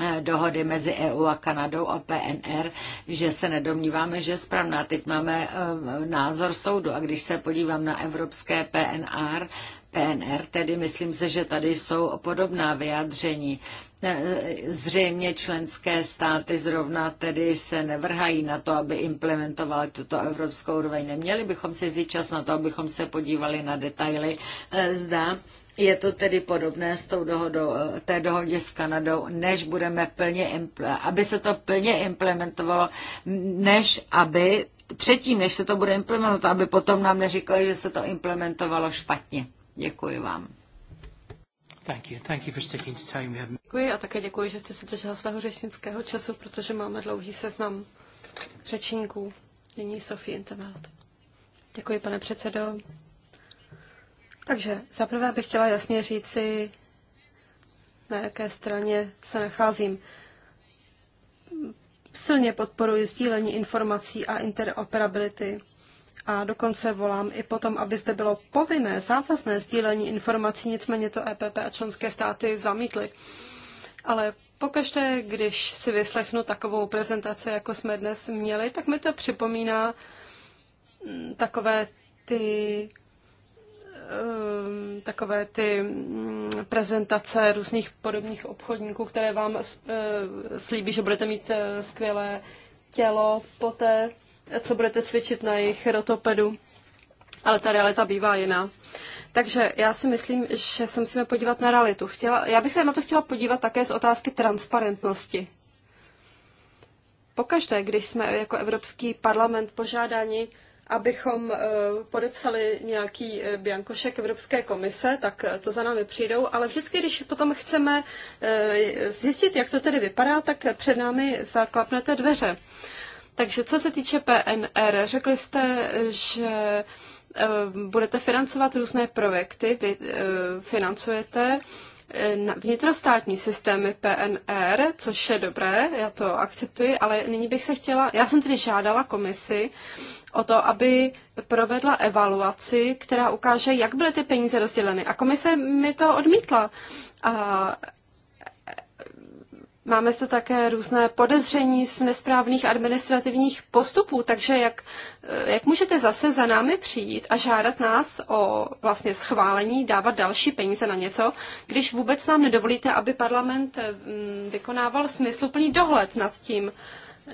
eh, dohody mezi EU a Kanadou a PNR, že se nedomníváme, že je správná. Teď máme eh, názor soudu a když se podívám na evropské PNR, PNR, tedy myslím se, že tady jsou podobná vyjádření. E, zřejmě členské státy zrovna tedy se nevrhají na to, aby implementovali tuto evropskou úroveň. Neměli bychom si vzít čas na to, abychom se podívali na detaily. E, zda je to tedy podobné s tou dohodou, e, té dohodě s Kanadou, než budeme plně, aby se to plně implementovalo, než aby předtím, než se to bude implementovat, aby potom nám neříkali, že se to implementovalo špatně. Děkuji vám. Děkuji a také děkuji, že jste se držel svého řečnického času, protože máme dlouhý seznam řečníků. Nyní Sofie Intervelt. Děkuji, pane předsedo. Takže zaprvé bych chtěla jasně říci, na jaké straně se nacházím. Silně podporuji sdílení informací a interoperability a dokonce volám i potom, aby zde bylo povinné, závazné sdílení informací, nicméně to EPP a členské státy zamítly. Ale pokaždé, když si vyslechnu takovou prezentaci, jako jsme dnes měli, tak mi to připomíná mm, takové ty ehm, takové ty mm, prezentace různých podobných obchodníků, které vám e, slíbí, že budete mít e, skvělé tělo poté, co budete cvičit na jejich rotopedu, ale ta realita bývá jiná. Takže já si myslím, že se musíme podívat na realitu. Chtěla, já bych se na to chtěla podívat také z otázky transparentnosti. Pokaždé, když jsme jako Evropský parlament požádáni, abychom eh, podepsali nějaký eh, biankošek Evropské komise, tak eh, to za námi přijdou, ale vždycky, když potom chceme zjistit, jak to tedy vypadá, tak před námi zaklapnete dveře. Takže co se týče PNR, řekli jste, že eh, budete financovat různé projekty, vy eh, financujete eh, vnitrostátní systémy PNR, což je dobré, já to akceptuji, ale nyní bych se chtěla, já jsem tedy žádala komisi o to, aby provedla evaluaci, která ukáže, jak byly ty peníze rozděleny. A komise mi to odmítla. A Máme se také různé podezření z nesprávných administrativních postupů, takže jak, eh, jak můžete zase za námi přijít a žádat nás o vlastně schválení, dávat další peníze na něco, když vůbec nám nedovolíte, aby parlament eh, mm, vykonával smysluplný dohled nad tím,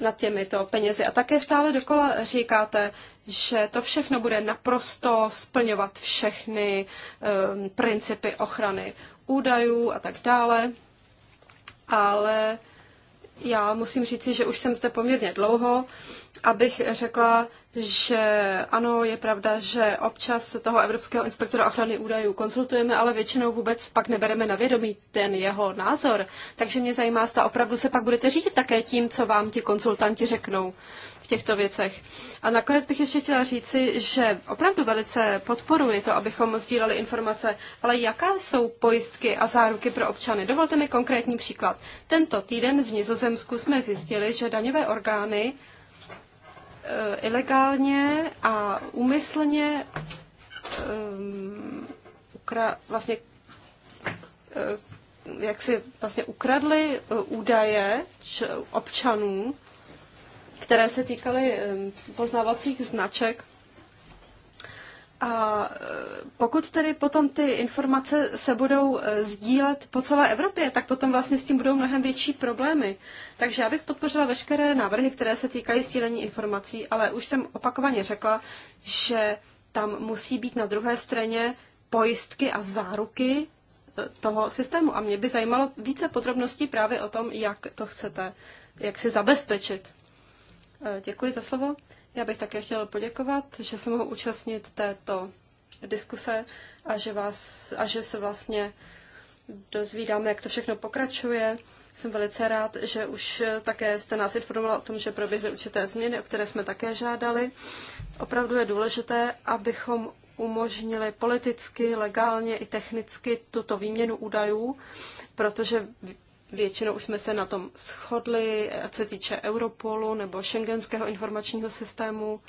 nad těmito penězi. A také stále dokola říkáte, že to všechno bude naprosto splňovat všechny um, principy ochrany údajů a tak dále ale já musím říci, že už jsem zde poměrně dlouho, abych řekla, že ano, je pravda, že občas toho Evropského inspektora ochrany údajů konsultujeme, ale většinou vůbec pak nebereme na vědomí ten jeho názor. Takže mě zajímá, zda opravdu se pak budete řídit také tím, co vám ti konsultanti řeknou v těchto věcech. A nakonec bych ještě chtěla říci, že opravdu velice podporuji to, abychom sdíleli informace, ale jaká jsou pojistky a záruky pro občany? Dovolte mi konkrétní příklad. Tento týden v Nizozemsku jsme zjistili, že daňové orgány Eh, ilegálně a úmyslně eh, vlastně eh, jak si vlastně ukradli údaje občanů, které se týkaly poznávacích značek a e, pokud tedy potom ty informace se budou e, sdílet po celé Evropě, tak potom vlastně s tím budou mnohem větší problémy. Takže já bych podpořila veškeré návrhy, které se týkají sdílení informací, ale už jsem opakovaně řekla, že tam musí být na druhé straně pojistky a záruky e, toho systému. A mě by zajímalo více podrobností právě o tom, jak to chcete, jak si zabezpečit. Děkuji za slovo. Já bych také chtěl poděkovat, že se mohu účastnit této diskuse a že, vás, a že se vlastně dozvídáme, jak to všechno pokračuje. Jsem velice rád, že už také jste nás informovala o tom, že proběhly určité změny, o které jsme také žádali. Opravdu je důležité, abychom umožnili politicky, legálně i technicky tuto výměnu údajů, protože Většinou už jsme se na tom shodli, ať se týče Europolu nebo Schengenského informačního systému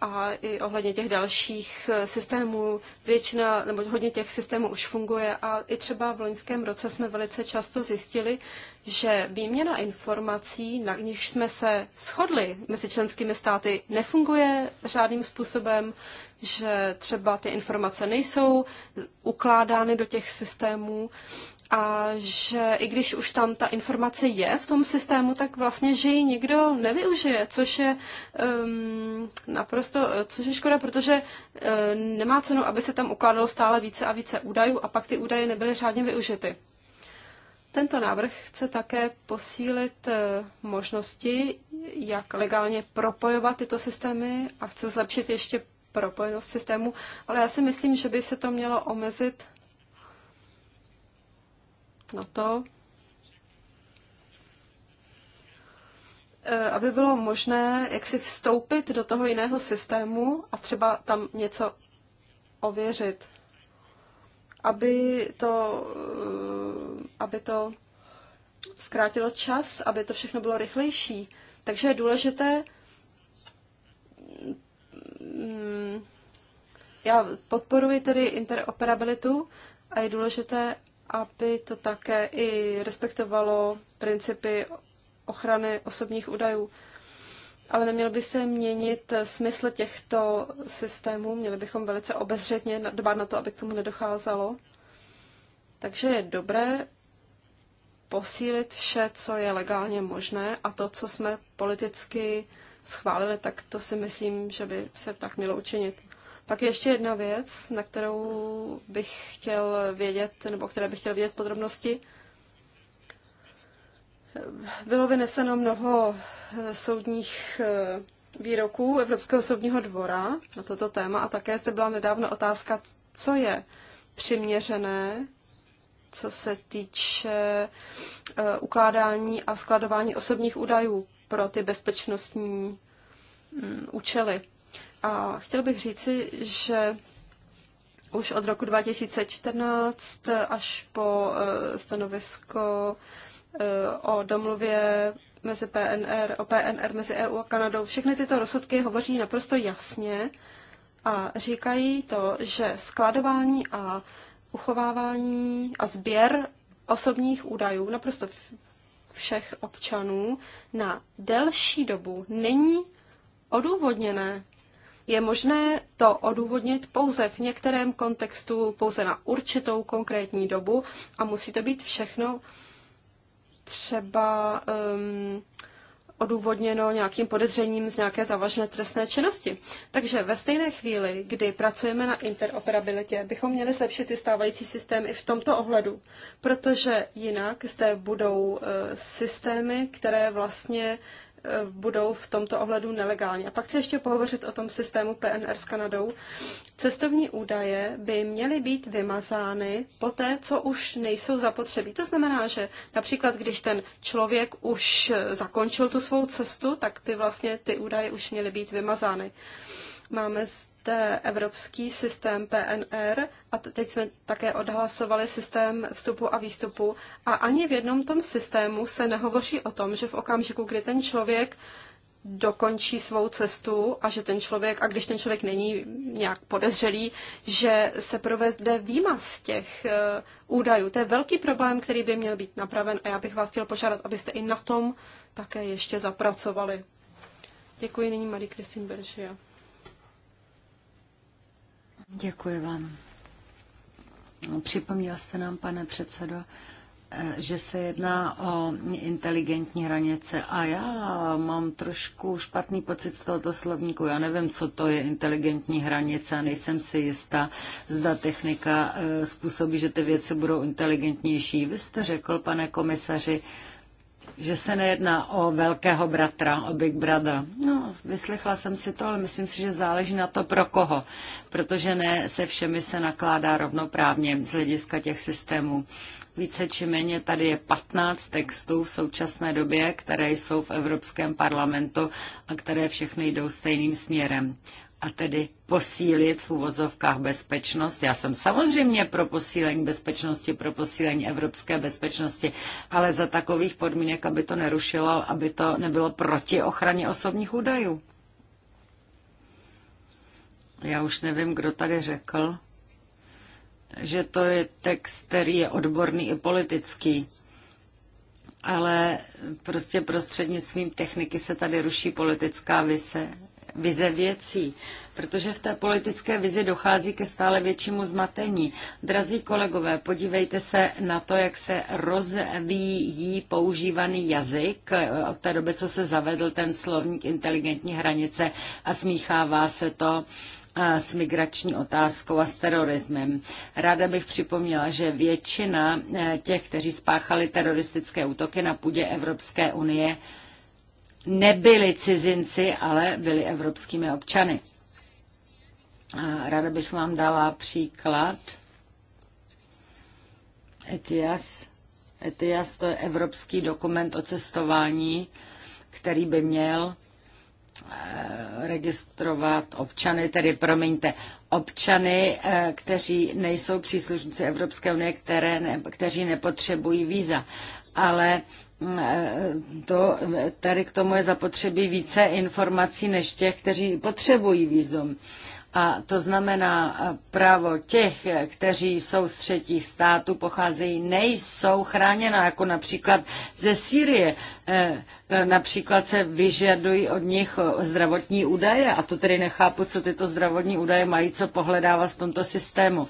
a i ohledně těch dalších eh, systémů. Většina, nebo hodně těch systémů už funguje a i třeba v loňském roce jsme velice často zjistili, že výměna informací, na níž jsme se shodli mezi členskými státy, nefunguje žádným způsobem, že třeba ty informace nejsou ukládány do těch systémů a že i když už tam ta informace je v tom systému, tak vlastně, že ji nikdo nevyužije, což je um, naprosto, eh, což je škoda, protože uh, nemá cenu, aby se tam ukládalo stále více a více údajů a pak ty údaje nebyly řádně využity. Tento návrh chce také posílit eh, možnosti, jak legálně propojovat tyto systémy a chce zlepšit ještě propojenost systému, ale já si myslím, že by se to mělo omezit na to, eh, aby bylo možné jak si vstoupit do toho jiného systému a třeba tam něco ověřit, aby to, eh, aby to zkrátilo čas, aby to všechno bylo rychlejší. Takže je důležité mm, já podporuji tedy interoperabilitu a je důležité, aby to také i respektovalo principy ochrany osobních údajů. Ale neměl by se měnit smysl těchto systémů, měli bychom velice obezřetně dbát na to, aby k tomu nedocházelo. Takže je dobré posílit vše, co je legálně možné a to, co jsme politicky schválili, tak to si myslím, že by se tak mělo učinit. Pak ještě jedna věc, na kterou bych chtěl vědět, nebo které bych chtěl vědět podrobnosti. Bylo vyneseno mnoho soudních eh, výroků Evropského soudního dvora na toto téma a také zde byla nedávno otázka, co je přiměřené, co se týče eh, ukládání a skladování osobních údajů pro ty bezpečnostní mm, účely. A chtěl bych říci, že už od roku 2014 až po eh, stanovisko eh, o domluvě mezi PNR, o PNR mezi EU a Kanadou. Všechny tyto rozsudky hovoří naprosto jasně a říkají to, že skladování a uchovávání a sběr osobních údajů naprosto všech občanů na delší dobu není odůvodněné. Je možné to odůvodnit pouze v některém kontextu, pouze na určitou konkrétní dobu a musí to být všechno třeba um, odůvodněno nějakým podezřením z nějaké závažné trestné činnosti. Takže ve stejné chvíli, kdy pracujeme na interoperabilitě, bychom měli zlepšit ty stávající systém i v tomto ohledu, protože jinak zde budou eh, systémy, které vlastně budou v tomto ohledu nelegální. A pak chci ještě pohovořit o tom systému PNR s Kanadou. Cestovní údaje by měly být vymazány po té, co už nejsou zapotřebí. To znamená, že například, když ten člověk už zakončil tu svou cestu, tak by vlastně ty údaje už měly být vymazány. Uh, Máme zde evropský systém PNR a teď jsme také odhlasovali systém vstupu a výstupu. A ani v jednom tom systému se nehovoří o tom, že v okamžiku, kdy ten člověk dokončí svou cestu a že ten člověk, a když ten člověk není nějak podezřelý, že se provede výmaz těch eh, údajů. To je velký problém, který by měl být napraven a já bych vás chtěl požádat, abyste i na tom také ještě zapracovali. Děkuji nyní Marie Christine Beržia. Děkuji vám. Připomněl jste nám, pane předsedo, eh, že se jedná o inteligentní hranice a já mám trošku špatný pocit z tohoto slovníku. Já nevím, co to je inteligentní hranice a nejsem si jistá, zda technika eh, způsobí, že ty věci budou inteligentnější. Vy jste řekl, pane komisaři, že se nejedná o velkého bratra, o Big Brother. No, vyslechla jsem si to, ale myslím si, že záleží na to pro koho, protože ne se všemi se nakládá rovnoprávně z hlediska těch systémů. Více či méně tady je 15 textů v současné době, které jsou v Evropském parlamentu a které všechny jdou stejným směrem a tedy posílit v uvozovkách bezpečnost. Já jsem samozřejmě pro posílení bezpečnosti, pro posílení evropské bezpečnosti, ale za takových podmínek, aby to nerušilo, aby to nebylo proti ochraně osobních údajů. Já už nevím, kdo tady řekl, že to je text, který je odborný i politický ale prostě prostřednictvím techniky se tady ruší politická vise, vize věcí, protože v té politické vizi dochází ke stále většímu zmatení. Drazí kolegové, podívejte se na to, jak se rozvíjí používaný jazyk eh, od té doby, co se zavedl ten slovník inteligentní hranice a smíchává se to eh, s migrační otázkou a s terorismem. Ráda bych připomněla, že většina eh, těch, kteří spáchali teroristické útoky na půdě Evropské unie, nebyli cizinci, ale byli evropskými občany. A ráda bych vám dala příklad. ETIAS. ETIAS to je evropský dokument o cestování, který by měl eh, registrovat občany, tedy promiňte, občany, eh, kteří nejsou příslušníci Evropské unie, které ne, kteří nepotřebují víza. Ale to, tady k tomu je zapotřebí více informací než těch, kteří potřebují výzum. A to znamená právo těch, kteří jsou z třetích států, pocházejí, nejsou chráněna, jako například ze Sýrie. Eh, například se vyžadují od nich eh, zdravotní údaje a to tedy nechápu, co tyto zdravotní údaje mají, co pohledávat v tomto systému.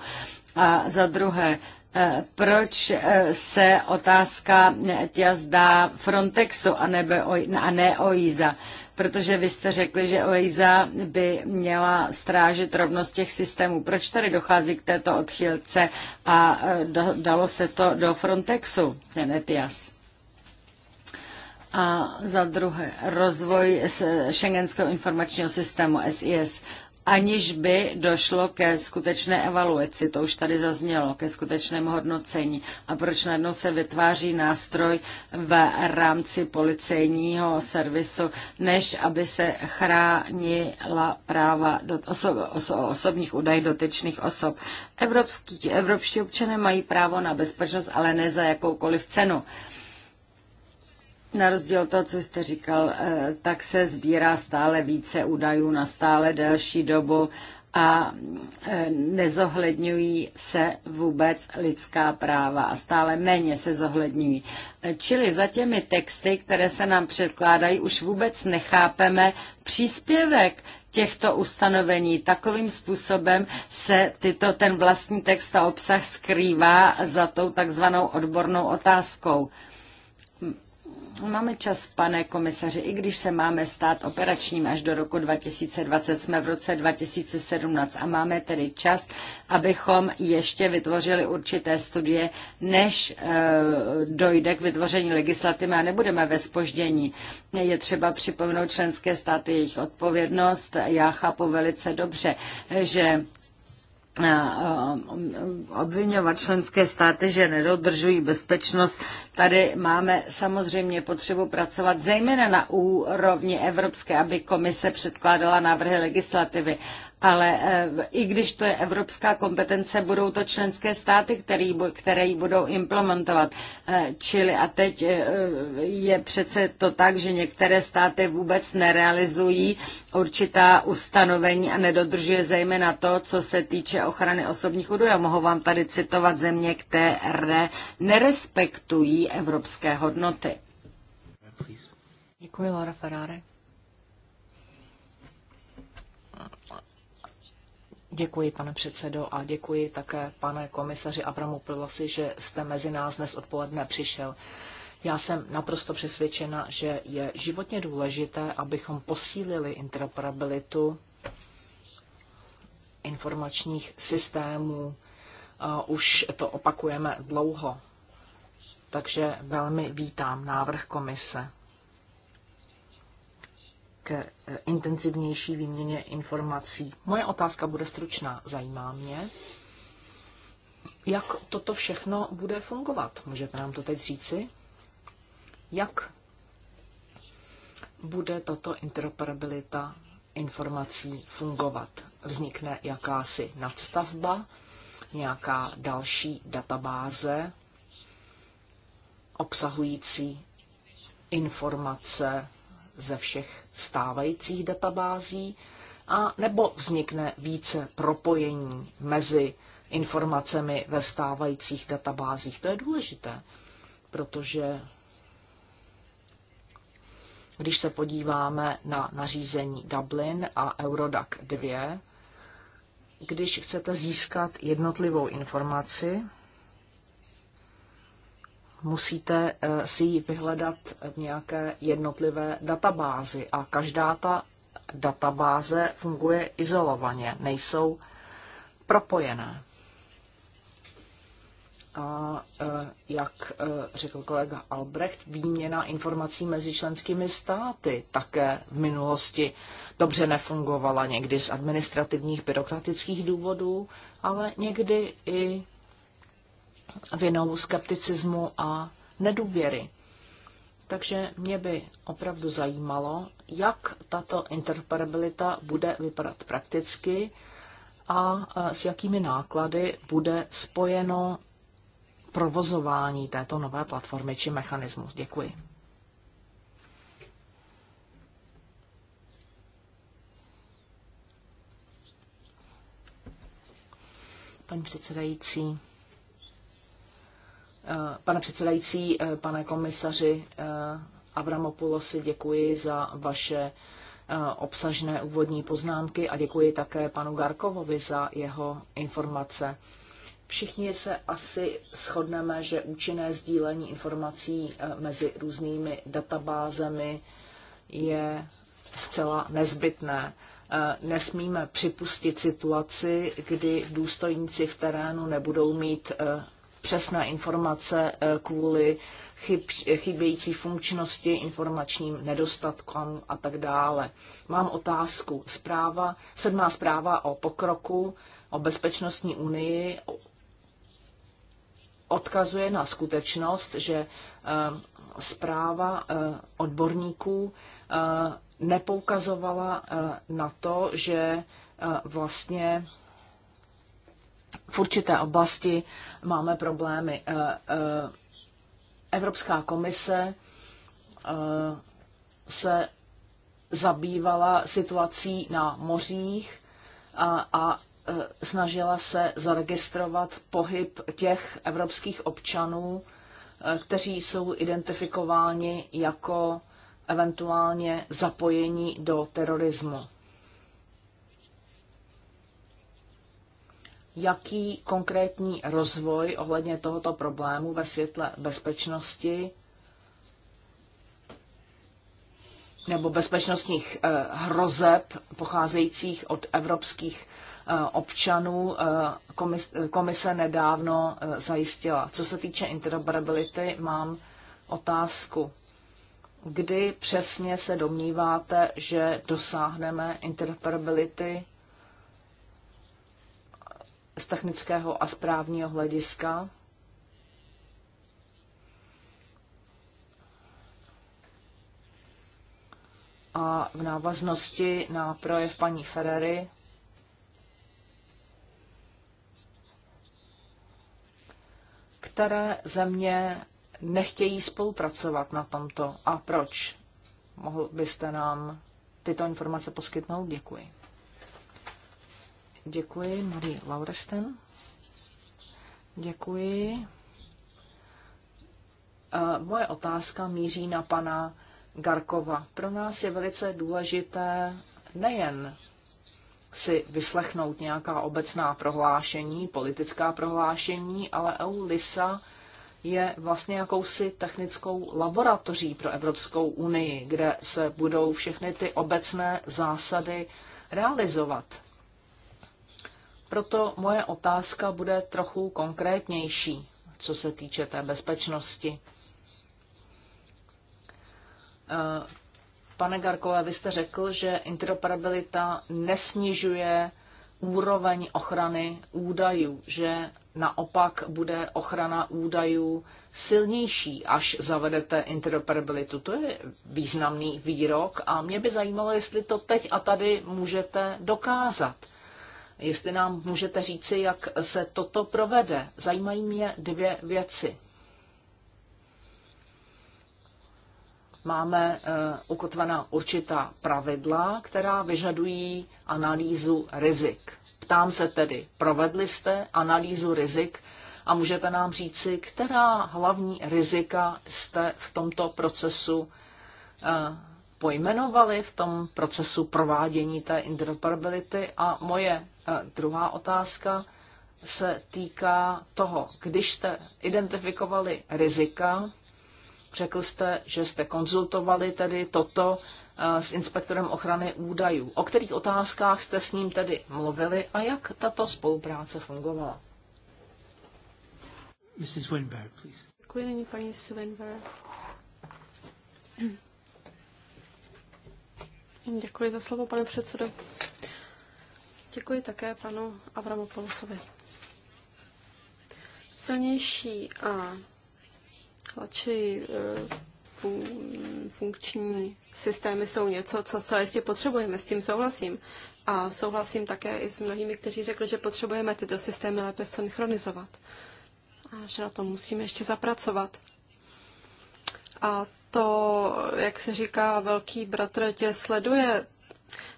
A za druhé, Eh, proč eh, se otázka tě zdá Frontexu a, nebe, a ne OISA? Protože vy jste řekli, že OISA by měla strážit rovnost těch systémů. Proč tady dochází k této odchylce a eh, dalo se to do Frontexu, ten ETIAS? A za druhé, rozvoj šengenského informačního systému SIS aniž by došlo ke skutečné evaluaci, to už tady zaznělo, ke skutečnému hodnocení. A proč najednou se vytváří nástroj v rámci policejního servisu, než aby se chránila práva do osob, oso, osobních údajů dotyčných osob. Evropský, evropští občané mají právo na bezpečnost, ale ne za jakoukoliv cenu na rozdíl od toho, co jste říkal, eh, tak se sbírá stále více údajů na stále delší dobu a eh, nezohledňují se vůbec lidská práva a stále méně se zohledňují. Eh, čili za těmi texty, které se nám předkládají, už vůbec nechápeme příspěvek těchto ustanovení. Takovým způsobem se tyto, ten vlastní text a obsah skrývá za tou takzvanou odbornou otázkou. Máme čas, pane komisaři, i když se máme stát operačním až do roku 2020, jsme v roce 2017 a máme tedy čas, abychom ještě vytvořili určité studie, než eh, dojde k vytvoření legislativy a nebudeme ve spoždění. Je třeba připomenout členské státy jejich odpovědnost. Já chápu velice dobře, že obvinovat členské státy, že nedodržují bezpečnost. Tady máme samozřejmě potřebu pracovat zejména na úrovni evropské, aby komise předkládala návrhy legislativy ale eh, i když to je evropská kompetence, budou to členské státy, který, které ji budou implementovat. Eh, čili a teď eh, je přece to tak, že některé státy vůbec nerealizují určitá ustanovení a nedodržuje zejména to, co se týče ochrany osobních údajů. Mohu vám tady citovat země, které nerespektují evropské hodnoty. Děkuji, Laura Ferrari. Děkuji, pane předsedo, a děkuji také, pane komisaři Abramopulosi, že jste mezi nás dnes odpoledne přišel. Já jsem naprosto přesvědčena, že je životně důležité, abychom posílili interoperabilitu informačních systémů. Už to opakujeme dlouho, takže velmi vítám návrh komise k eh, intenzivnější výměně informací. Moje otázka bude stručná, zajímá mě. Jak toto všechno bude fungovat? Můžete nám to teď říci? Jak bude tato interoperabilita informací fungovat? Vznikne jakási nadstavba, nějaká další databáze obsahující informace ze všech stávajících databází a nebo vznikne více propojení mezi informacemi ve stávajících databázích. To je důležité, protože když se podíváme na nařízení Dublin a Eurodac 2, když chcete získat jednotlivou informaci, musíte eh, si ji vyhledat v nějaké jednotlivé databázi a každá ta databáze funguje izolovaně, nejsou propojené. A eh, jak eh, řekl kolega Albrecht, výměna informací mezi členskými státy také v minulosti dobře nefungovala, někdy z administrativních byrokratických důvodů, ale někdy i vinou skepticismu a nedůvěry. Takže mě by opravdu zajímalo, jak tato interoperabilita bude vypadat prakticky a s jakými náklady bude spojeno provozování této nové platformy či mechanismu. Děkuji. Paní předsedající, Eh, pane předsedající, eh, pane komisaři eh, Avramopulosi, děkuji za vaše obsažné úvodní poznámky a děkuji také panu Garkovovi za jeho informace. Všichni se asi shodneme, že účinné sdílení informací mezi různými databázemi je zcela nezbytné. Nesmíme připustit situaci, kdy důstojníci v terénu nebudou mít přesné informace eh, kvůli chyb, chybějící funkčnosti, informačním nedostatkům a tak dále. Mám otázku. Zpráva, sedmá zpráva o pokroku, o bezpečnostní unii odkazuje na skutečnost, že eh, zpráva eh, odborníků nepoukazovala na to, že vlastně v určité oblasti máme problémy. Eh, eh, Evropská komise eh, se zabývala situací na mořích a, a snažila se zaregistrovat pohyb těch evropských občanů, kteří jsou identifikováni jako eventuálně zapojení do terorismu. jaký konkrétní rozvoj ohledně tohoto problému ve světle bezpečnosti nebo bezpečnostních eh, hrozeb pocházejících od evropských eh, občanů eh, komise nedávno zajistila. Co se týče interoperability, mám otázku. Kdy přesně se domníváte, že dosáhneme interoperability z technického a správního hlediska. A v návaznosti na projev paní Ferrery které země nechtějí spolupracovat na tomto a proč? Mohl byste nám tyto informace poskytnout? Děkuji. Děkuji, Marie Lauresten. Děkuji. Eh, moje otázka míří na pana Garkova. Pro nás je velice důležité nejen si vyslechnout nějaká obecná prohlášení, politická prohlášení, ale EU-LISA je vlastně jakousi technickou laboratoří pro Evropskou unii, kde se budou všechny ty obecné zásady realizovat. Proto moje otázka bude trochu konkrétnější, co se týče té bezpečnosti. Eh, pane Garkové, vy jste řekl, že interoperabilita nesnižuje úroveň ochrany údajů, že naopak bude ochrana údajů silnější, až zavedete interoperabilitu. To je významný výrok a mě by zajímalo, jestli to teď a tady můžete dokázat. Jestli nám můžete říci, jak se toto provede. Zajímají mě dvě věci. Máme eh, ukotvená určitá pravidla, která vyžadují analýzu rizik. Ptám se tedy, provedli jste analýzu rizik a můžete nám říci, která hlavní rizika jste v tomto procesu eh, pojmenovali v tom procesu provádění té interoperability a moje druhá otázka se týká toho, když jste identifikovali rizika, řekl jste, že jste konzultovali tedy toto eh, s inspektorem ochrany údajů. O kterých otázkách jste s ním tedy mluvili a jak tato spolupráce fungovala? Mrs. Winberg, please. Děkuji, paní Swinberg. Děkuji za slovo, pane předsedo. Děkuji také panu Avramopoulosovi. Silnější a hladší eh, funkční systémy jsou něco, co se jistě potřebujeme, s tím souhlasím. A souhlasím také i s mnohými, kteří řekli, že potřebujeme tyto systémy lépe synchronizovat a že na to musíme ještě zapracovat. A to, jak se říká, velký bratr tě sleduje,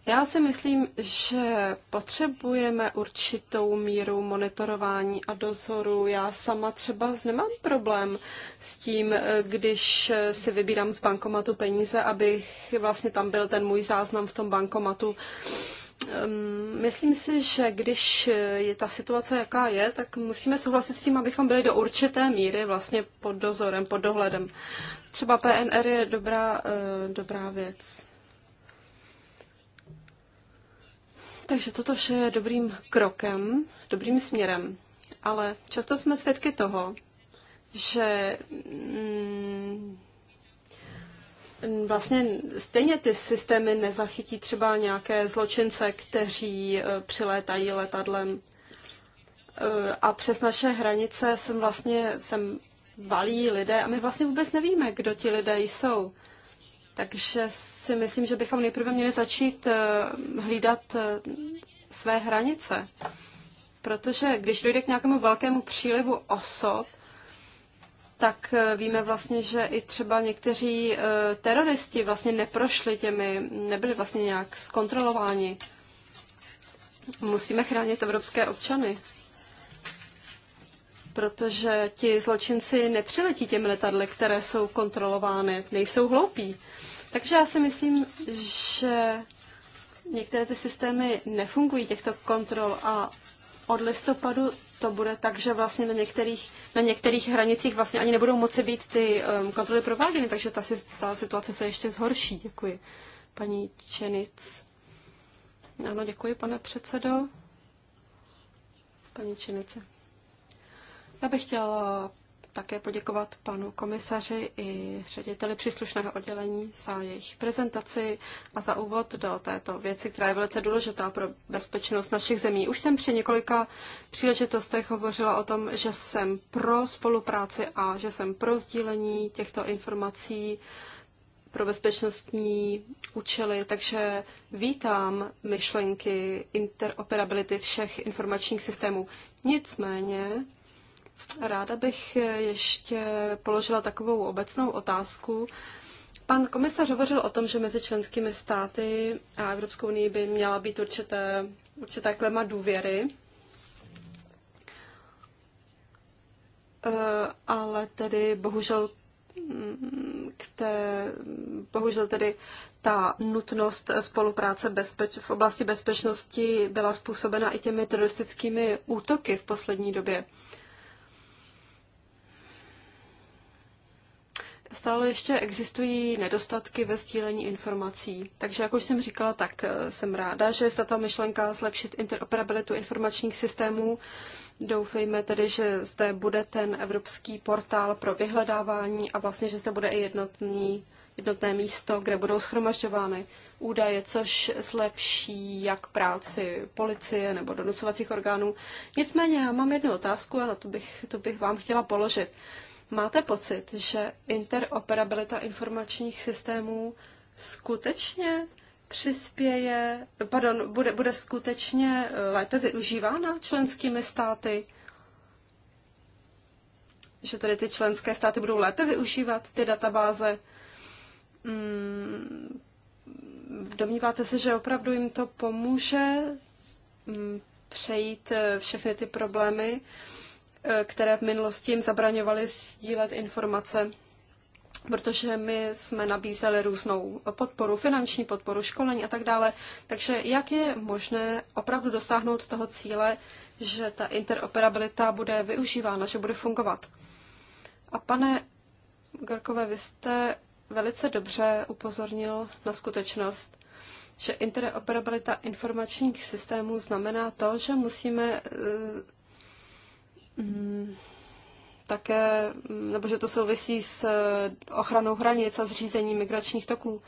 já si myslím, že potřebujeme určitou míru monitorování a dozoru. Já sama třeba nemám problém s tím, když si vybírám z bankomatu peníze, abych vlastně tam byl ten můj záznam v tom bankomatu. Ehm, myslím si, že když je ta situace, jaká je, tak musíme souhlasit s tím, abychom byli do určité míry vlastně pod dozorem, pod dohledem. Třeba PNR je dobrá, eh, dobrá věc. Takže toto vše je dobrým krokem, dobrým směrem. Ale často jsme svědky toho, že mm, vlastně stejně ty systémy nezachytí třeba nějaké zločince, kteří eh, přilétají letadlem. Eh, a přes naše hranice sem vlastně sem valí lidé a my vlastně vůbec nevíme, kdo ti lidé jsou. Takže si myslím, že bychom nejprve měli začít eh, hlídat eh, své hranice. Protože když dojde k nějakému velkému přílivu osob, tak eh, víme vlastně, že i třeba někteří teroristi vlastně neprošli těmi, nebyli vlastně nějak zkontrolováni. Musíme chránit evropské občany protože ti zločinci nepřiletí těmi letadly, které jsou kontrolovány, nejsou hloupí. Takže já si myslím, že některé ty systémy nefungují těchto kontrol a od listopadu to bude tak, že vlastně na některých, na některých hranicích vlastně ani nebudou moci být ty um, kontroly prováděny, takže ta, ta situace se ještě zhorší. Děkuji. Paní Čenic. Ano, děkuji, pane předsedo. Paní Čenice. Já bych chtěl také poděkovat panu komisaři i řediteli příslušného oddělení za jejich prezentaci a za úvod do této věci, která je velice důležitá pro bezpečnost našich zemí. Už jsem při několika příležitostech hovořila o tom, že jsem pro spolupráci a že jsem pro sdílení těchto informací pro bezpečnostní účely, takže vítám myšlenky interoperability všech informačních systémů. Nicméně Ráda bych ještě položila takovou obecnou otázku. Pan komisař hovořil o tom, že mezi členskými státy a Evropskou unii by měla být určité, určité klema důvěry. Eh, ale tedy bohužel mm, k té, bohužel tedy ta nutnost spolupráce bezpeč, v oblasti bezpečnosti byla způsobena i těmi teroristickými útoky v poslední době. stále ještě existují nedostatky ve sdílení informací. Takže, jak už jsem říkala, tak eh, jsem ráda, že je tato myšlenka zlepšit interoperabilitu informačních systémů. Doufejme tedy, že zde bude ten evropský portál pro vyhledávání a vlastně, že zde bude i jednotný, jednotné místo, kde budou schromažďovány údaje, což zlepší jak práci policie nebo donucovacích orgánů. Nicméně já mám jednu otázku a na to bych, to bych vám chtěla položit. Máte pocit, že interoperabilita informačních systémů skutečně přispěje, pardon, bude, bude skutečně lépe využívána členskými státy? Že tedy ty členské státy budou lépe využívat ty databáze? Hmm, domníváte se, že opravdu jim to pomůže hmm, přejít eh, všechny ty problémy? Hmm, Eh, které v minulosti jim zabraňovaly sdílet informace, protože my jsme nabízeli různou podporu, finanční podporu, školení a tak dále. Takže jak je možné opravdu dosáhnout toho cíle, že ta interoperabilita bude využívána, že bude fungovat? A pane Gorkové, vy jste velice dobře upozornil na skutečnost, že interoperabilita informačních systémů znamená to, že musíme eh, Mm, také, mm, nebo že to souvisí s eh, ochranou hranic a zřízením migračních toků.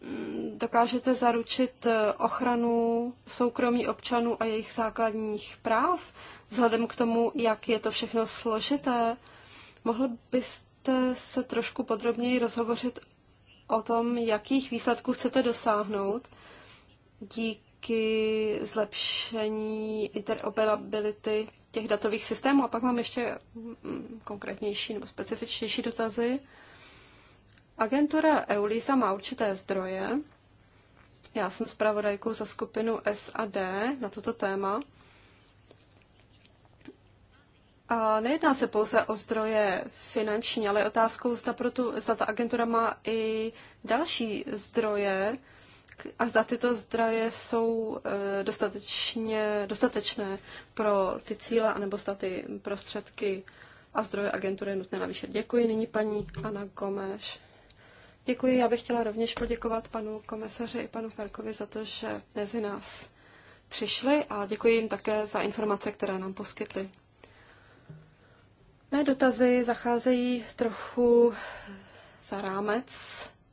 Mm, dokážete zaručit eh, ochranu soukromí občanů a jejich základních práv, vzhledem k tomu, jak je to všechno složité? Mohl byste se trošku podrobněji rozhovořit o tom, jakých výsledků chcete dosáhnout dík taky zlepšení interoperability těch datových systémů. A pak mám ještě mm, konkrétnější nebo specifičtější dotazy. Agentura EULISA má určité zdroje. Já jsem zpravodajkou za skupinu SAD na toto téma. A nejedná se pouze o zdroje finanční, ale otázkou, zda, pro tu, zda ta agentura má i další zdroje, a zda tyto zdroje jsou e, dostatečně, dostatečné pro ty cíle, anebo zda ty prostředky a zdroje agentury nutné navýšit. Děkuji nyní paní Ana Gomeš. Děkuji, já bych chtěla rovněž poděkovat panu komisaři i panu Ferkovi za to, že mezi nás přišli a děkuji jim také za informace, které nám poskytli. Mé dotazy zacházejí trochu za rámec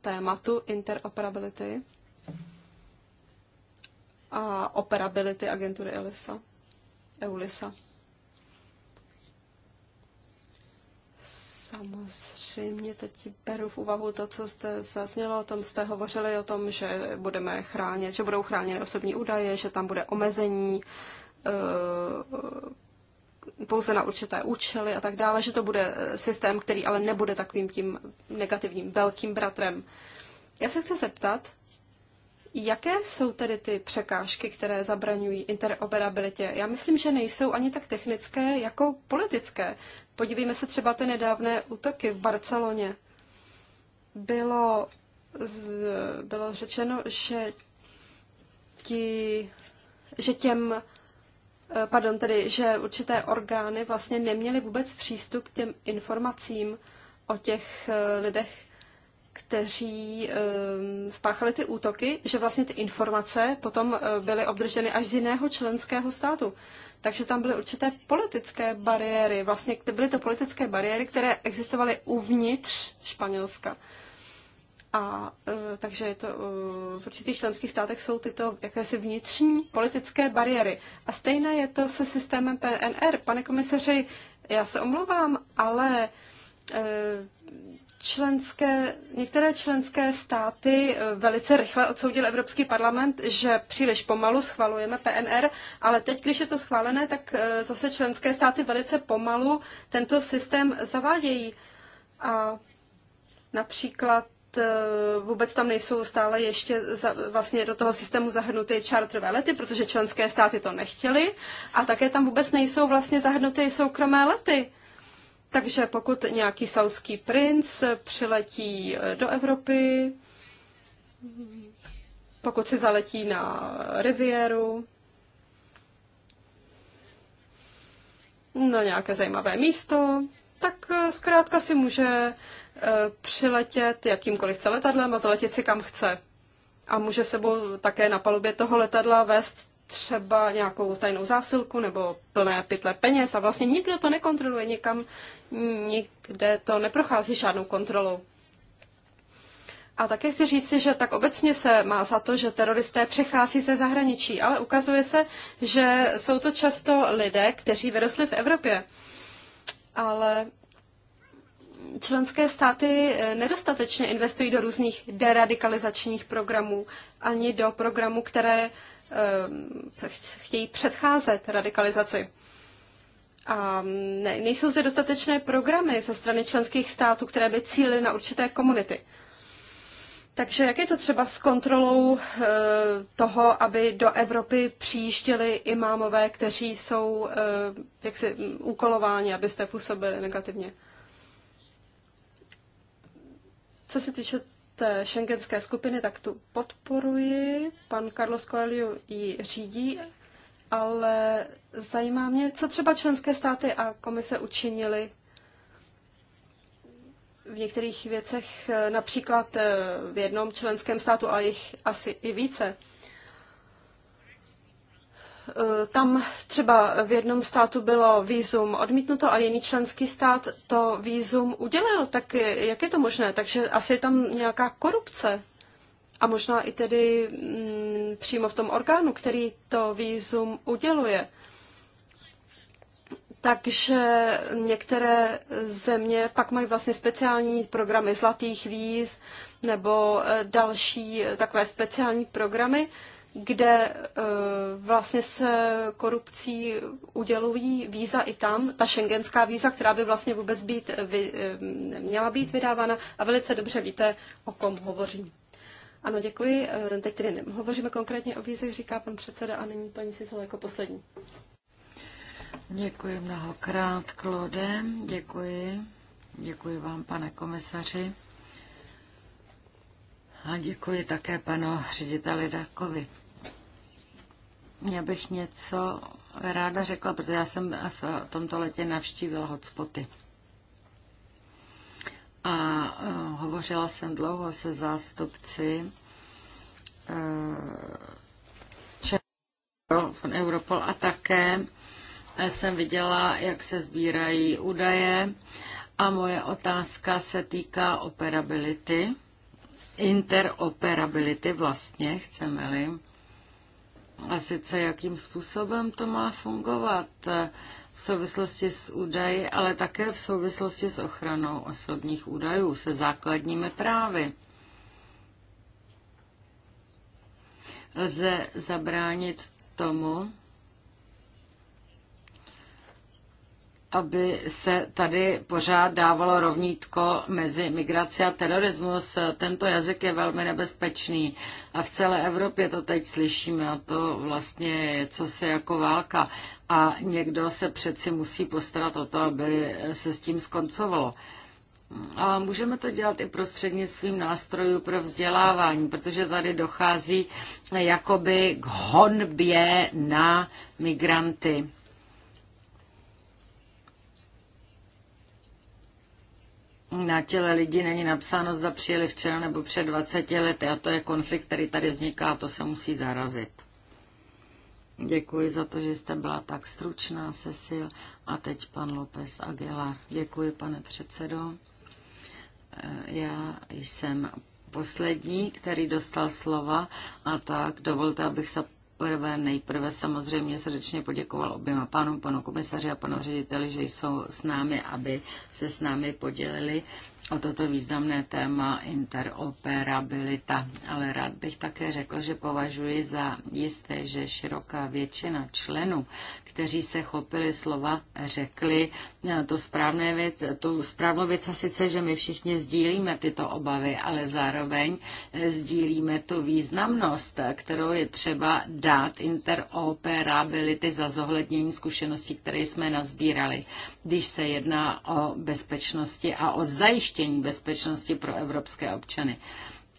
tématu interoperability a operability agentury ELISA. EULISA. Samozřejmě teď beru v úvahu to, co jste zaznělo, o tom jste hovořili o tom, že budeme chránit, že budou chráněny osobní údaje, že tam bude omezení eh, pouze na určité účely a tak dále, že to bude eh, systém, který ale nebude takovým tím negativním velkým bratrem. Já se chci zeptat, Jaké jsou tedy ty překážky, které zabraňují interoperabilitě? Já myslím, že nejsou ani tak technické, jako politické. Podívejme se třeba ty nedávné útoky v Barceloně. Bylo, bylo řečeno, že, ti, že těm eh, pardon, tedy, že určité orgány vlastně neměly vůbec přístup k těm informacím o těch eh, lidech, kteří ehm, spáchali ty útoky, že vlastně ty informace potom eh, byly obdrženy až z jiného členského státu. Takže tam byly určité politické bariéry. Vlastně byly to politické bariéry, které existovaly uvnitř Španělska. A eh, takže je to, eh, v určitých členských státech jsou tyto jakési vnitřní politické bariéry. A stejné je to se systémem PNR. Pane komisaři, já se omlouvám, ale členské, některé členské státy eh, velice rychle odsoudil Evropský parlament, že příliš pomalu schvalujeme PNR, ale teď, když je to schválené, tak eh, zase členské státy velice pomalu tento systém zavádějí. A například eh, vůbec tam nejsou stále ještě za, vlastně do toho systému zahrnuty čártrové lety, protože členské státy to nechtěly a také tam vůbec nejsou vlastně zahrnuty soukromé lety. Takže pokud nějaký saudský princ přiletí eh, do Evropy, pokud si zaletí na riviéru, na nějaké zajímavé místo, tak eh, zkrátka si může eh, přiletět jakýmkoliv letadlem a zaletět si kam chce. A může sebou také na palubě toho letadla vést třeba nějakou tajnou zásilku nebo plné pytle peněz a vlastně nikdo to nekontroluje, nikam, nikde to neprochází žádnou kontrolou. A také chci říci, že tak obecně se má za to, že teroristé přechází ze zahraničí, ale ukazuje se, že jsou to často lidé, kteří vyrostli v Evropě. Ale členské státy eh, nedostatečně investují do různých deradikalizačních programů, ani do programů, které Eh, chtějí předcházet radikalizaci. A ne, nejsou zde dostatečné programy ze strany členských států, které by cílily na určité komunity. Takže jak je to třeba s kontrolou e, toho, aby do Evropy přijížděli imámové, kteří jsou e, jaksi úkolováni, abyste působili negativně? Co se týče té šengenské skupiny, tak tu podporuji. Pan Carlos Coelho ji řídí, ale zajímá mě, co třeba členské státy a komise učinili v některých věcech, například eh, v jednom členském státu, a jich asi i více, Eh, tam třeba v jednom státu bylo výzum odmítnuto a jiný členský stát to výzum udělil, tak jak je to možné? Takže asi je tam nějaká korupce. A možná i tedy mm, přímo v tom orgánu, který to výzum uděluje. Takže některé země pak mají vlastně speciální programy zlatých víz nebo eh, další eh, takové speciální programy, kde e, vlastně se korupcí udělují víza i tam, ta šengenská víza, která by vlastně vůbec být, e, vy, e, měla být vydávána a velice dobře víte, o kom hovořím. Ano, děkuji. Teď tedy hovoříme konkrétně o vízech, říká pan předseda a nyní paní Sisol jako poslední. Děkuji mnohokrát, Klode. Děkuji. Děkuji vám, pane komisaři. A děkuji také panu řediteli Dakovi. Já bych něco ráda řekla, protože já jsem v tomto letě navštívila hotspoty. A e, hovořila jsem dlouho se zástupci e, von Europol a také e, jsem viděla, jak se sbírají údaje a moje otázka se týká operability, interoperability vlastně, chceme-li a sice jakým způsobem to má fungovat v souvislosti s údaji, ale také v souvislosti s ochranou osobních údajů, se základními právy. Lze zabránit tomu, aby se tady pořád dávalo rovnítko mezi migraci a terorismus. Tento jazyk je velmi nebezpečný a v celé Evropě to teď slyšíme a to vlastně je co se jako válka. A někdo se přeci musí postarat o to, aby se s tím skoncovalo. A můžeme to dělat i prostřednictvím nástrojů pro vzdělávání, protože tady dochází jakoby k honbě na migranty. na těle lidí není napsáno, zda přijeli včera nebo před 20 lety a to je konflikt, který tady vzniká a to se musí zarazit. Děkuji za to, že jste byla tak stručná, Cecil. A teď pan López Aguilar. Děkuji, pane předsedo. Eh, já jsem poslední, který dostal slova a tak dovolte, abych se prvé, nejprve samozřejmě srdečně poděkoval oběma pánům, panu komisaři a panu řediteli, že jsou s námi, aby se s námi podělili o toto významné téma interoperabilita. Ale rád bych také řekl, že považuji za jisté, že široká většina členů, kteří se chopili slova, řekli, to správné věc, tu správnou věc a sice, že my všichni sdílíme tyto obavy, ale zároveň eh, sdílíme tu významnost, kterou je třeba dát interoperability za zohlednění zkušeností, které jsme nazbírali, když se jedná o bezpečnosti a o zajištění bezpečnosti pro evropské občany.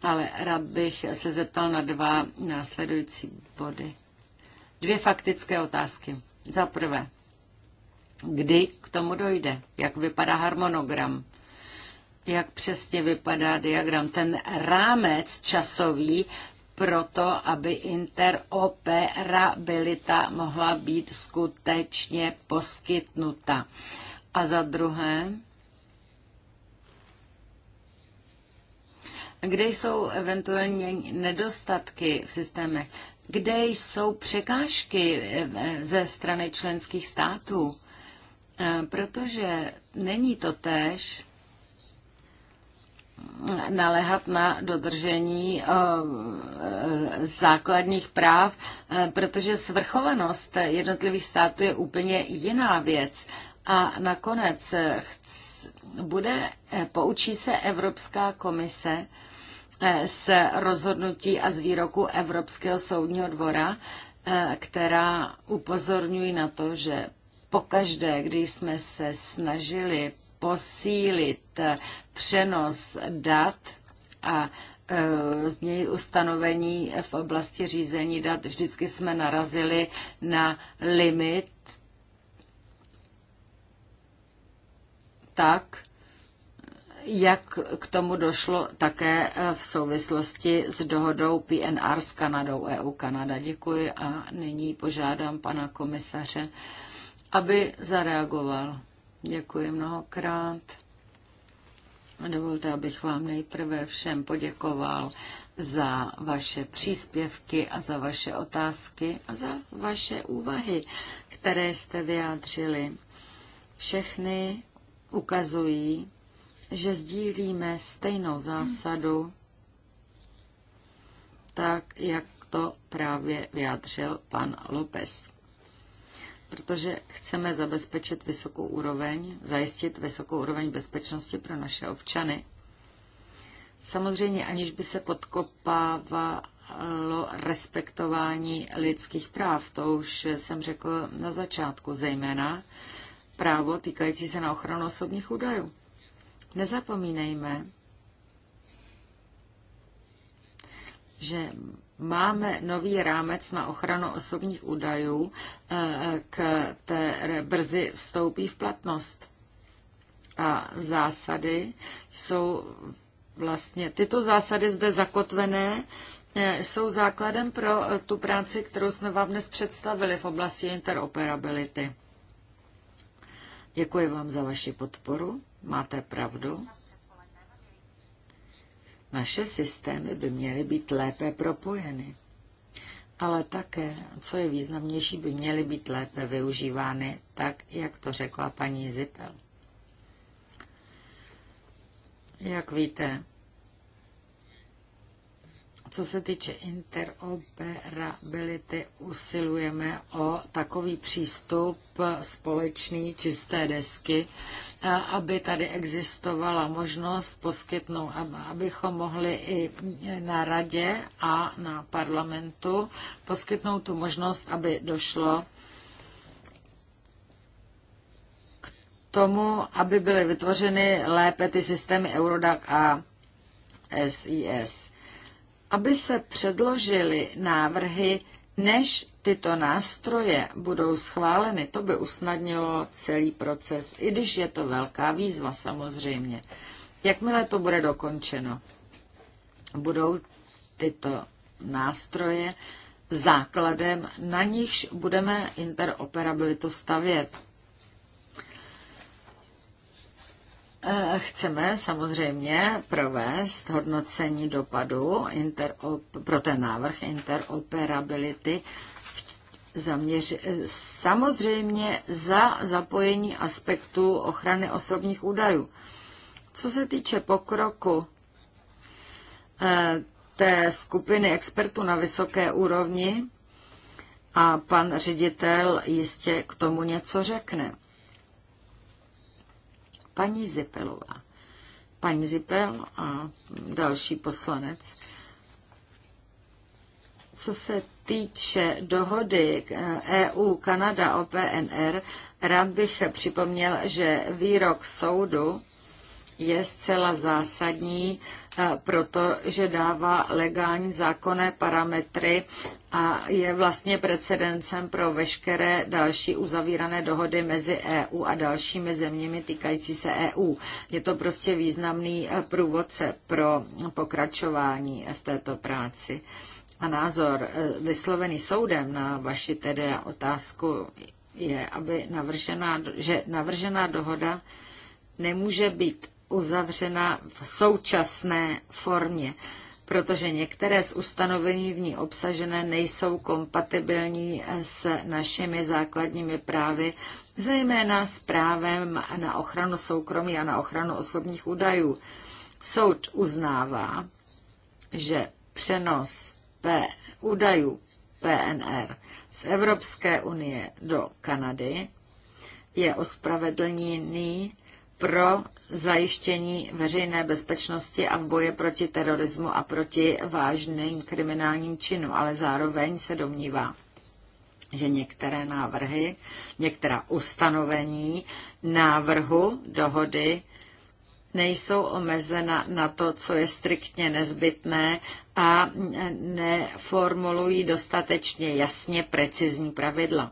Ale rád bych se zeptal na dva následující body. Dvě faktické otázky. Za prvé, kdy k tomu dojde, jak vypadá harmonogram, jak přesně vypadá diagram, ten rámec časový pro to, aby interoperabilita mohla být skutečně poskytnuta. A za druhé, kde jsou eventuální nedostatky v systémech, kde jsou překážky eh, ze strany členských států Eh, protože není to též nalehat na dodržení eh, eh, základních práv, protože svrchovanost jednotlivých států je úplně jiná věc. A nakonec bude, poučí se Evropská komise s rozhodnutí a z výroku Evropského soudního dvora, která upozorňují na to, že pokaždé, když jsme se snažili posílit přenos dat a e, změnit ustanovení v oblasti řízení dat, vždycky jsme narazili na limit tak, jak k tomu došlo také e, v souvislosti s dohodou PNR s Kanadou, EU Kanada. Děkuji a nyní požádám pana komisaře aby zareagoval. Děkuji mnohokrát. A dovolte, abych vám nejprve všem poděkoval za vaše příspěvky a za vaše otázky a za vaše úvahy, které jste vyjádřili. Všechny ukazují, že sdílíme stejnou zásadu, tak jak to právě vyjádřil pan Lopez protože chceme zabezpečit vysokou úroveň, zajistit vysokou úroveň bezpečnosti pro naše občany. Samozřejmě, aniž by se podkopávalo respektování lidských práv, to už jsem řekl na začátku, zejména právo týkající se na ochranu osobních údajů. Nezapomínejme, že Máme nový rámec na ochranu osobních údajů, eh, které brzy vstoupí v platnost. A zásady jsou vlastně, tyto zásady zde zakotvené, eh, jsou základem pro eh, tu práci, kterou jsme vám dnes představili v oblasti interoperability. Děkuji vám za vaši podporu. Máte pravdu. Naše systémy by měly být lépe propojeny. Ale také, co je významnější, by měly být lépe využívány, tak jak to řekla paní Zipel. Jak víte, co se týče interoperability, usilujeme o takový přístup společný čisté desky, aby tady existovala možnost poskytnout, abychom mohli i na radě a na parlamentu poskytnout tu možnost, aby došlo k tomu, aby byly vytvořeny lépe ty systémy Eurodac a SIS. Aby se předložily návrhy než tyto nástroje budou schváleny, to by usnadnilo celý proces, i když je to velká výzva samozřejmě. Jakmile to bude dokončeno, budou tyto nástroje základem, na nichž budeme interoperabilitu stavět. Eh, chceme samozřejmě provést hodnocení dopadu pro ten návrh interoperability zaměř, eh, samozřejmě za zapojení aspektu ochrany osobních údajů. Co se týče pokroku eh, té skupiny expertů na vysoké úrovni, a pan ředitel jistě k tomu něco řekne. Paní Zipelová. Paní Zipel a další poslanec. Co se týče dohody EU-Kanada o PNR, rád bych připomněl, že výrok soudu je zcela zásadní, eh, protože dává legální zákonné parametry a je vlastně precedencem pro veškeré další uzavírané dohody mezi EU a dalšími zeměmi týkající se EU. Je to prostě významný eh, průvodce pro pokračování v této práci. A názor eh, vyslovený soudem na vaši tedy otázku je, aby navržená, že navržená dohoda nemůže být uzavřena v současné formě, protože některé z ustanovení v ní obsažené nejsou kompatibilní s našimi základními právy, zejména s právem na ochranu soukromí a na ochranu osobních údajů. Soud uznává, že přenos P, údajů PNR z Evropské unie do Kanady je ospravedlněný pro zajištění veřejné bezpečnosti a v boji proti terorismu a proti vážným kriminálním činům, ale zároveň se domnívá, že některé návrhy, některá ustanovení návrhu dohody nejsou omezena na to, co je striktně nezbytné a neformulují dostatečně jasně precizní pravidla.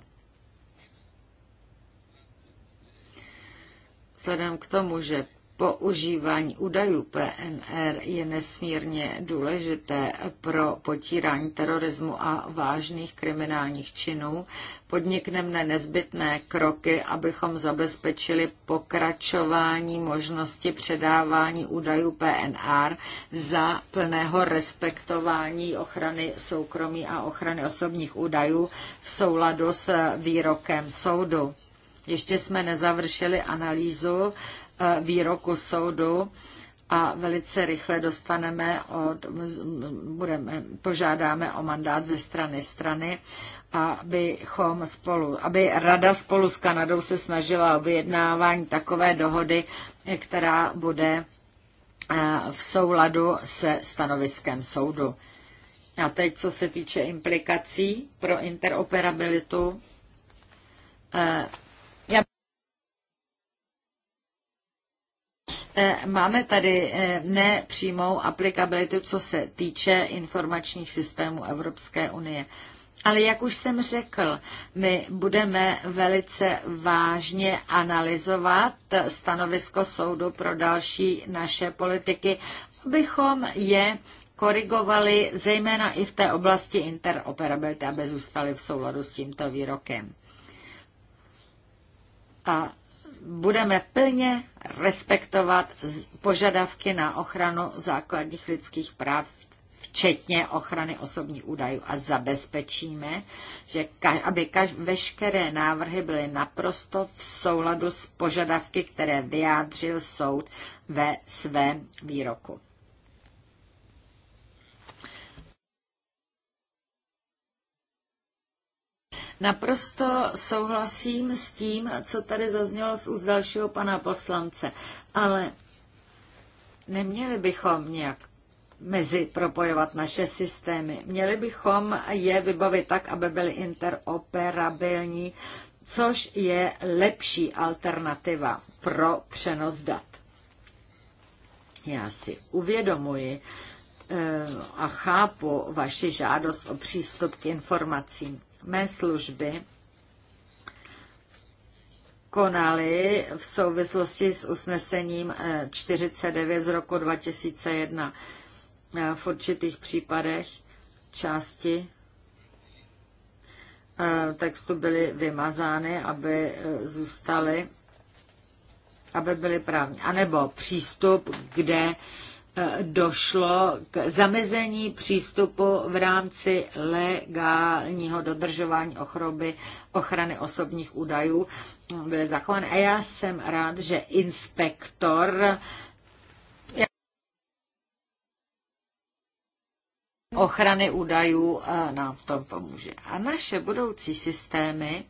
vzhledem k tomu, že používání údajů PNR je nesmírně důležité pro potírání terorismu a vážných kriminálních činů, podnikneme nezbytné kroky, abychom zabezpečili pokračování možnosti předávání údajů PNR za plného respektování ochrany soukromí a ochrany osobních údajů v souladu s výrokem soudu ještě jsme nezavršili analýzu eh, výroku soudu a velice rychle dostaneme od, budeme, požádáme o mandát ze strany strany, abychom spolu, aby Rada spolu s Kanadou se snažila o vyjednávání takové dohody, která bude eh, v souladu se stanoviskem soudu. A teď, co se týče implikací pro interoperabilitu, eh, E, máme tady e, nepřímou aplikabilitu, co se týče informačních systémů Evropské unie. Ale jak už jsem řekl, my budeme velice vážně analyzovat stanovisko soudu pro další naše politiky, abychom je korigovali zejména i v té oblasti interoperability, aby zůstali v souladu s tímto výrokem. A budeme plně respektovat požadavky na ochranu základních lidských práv, včetně ochrany osobních údajů a zabezpečíme, že ka- aby kaž, veškeré návrhy byly naprosto v souladu s požadavky, které vyjádřil soud ve svém výroku. Naprosto souhlasím s tím, co tady zaznělo z úst dalšího pana poslance, ale neměli bychom nějak mezi propojovat naše systémy. Měli bychom je vybavit tak, aby byly interoperabilní, což je lepší alternativa pro přenos dat. Já si uvědomuji eh, a chápu vaši žádost o přístup k informacím mé služby konaly v souvislosti s usnesením 49 eh, z roku 2001. Eh, v určitých případech části eh, textu byly vymazány, aby zůstaly, aby byly právní. A nebo přístup, kde došlo k zamezení přístupu v rámci legálního dodržování ochroby, ochrany osobních údajů. Byly zachovány. A já jsem rád, že inspektor ochrany údajů eh, nám v tom pomůže. A naše budoucí systémy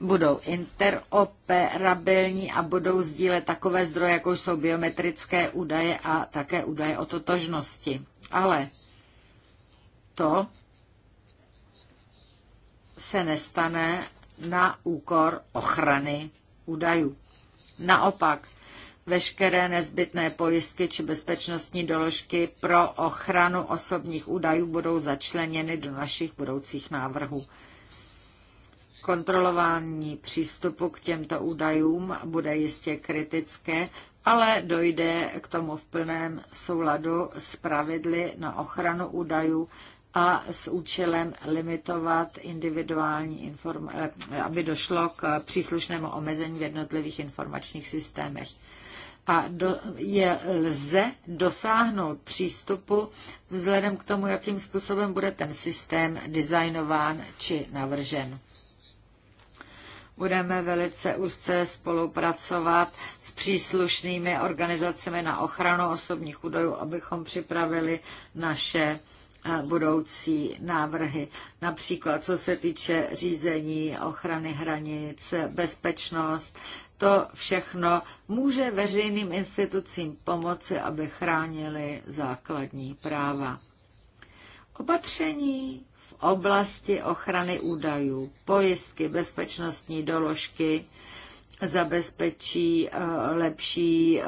budou interoperabilní a budou sdílet takové zdroje, jako jsou biometrické údaje a také údaje o totožnosti. Ale to se nestane na úkor ochrany údajů. Naopak, veškeré nezbytné pojistky či bezpečnostní doložky pro ochranu osobních údajů budou začleněny do našich budoucích návrhů. Kontrolování přístupu k těmto údajům bude jistě kritické, ale dojde k tomu v plném souladu s pravidly na ochranu údajů a s účelem limitovat individuální inform- eh, aby došlo k příslušnému omezení v jednotlivých informačních systémech. A do, je lze dosáhnout přístupu vzhledem k tomu, jakým způsobem bude ten systém designován či navržen. Budeme velice úzce spolupracovat s příslušnými organizacemi na ochranu osobních údajů, abychom připravili naše eh, budoucí návrhy. Například co se týče řízení, ochrany hranic, bezpečnost, to všechno může veřejným institucím pomoci, aby chránili základní práva. Opatření oblasti ochrany údajů. Pojistky, bezpečnostní doložky zabezpečí eh, lepší eh,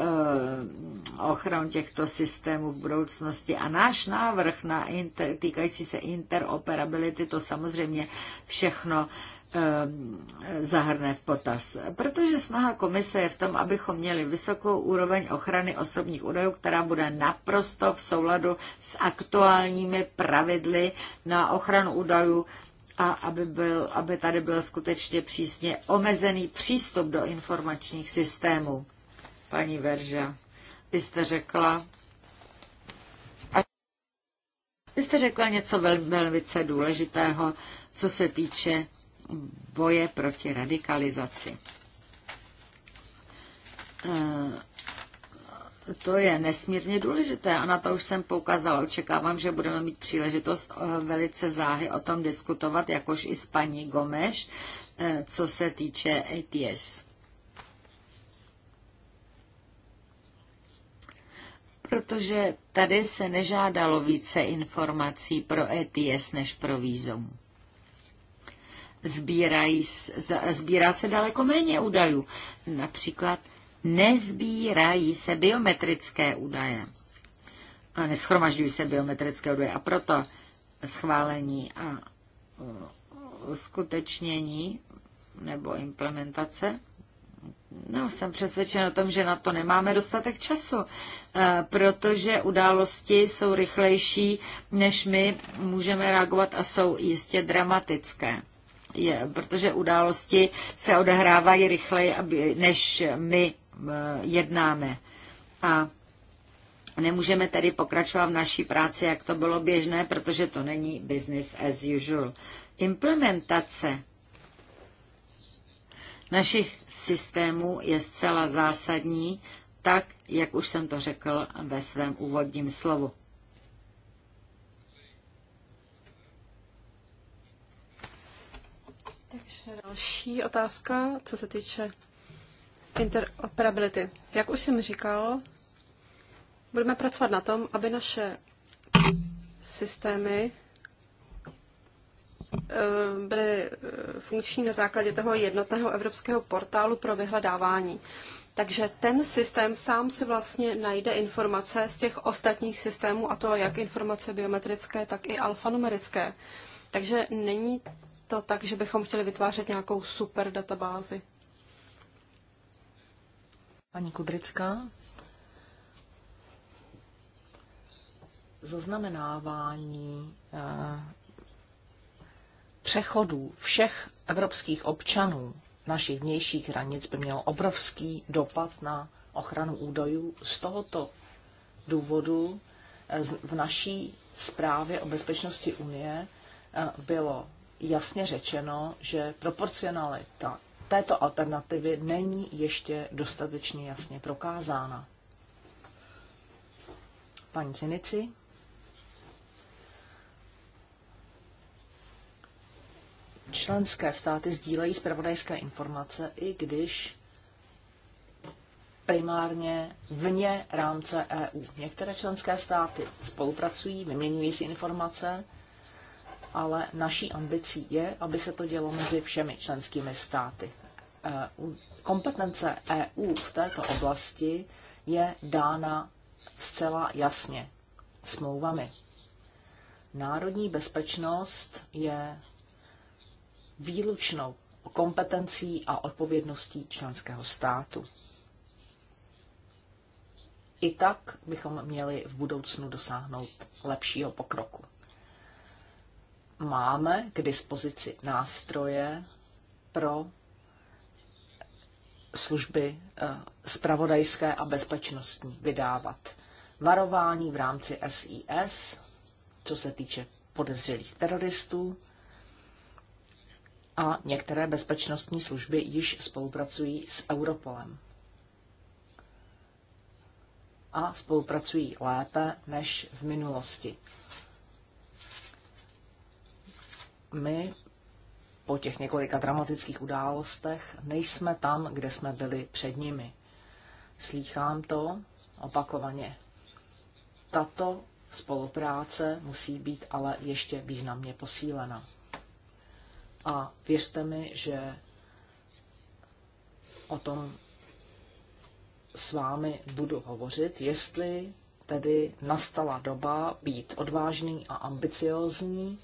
ochranu těchto systémů v budoucnosti. A náš návrh na inter, týkající se interoperability, to samozřejmě všechno Eh, zahrne v potaz. Protože snaha komise je v tom, abychom měli vysokou úroveň ochrany osobních údajů, která bude naprosto v souladu s aktuálními pravidly na ochranu údajů a aby, byl, aby tady byl skutečně přísně omezený přístup do informačních systémů. Paní Verža, vy jste řekla, vy jste řekla něco velmi, velice důležitého, co se týče boje proti radikalizaci. E, to je nesmírně důležité a na to už jsem poukázala. Očekávám, že budeme mít příležitost e, velice záhy o tom diskutovat, jakož i s paní Gomeš, e, co se týče ATS. Protože tady se nežádalo více informací pro ETS než pro výzum sbírají, sbírá se daleko méně údajů. Například nezbírají se biometrické údaje. A neschromažďují se biometrické údaje. A proto schválení a uh, uskutečnění nebo implementace No, jsem přesvědčen o tom, že na to nemáme dostatek času, uh, protože události jsou rychlejší, než my můžeme reagovat a jsou jistě dramatické je, protože události se odehrávají rychleji, aby, než my e, jednáme. A nemůžeme tedy pokračovat v naší práci, jak to bylo běžné, protože to není business as usual. Implementace našich systémů je zcela zásadní, tak, jak už jsem to řekl ve svém úvodním slovu. Další otázka, co se týče interoperability. Jak už jsem říkal, budeme pracovat na tom, aby naše systémy eh, byly eh, funkční na základě toho jednotného evropského portálu pro vyhledávání. Takže ten systém sám si vlastně najde informace z těch ostatních systémů, a to jak informace biometrické, tak i alfanumerické. Takže není to tak, že bychom chtěli vytvářet nějakou super databázi. Paní Kudrická. Zaznamenávání eh, přechodů všech evropských občanů našich vnějších hranic by mělo obrovský dopad na ochranu údajů. Z tohoto důvodu eh, v naší zprávě o bezpečnosti Unie eh, bylo jasně řečeno, že proporcionalita této alternativy není ještě dostatečně jasně prokázána. Paní Zinici? Členské státy sdílejí zpravodajské informace, i když primárně vně rámce EU. Některé členské státy spolupracují, vyměňují si informace, ale naší ambicí je, aby se to dělo mezi všemi členskými státy. Eh, kompetence EU v této oblasti je dána zcela jasně smlouvami. Národní bezpečnost je výlučnou kompetencí a odpovědností členského státu. I tak bychom měli v budoucnu dosáhnout lepšího pokroku máme k dispozici nástroje pro služby spravodajské eh, a bezpečnostní vydávat varování v rámci SIS, co se týče podezřelých teroristů, a některé bezpečnostní služby již spolupracují s Europolem. A spolupracují lépe než v minulosti. my po těch několika dramatických událostech nejsme tam, kde jsme byli před nimi. Slýchám to opakovaně. Tato spolupráce musí být ale ještě významně posílena. A věřte mi, že o tom s vámi budu hovořit, jestli tedy nastala doba být odvážný a ambiciózní,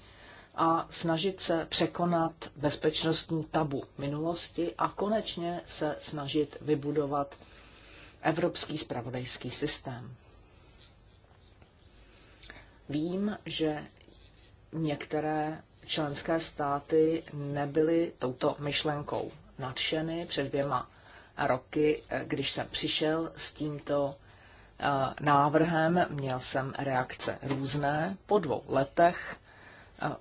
a snažit se překonat bezpečnostní tabu minulosti a konečně se snažit vybudovat evropský spravodajský systém. Vím, že některé členské státy nebyly touto myšlenkou nadšeny před dvěma roky, když jsem přišel s tímto eh, návrhem. Měl jsem reakce různé. Po dvou letech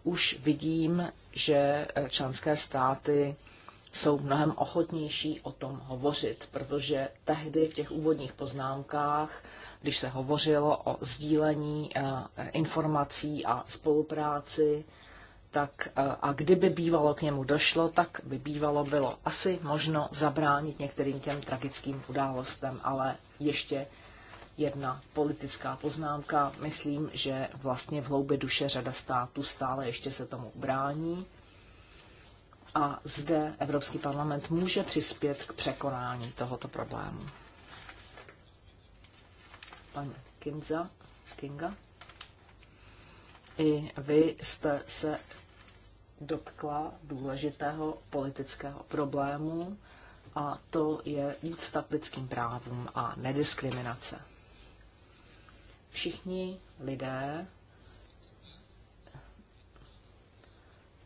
už vidím, že eh, členské státy jsou mnohem ochotnější o tom hovořit, protože tehdy v těch úvodních poznámkách, když se hovořilo o sdílení eh, informací a spolupráci, tak eh, a kdyby bývalo k němu došlo, tak by bývalo bylo asi možno zabránit některým těm tragickým událostem, ale ještě jedna politická poznámka. Myslím, že vlastně v hloubě duše řada států stále ještě se tomu brání. A zde Evropský parlament může přispět k překonání tohoto problému. Pan Kinza, Kinga, i vy jste se dotkla důležitého politického problému a to je úcta k lidským právům a nediskriminace všichni lidé,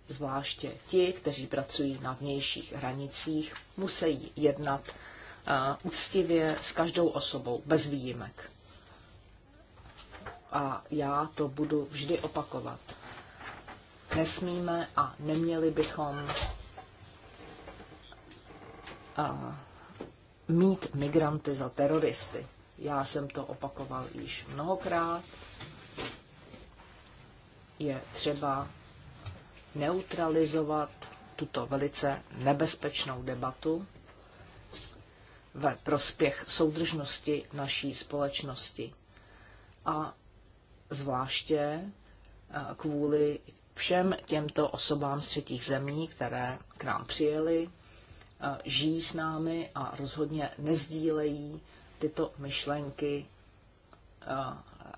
zvláště ti, kteří pracují na vnějších hranicích, musí jednat úctivě eh, s každou osobou, bez výjimek. A já to budu vždy opakovat. Nesmíme a neměli bychom eh, mít migranty za teroristy. Já jsem to opakoval již mnohokrát. Je třeba neutralizovat tuto velice nebezpečnou debatu ve prospěch soudržnosti naší společnosti. A zvláště eh, kvůli všem těmto osobám z třetích zemí, které k nám přijeli, eh, žijí s námi a rozhodně nezdílejí tyto myšlenky eh,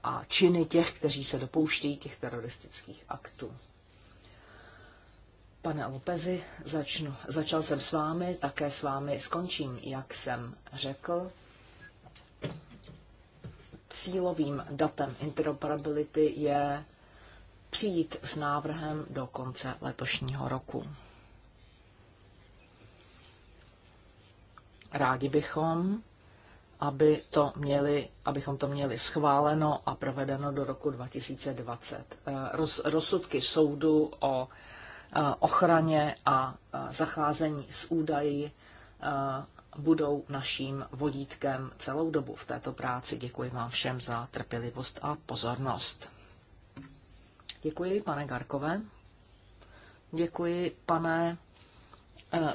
a činy těch, kteří se dopouštějí těch teroristických aktů. Pane Lopezi, začnu. začal jsem s vámi, také s vámi skončím, jak jsem řekl. Cílovým datem interoperability je přijít s návrhem do konce letošního roku. Rádi bychom, aby to měli, abychom to měli schváleno a provedeno do roku 2020. Eh, roz, rozsudky soudu o eh, ochraně a eh, zacházení s údaji budou naším vodítkem celou dobu v této práci. Děkuji vám všem za trpělivost a pozornost. Děkuji, pane Garkové. Děkuji, pane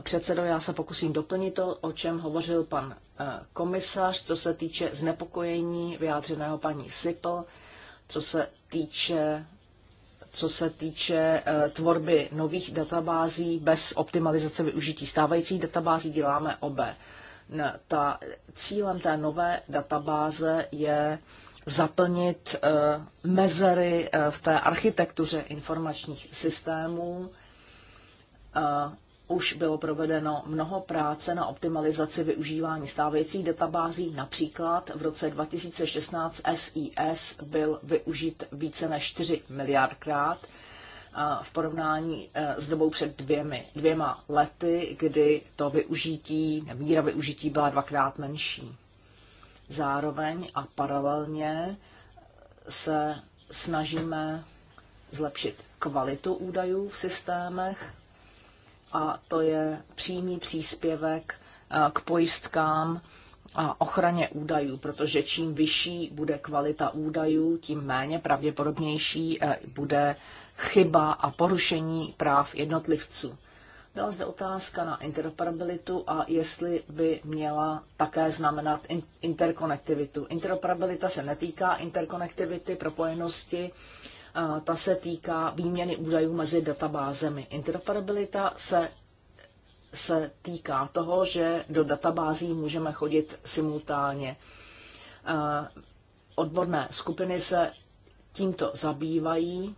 předsedo. Já se pokusím doplnit to, o čem hovořil pan komisař, co se týče znepokojení vyjádřeného paní Sipl, co se týče co se týče eh, tvorby nových databází bez optimalizace využití stávajících databází, děláme obé. Ta, cílem té nové databáze je zaplnit eh, mezery eh, v té architektuře informačních systémů už bylo provedeno mnoho práce na optimalizaci využívání stávajících databází. Například v roce 2016 SIS byl využit více než 4 miliardkrát v porovnání e, s dobou před dvěmi, dvěma lety, kdy to využití, míra využití byla dvakrát menší. Zároveň a paralelně se snažíme zlepšit kvalitu údajů v systémech a to je přímý příspěvek eh, k pojistkám a ochraně údajů, protože čím vyšší bude kvalita údajů, tím méně pravděpodobnější eh, bude chyba a porušení práv jednotlivců. Byla zde otázka na interoperabilitu a jestli by měla také znamenat interkonektivitu. Interoperabilita se netýká interkonektivity, propojenosti, ta se týká výměny údajů mezi databázemi. Interoperabilita se se týká toho, že do databází můžeme chodit simultánně. Odborné skupiny se tímto zabývají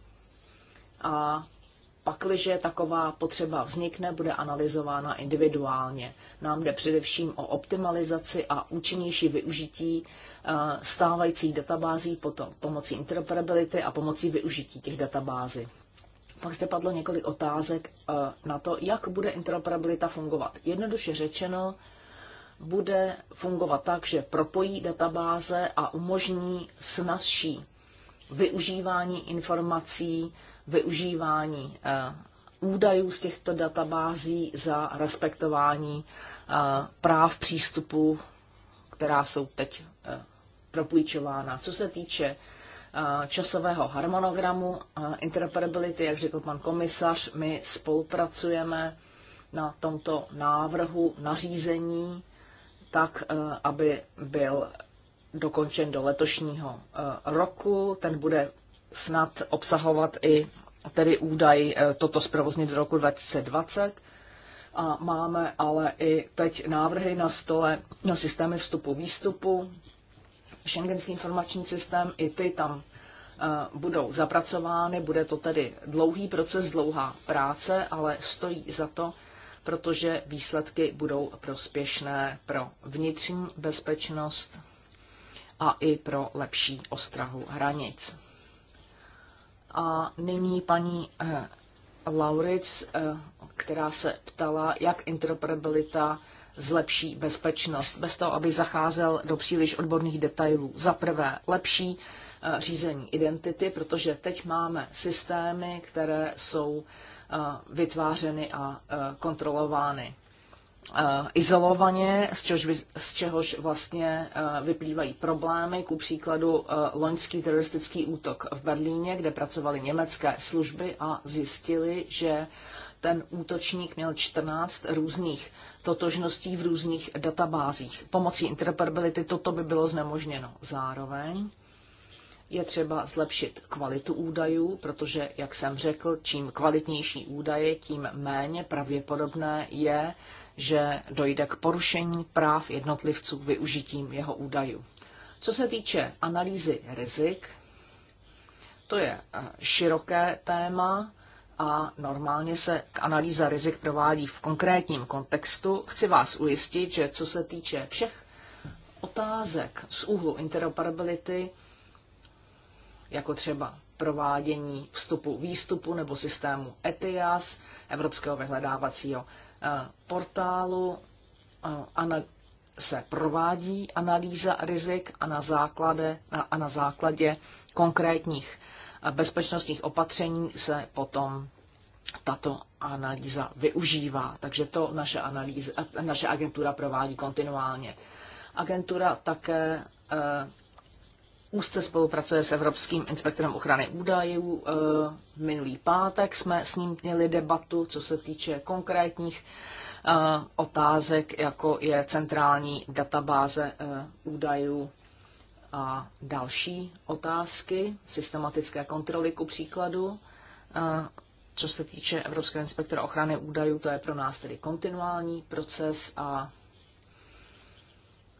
a Pakliže taková potřeba vznikne, bude analyzována individuálně. Nám jde především o optimalizaci a účinnější využití eh, stávajících databází potom pomocí interoperability a pomocí využití těch databází. Pak zde padlo několik otázek eh, na to, jak bude interoperabilita fungovat. Jednoduše řečeno, bude fungovat tak, že propojí databáze a umožní snazší využívání informací využívání eh, údajů z těchto databází za respektování eh, práv přístupu, která jsou teď eh, propůjčována. Co se týče časového harmonogramu interoperability, jak řekl pan komisař, my spolupracujeme na tomto návrhu nařízení tak, aby byl dokončen do letošního roku. Ten bude snad obsahovat i tedy údaj eh, toto zprovoznit do roku 2020. A máme ale i teď návrhy na stole na systémy vstupu výstupu. Schengenský informační systém, i ty tam eh, budou zapracovány. Bude to tedy dlouhý proces, dlouhá práce, ale stojí za to, protože výsledky budou prospěšné pro vnitřní bezpečnost a i pro lepší ostrahu hranic. A nyní paní eh, Lauric, eh, která se ptala, jak interoperabilita zlepší bezpečnost, bez toho, aby zacházel do příliš odborných detailů. Za prvé, lepší eh, řízení identity, protože teď máme systémy, které jsou vytvářeny a kontrolovány Eh, izolovaně, z čehož, z čehož vlastně eh, vyplývají problémy. Ku příkladu eh, loňský teroristický útok v Berlíně, kde pracovaly německé služby a zjistili, že ten útočník měl 14 různých totožností v různých databázích. Pomocí interoperability toto by bylo znemožněno. Zároveň je třeba zlepšit kvalitu údajů, protože, jak jsem řekl, čím kvalitnější údaje, tím méně pravděpodobné je, že dojde k porušení práv jednotlivců využitím jeho údajů. Co se týče analýzy rizik, to je eh, široké téma a normálně se k analýza rizik provádí v konkrétním kontextu. Chci vás ujistit, že co se týče všech otázek z úhlu interoperability, jako třeba provádění vstupu výstupu nebo systému ETIAS, Evropského vyhledávacího eh, portálu, eh, se provádí analýza rizik a na, základe, a na základě konkrétních eh, bezpečnostních opatření se potom tato analýza využívá. Takže to naše, analýza, naše agentura provádí kontinuálně. Agentura také úzce spolupracuje s Evropským inspektorem ochrany údajů. E, minulý pátek jsme s ním měli debatu, co se týče konkrétních e, otázek, jako je centrální databáze e, údajů a další otázky, systematické kontroly ku příkladu. Co se týče Evropského inspektora ochrany údajů, to je pro nás tedy kontinuální proces a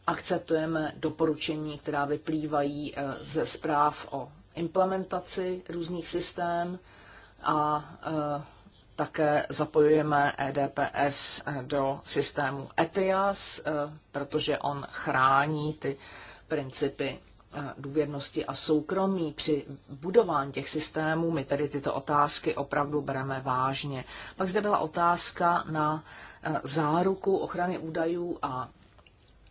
akceptujeme doporučení, která vyplývají eh, ze zpráv o implementaci různých systém a eh, také zapojujeme EDPS eh, do systému ETIAS, protože on chrání ty principy důvěrnosti a soukromí při budování těch systémů. My tedy tyto otázky opravdu bereme vážně. Pak zde byla otázka na záruku ochrany údajů a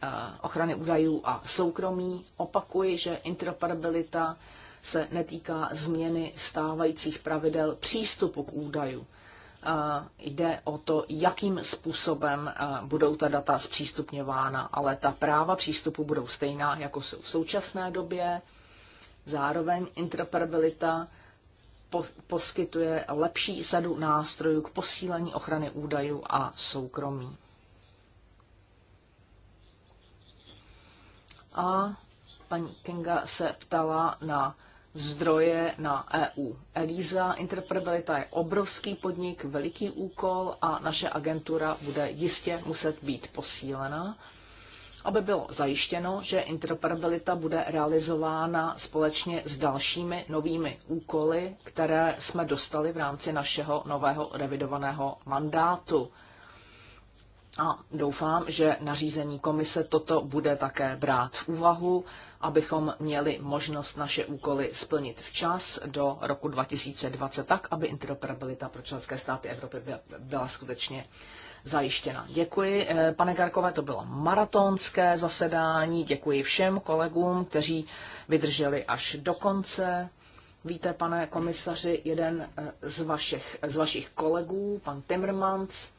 Eh, ochrany údajů a soukromí. Opakuji, že interoperabilita se netýká změny stávajících pravidel přístupu k údaju. Eh, jde o to, jakým způsobem eh, budou ta data zpřístupňována, ale ta práva přístupu budou stejná, jako jsou v současné době. Zároveň interoperabilita poskytuje lepší sadu nástrojů k posílení ochrany údajů a soukromí. A paní Kinga se ptala na zdroje na EU. Elisa Interpretabilita je obrovský podnik, veliký úkol a naše agentura bude jistě muset být posílena, aby bylo zajištěno, že interoperabilita bude realizována společně s dalšími novými úkoly, které jsme dostali v rámci našeho nového revidovaného mandátu a doufám, že nařízení komise toto bude také brát v úvahu, abychom měli možnost naše úkoly splnit včas do roku 2020 tak, aby interoperabilita pro členské státy Evropy byla skutečně zajištěna. Děkuji, eh, pane Garkové to bylo maratonské zasedání. Děkuji všem kolegům, kteří vydrželi až do konce. Víte, pane komisaři, jeden eh, z vašich, z vašich kolegů, pan Timmermans,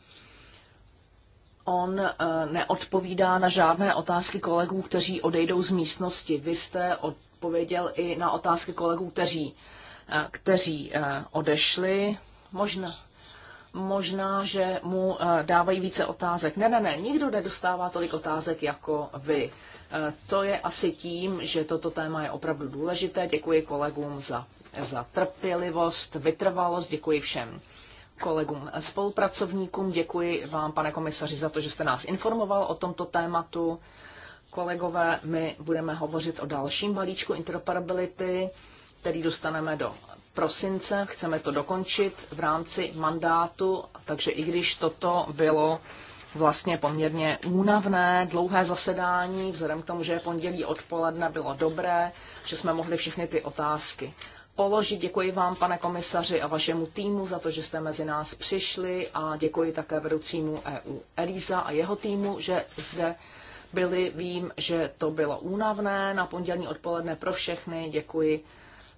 on eh, neodpovídá na žádné otázky kolegů, kteří odejdou z místnosti. Vy jste odpověděl i na otázky kolegů, kteří, eh, kteří eh, odešli. Možná, možná, že mu dávají více otázek. Ne, ne, ne, nikdo nedostává tolik otázek jako vy. To je asi tím, že toto téma je opravdu důležité. Děkuji kolegům za, za trpělivost, vytrvalost, děkuji všem kolegům eh, spolupracovníkům. Děkuji vám, pane komisaři, za to, že jste nás informoval o tomto tématu. Kolegové, my budeme hovořit o dalším balíčku interoperability, který dostaneme do prosince. Chceme to dokončit v rámci mandátu, takže i když toto bylo vlastně poměrně únavné, dlouhé zasedání, vzhledem k tomu, že pondělí odpoledne bylo dobré, že jsme mohli všechny ty otázky položit. Děkuji vám, pane komisaři, a vašemu týmu za to, že jste mezi nás přišli a děkuji také vedoucímu EU Elisa a jeho týmu, že zde byli. Vím, že to bylo únavné na pondělní odpoledne pro všechny. Děkuji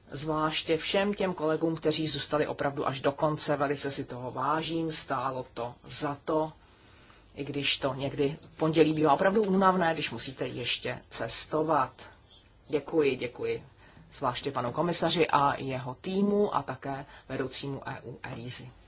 zvláště všem těm kolegům, kteří zůstali opravdu až do konce. Velice si toho vážím, stálo to za to, i když to někdy pondělí bývá opravdu únavné, když musíte ještě cestovat. Děkuji, děkuji zvláště panu komisaři a jeho týmu a také vedoucímu EU ERISY.